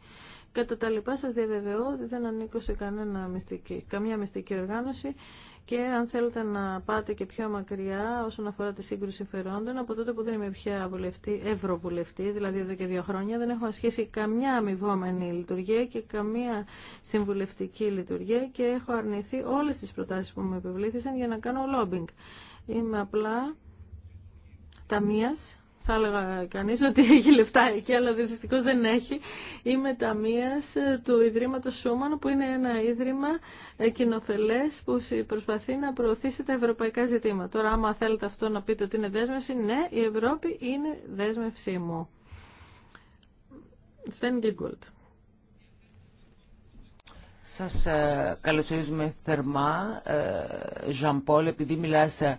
Κατά τα λοιπά σας διαβεβαιώ ότι δεν ανήκω σε κανένα μυστική, καμία μυστική οργάνωση και αν θέλετε να πάτε και πιο μακριά όσον αφορά τη σύγκρουση συμφερόντων, από τότε που δεν είμαι πια βουλευτή, ευρωβουλευτή, δηλαδή εδώ και δύο χρόνια, δεν έχω ασχίσει καμιά αμοιβόμενη λειτουργία και καμία συμβουλευτική λειτουργία και έχω αρνηθεί όλες τις προτάσεις που μου επιβλήθησαν για να κάνω λόμπινγκ. Είμαι απλά ταμείας. Θα έλεγα κανείς ότι έχει λεφτά εκεί, αλλά δυστυχώ δεν έχει. Είμαι ταμείας του Ιδρύματος Σούμαν, που είναι ένα ίδρυμα κοινοφελέ που προσπαθεί να προωθήσει τα ευρωπαϊκά ζητήματα. Τώρα, άμα θέλετε αυτό να πείτε ότι είναι δέσμευση, ναι, η Ευρώπη είναι δέσμευσή μου. είναι γκολτ. Σας ε, καλωσορίζουμε θερμά. Ζαμπόλ, ε, επειδή μιλάς ε,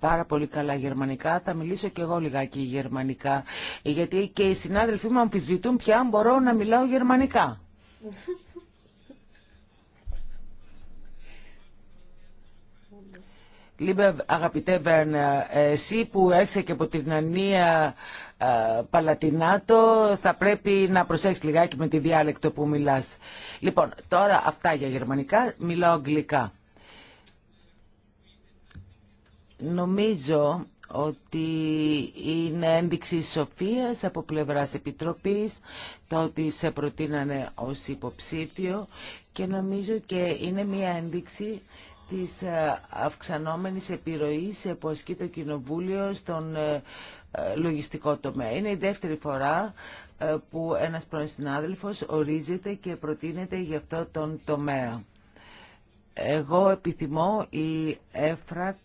πάρα πολύ καλά γερμανικά, θα μιλήσω και εγώ λιγάκι γερμανικά, γιατί και οι συνάδελφοί μου αμφισβητούν πια αν μπορώ να μιλάω γερμανικά. αγαπητέ Βέρνα, εσύ που έρθες και από την Ανία Παλατινάτο, θα πρέπει να προσέχεις λιγάκι με τη διάλεκτο που μιλάς. Λοιπόν, τώρα αυτά για γερμανικά, μιλάω αγγλικά. Νομίζω ότι είναι ένδειξη σοφίας από πλευράς Επιτροπής, το ότι σε προτείνανε ως υποψήφιο και νομίζω και είναι μια ένδειξη της ε, αυξανόμενης επιρροής ε, που ασκεί το Κοινοβούλιο στον ε, λογιστικό τομέα. Είναι η δεύτερη φορά που ένας πρώην συνάδελφος ορίζεται και προτείνεται για αυτό τον τομέα. Εγώ επιθυμώ η ΕΦΡΑΚ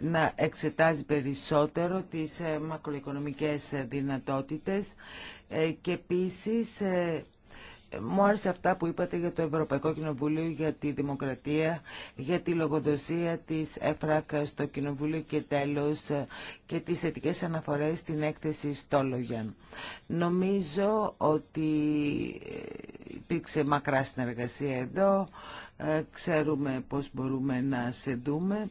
να εξετάζει περισσότερο τις μακροοικονομικές δυνατότητες και επίσης μου άρεσε αυτά που είπατε για το Ευρωπαϊκό Κοινοβούλιο, για τη δημοκρατία, για τη λογοδοσία της ΕΦΡΑΚ στο Κοινοβούλιο και τέλος ε, και τις θετικέ αναφορές στην έκθεση Στόλογιαν. Νομίζω ότι ε, υπήρξε μακρά συνεργασία εδώ, ε, ξέρουμε πώς μπορούμε να σε δούμε.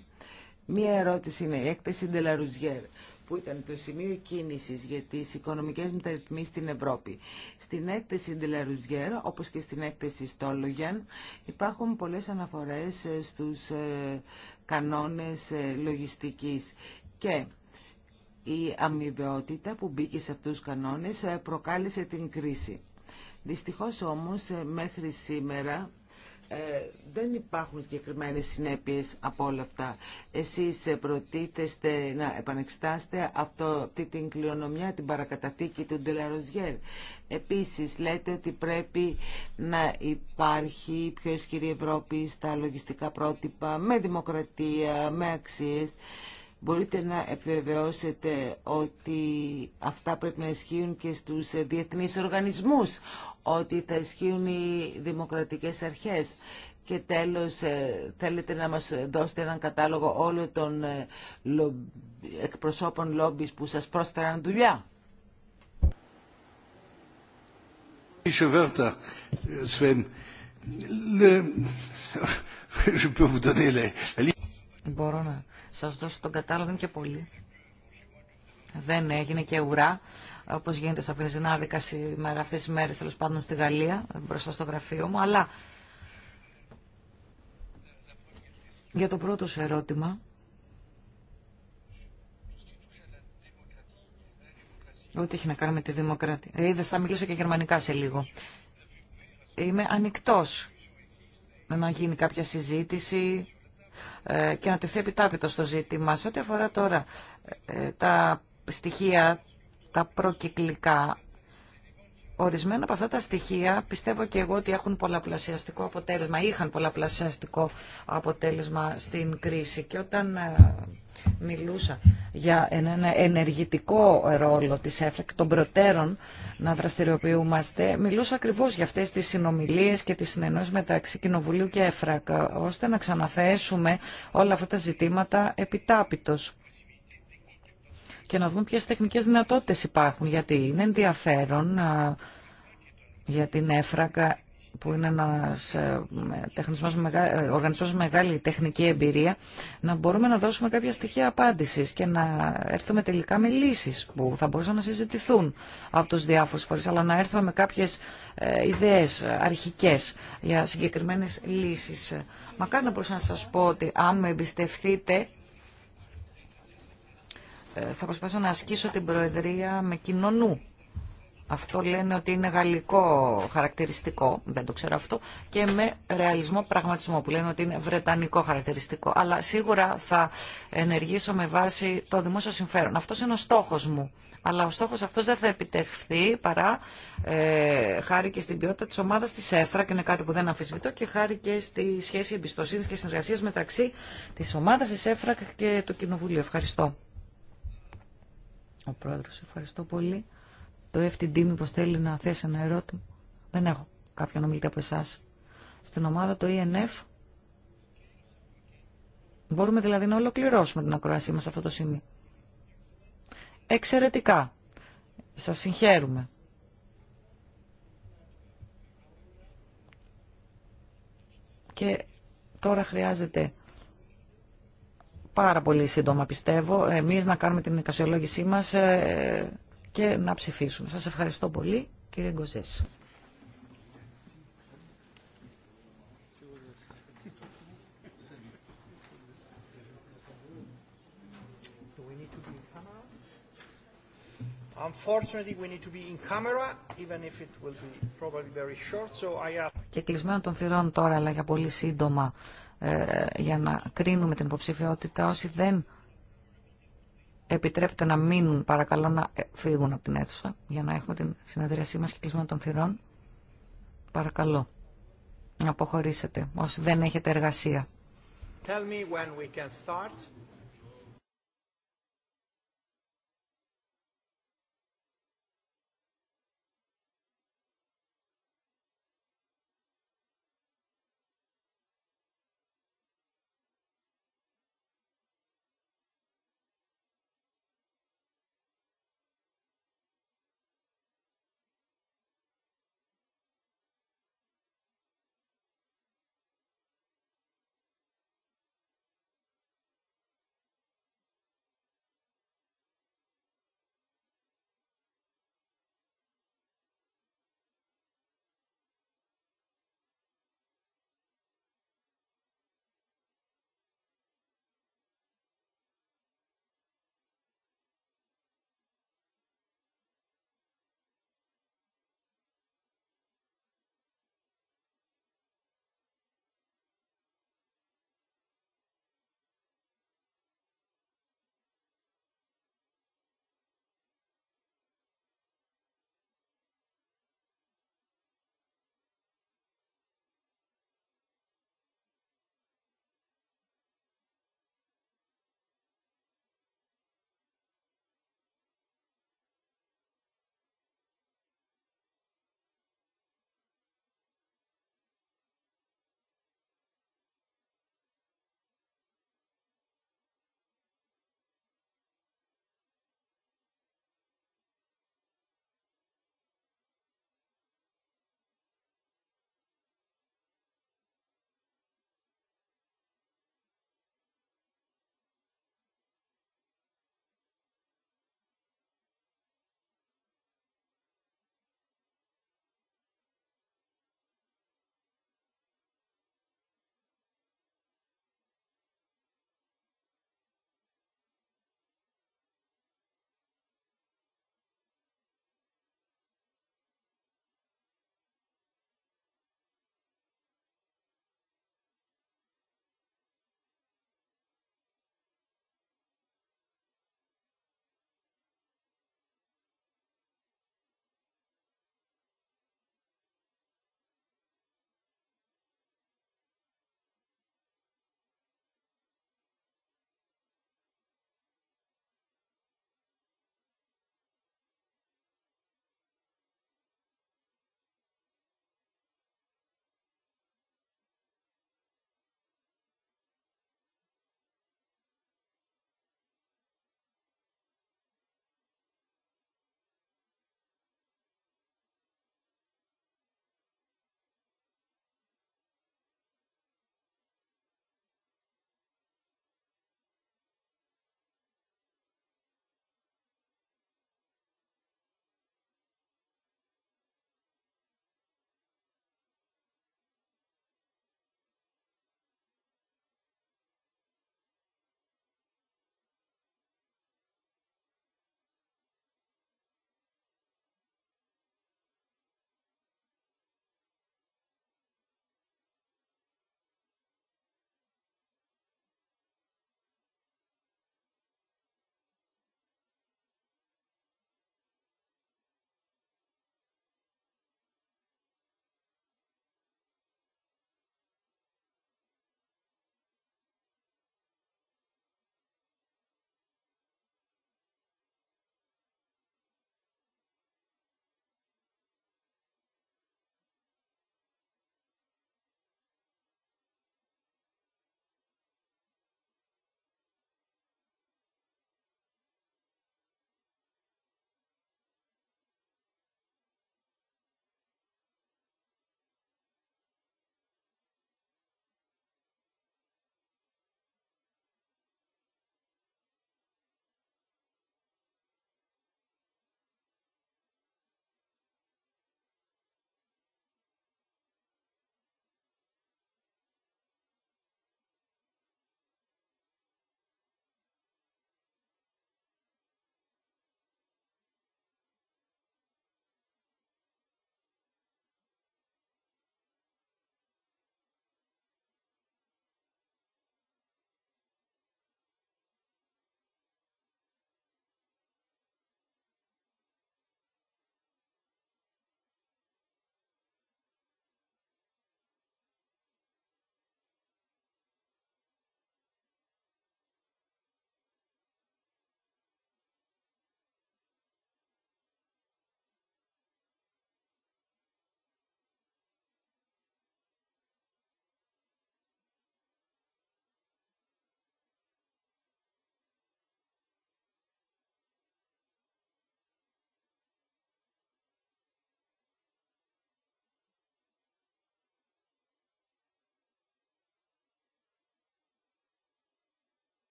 Μία ερώτηση είναι η έκθεση Ντελαρουζιέρ που ήταν το σημείο κίνησης για τις οικονομικές μεταρρυθμίσεις στην Ευρώπη. Στην έκθεση Ντελαρουζιέρ, όπως και στην έκθεση Στόλογιαν, υπάρχουν πολλές αναφορές ε, στους ε, κανόνες ε, λογιστικής και η αμοιβαιότητα που μπήκε σε αυτούς τους κανόνες προκάλεσε την κρίση. Δυστυχώς όμως μέχρι σήμερα ε, δεν υπάρχουν συγκεκριμένες συνέπειες από όλα αυτά. Εσείς προτίθεστε να επανεξετάσετε αυτό, αυτή την κληρονομιά, την παρακαταθήκη του Ντελαροζιέρ. Επίσης λέτε ότι πρέπει να υπάρχει πιο ισχυρή Ευρώπη στα λογιστικά πρότυπα, με δημοκρατία, με αξίες. Μπορείτε να επιβεβαιώσετε ότι αυτά πρέπει να ισχύουν και στους διεθνείς οργανισμούς, ότι θα ισχύουν οι δημοκρατικές αρχές. Και τέλος, ε, θέλετε να μας δώσετε έναν κατάλογο όλων των ε, εκπροσώπων λόμπις που σας πρόσφεραν δουλειά. Äh, Μπορώ να σας δώσω τον κατάλογο, δεν και πολύ. Δεν έγινε και ουρά όπως γίνεται στα Πενιζινάδικα σήμερα, αυτές τις μέρες τέλος πάντων στη Γαλλία, μπροστά στο γραφείο μου, αλλά για το πρώτο σου ερώτημα, ό,τι έχει να κάνει με τη δημοκρατία. Ε, είδες, θα μιλήσω και γερμανικά σε λίγο. Είμαι ανοιχτός να γίνει κάποια συζήτηση ε, και να τεθεί επιτάπητο στο ζήτημα. Σε ό,τι αφορά τώρα ε, τα στοιχεία τα προκυκλικά. Ορισμένα από αυτά τα στοιχεία πιστεύω και εγώ ότι έχουν πολλαπλασιαστικό αποτέλεσμα, είχαν πολλαπλασιαστικό αποτέλεσμα στην κρίση. Και όταν ε, μιλούσα για ένα ενεργητικό ρόλο της ΕΦΡΑΚ, των προτέρων να δραστηριοποιούμαστε, μιλούσα ακριβώς για αυτές τις συνομιλίες και τις συνεννόησεις μεταξύ Κοινοβουλίου και ΕΦΡΑΚ, ώστε να ξαναθέσουμε όλα αυτά τα ζητήματα επιτάπητος και να δούμε ποιες τεχνικές δυνατότητες υπάρχουν. Γιατί είναι ενδιαφέρον για την έφρακα που είναι ένας ε, τεχνισμός ε, οργανισμός με μεγάλη τεχνική εμπειρία, να μπορούμε να δώσουμε κάποια στοιχεία απάντησης και να έρθουμε τελικά με λύσεις που θα μπορούσαν να συζητηθούν από τους διάφορους φορείς, αλλά να έρθουμε με κάποιες ε, ιδέες αρχικές για συγκεκριμένες λύσεις. Μακάρι να μπορούσα να σας πω ότι αν με εμπιστευτείτε θα προσπαθήσω να ασκήσω την Προεδρία με κοινωνού. Αυτό λένε ότι είναι γαλλικό χαρακτηριστικό, δεν το ξέρω αυτό, και με ρεαλισμό πραγματισμό που λένε ότι είναι βρετανικό χαρακτηριστικό. Αλλά σίγουρα θα ενεργήσω με βάση το δημόσιο συμφέρον. Αυτό είναι ο στόχο μου. Αλλά ο στόχο αυτό δεν θα επιτευχθεί παρά ε, χάρη και στην ποιότητα τη ομάδα τη ΕΦΡΑ και είναι κάτι που δεν αμφισβητώ και χάρη και στη σχέση εμπιστοσύνη και συνεργασία μεταξύ τη ομάδα τη ΕΦΡΑ και του Κοινοβουλίου. Ευχαριστώ ο πρόεδρος. Ευχαριστώ πολύ. Το FTD μήπως θέλει να θέσει ένα ερώτημα. Δεν έχω κάποιον ομιλητή από εσά. Στην ομάδα το ENF μπορούμε δηλαδή να ολοκληρώσουμε την ακροασία μας σε αυτό το σημείο. Εξαιρετικά. Σας συγχαίρουμε. Και τώρα χρειάζεται πάρα πολύ σύντομα πιστεύω εμείς να κάνουμε την εικασιολόγησή μας ε, και να ψηφίσουμε. Σας ευχαριστώ πολύ κύριε Γκοζές. Και κλεισμένο των θυρών τώρα, αλλά για πολύ σύντομα ε, για να κρίνουμε την υποψηφιότητα όσοι δεν επιτρέπεται να μείνουν παρακαλώ να φύγουν από την αίθουσα για να έχουμε την συνεδρίασή μας και κλεισμένο των θυρών παρακαλώ να αποχωρήσετε όσοι δεν έχετε εργασία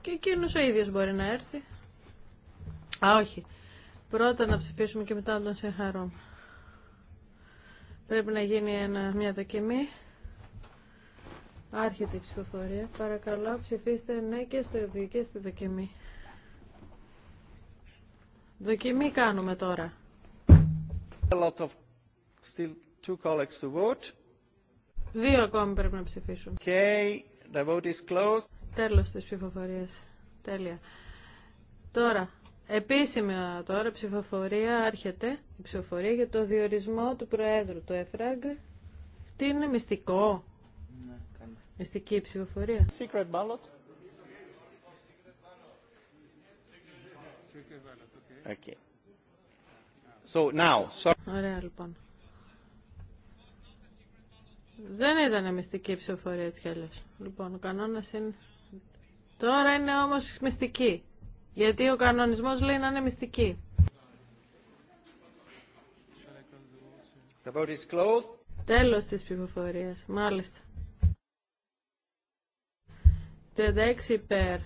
και εκείνο ο ίδιο μπορεί να έρθει. Α, όχι. Πρώτα να ψηφίσουμε και μετά να τον συγχαρούμε. Πρέπει να γίνει ένα, μια δοκιμή. Άρχεται η ψηφοφορία. Παρακαλώ ψηφίστε ναι και, στο, στη δοκιμή. Δοκιμή κάνουμε τώρα. Δύο ακόμη πρέπει να ψηφίσουν. Okay, the vote is closed. Τέλος της ψηφοφορίας. Τέλεια. Τώρα, επίσημα τώρα ψηφοφορία άρχεται. Η ψηφοφορία για το διορισμό του Προέδρου του ΕΦΡΑΓ. Τι είναι μυστικό. Ναι, Μυστική ψηφοφορία. Secret ballot. Okay. So now, so... Ωραία λοιπόν. Δεν ήταν μυστική ψηφοφορία έτσι κι Λοιπόν, ο κανόνας είναι... Τώρα είναι όμως μυστική. Γιατί ο κανονισμός λέει να είναι μυστική. The is Τέλος της ψηφοφορίας. Μάλιστα. 36 υπέρ.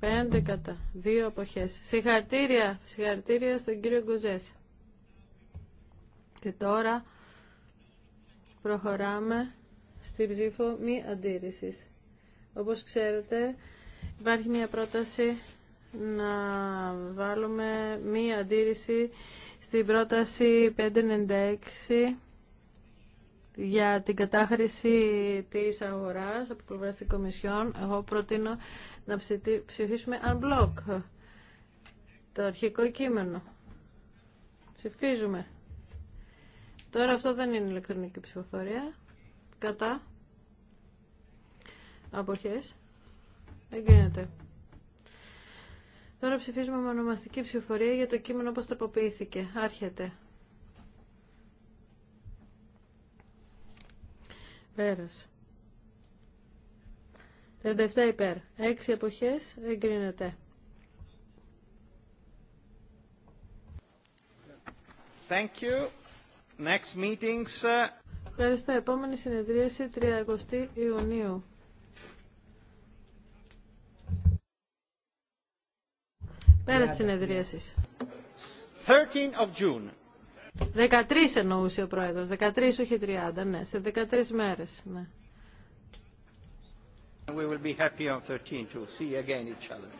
5 κατά. 2 αποχές. Συγχαρητήρια. Συγχαρητήρια στον κύριο Γκουζέση. Και τώρα προχωράμε στη ψήφο μη αντίρρησης. Όπως ξέρετε, Υπάρχει μια πρόταση να βάλουμε μία αντίρρηση στην πρόταση 596 για την κατάχρηση της αγοράς από πλευράς της Κομισιόν. Εγώ προτείνω να ψηφίσουμε unblock το αρχικό κείμενο. Ψηφίζουμε. Τώρα αυτό δεν είναι ηλεκτρονική ψηφοφορία. Κατά. Αποχές. Εγκρίνεται. Τώρα ψηφίζουμε με ονομαστική ψηφοφορία για το κείμενο όπως τροποποιήθηκε. Άρχεται. Πέρας. 37 υπέρ. 6 εποχές εγκρίνεται. Thank you. Next meetings. Uh, Ευχαριστώ. Επόμενη συνεδρίαση 30 Ιουνίου. Πέρα συνεδρίαση. 13 of June. 13 εννοούσε ο πρόεδρος. 13 όχι 30, ναι. Σε 13 μέρες, ναι. We will be happy on 13 to see again each other.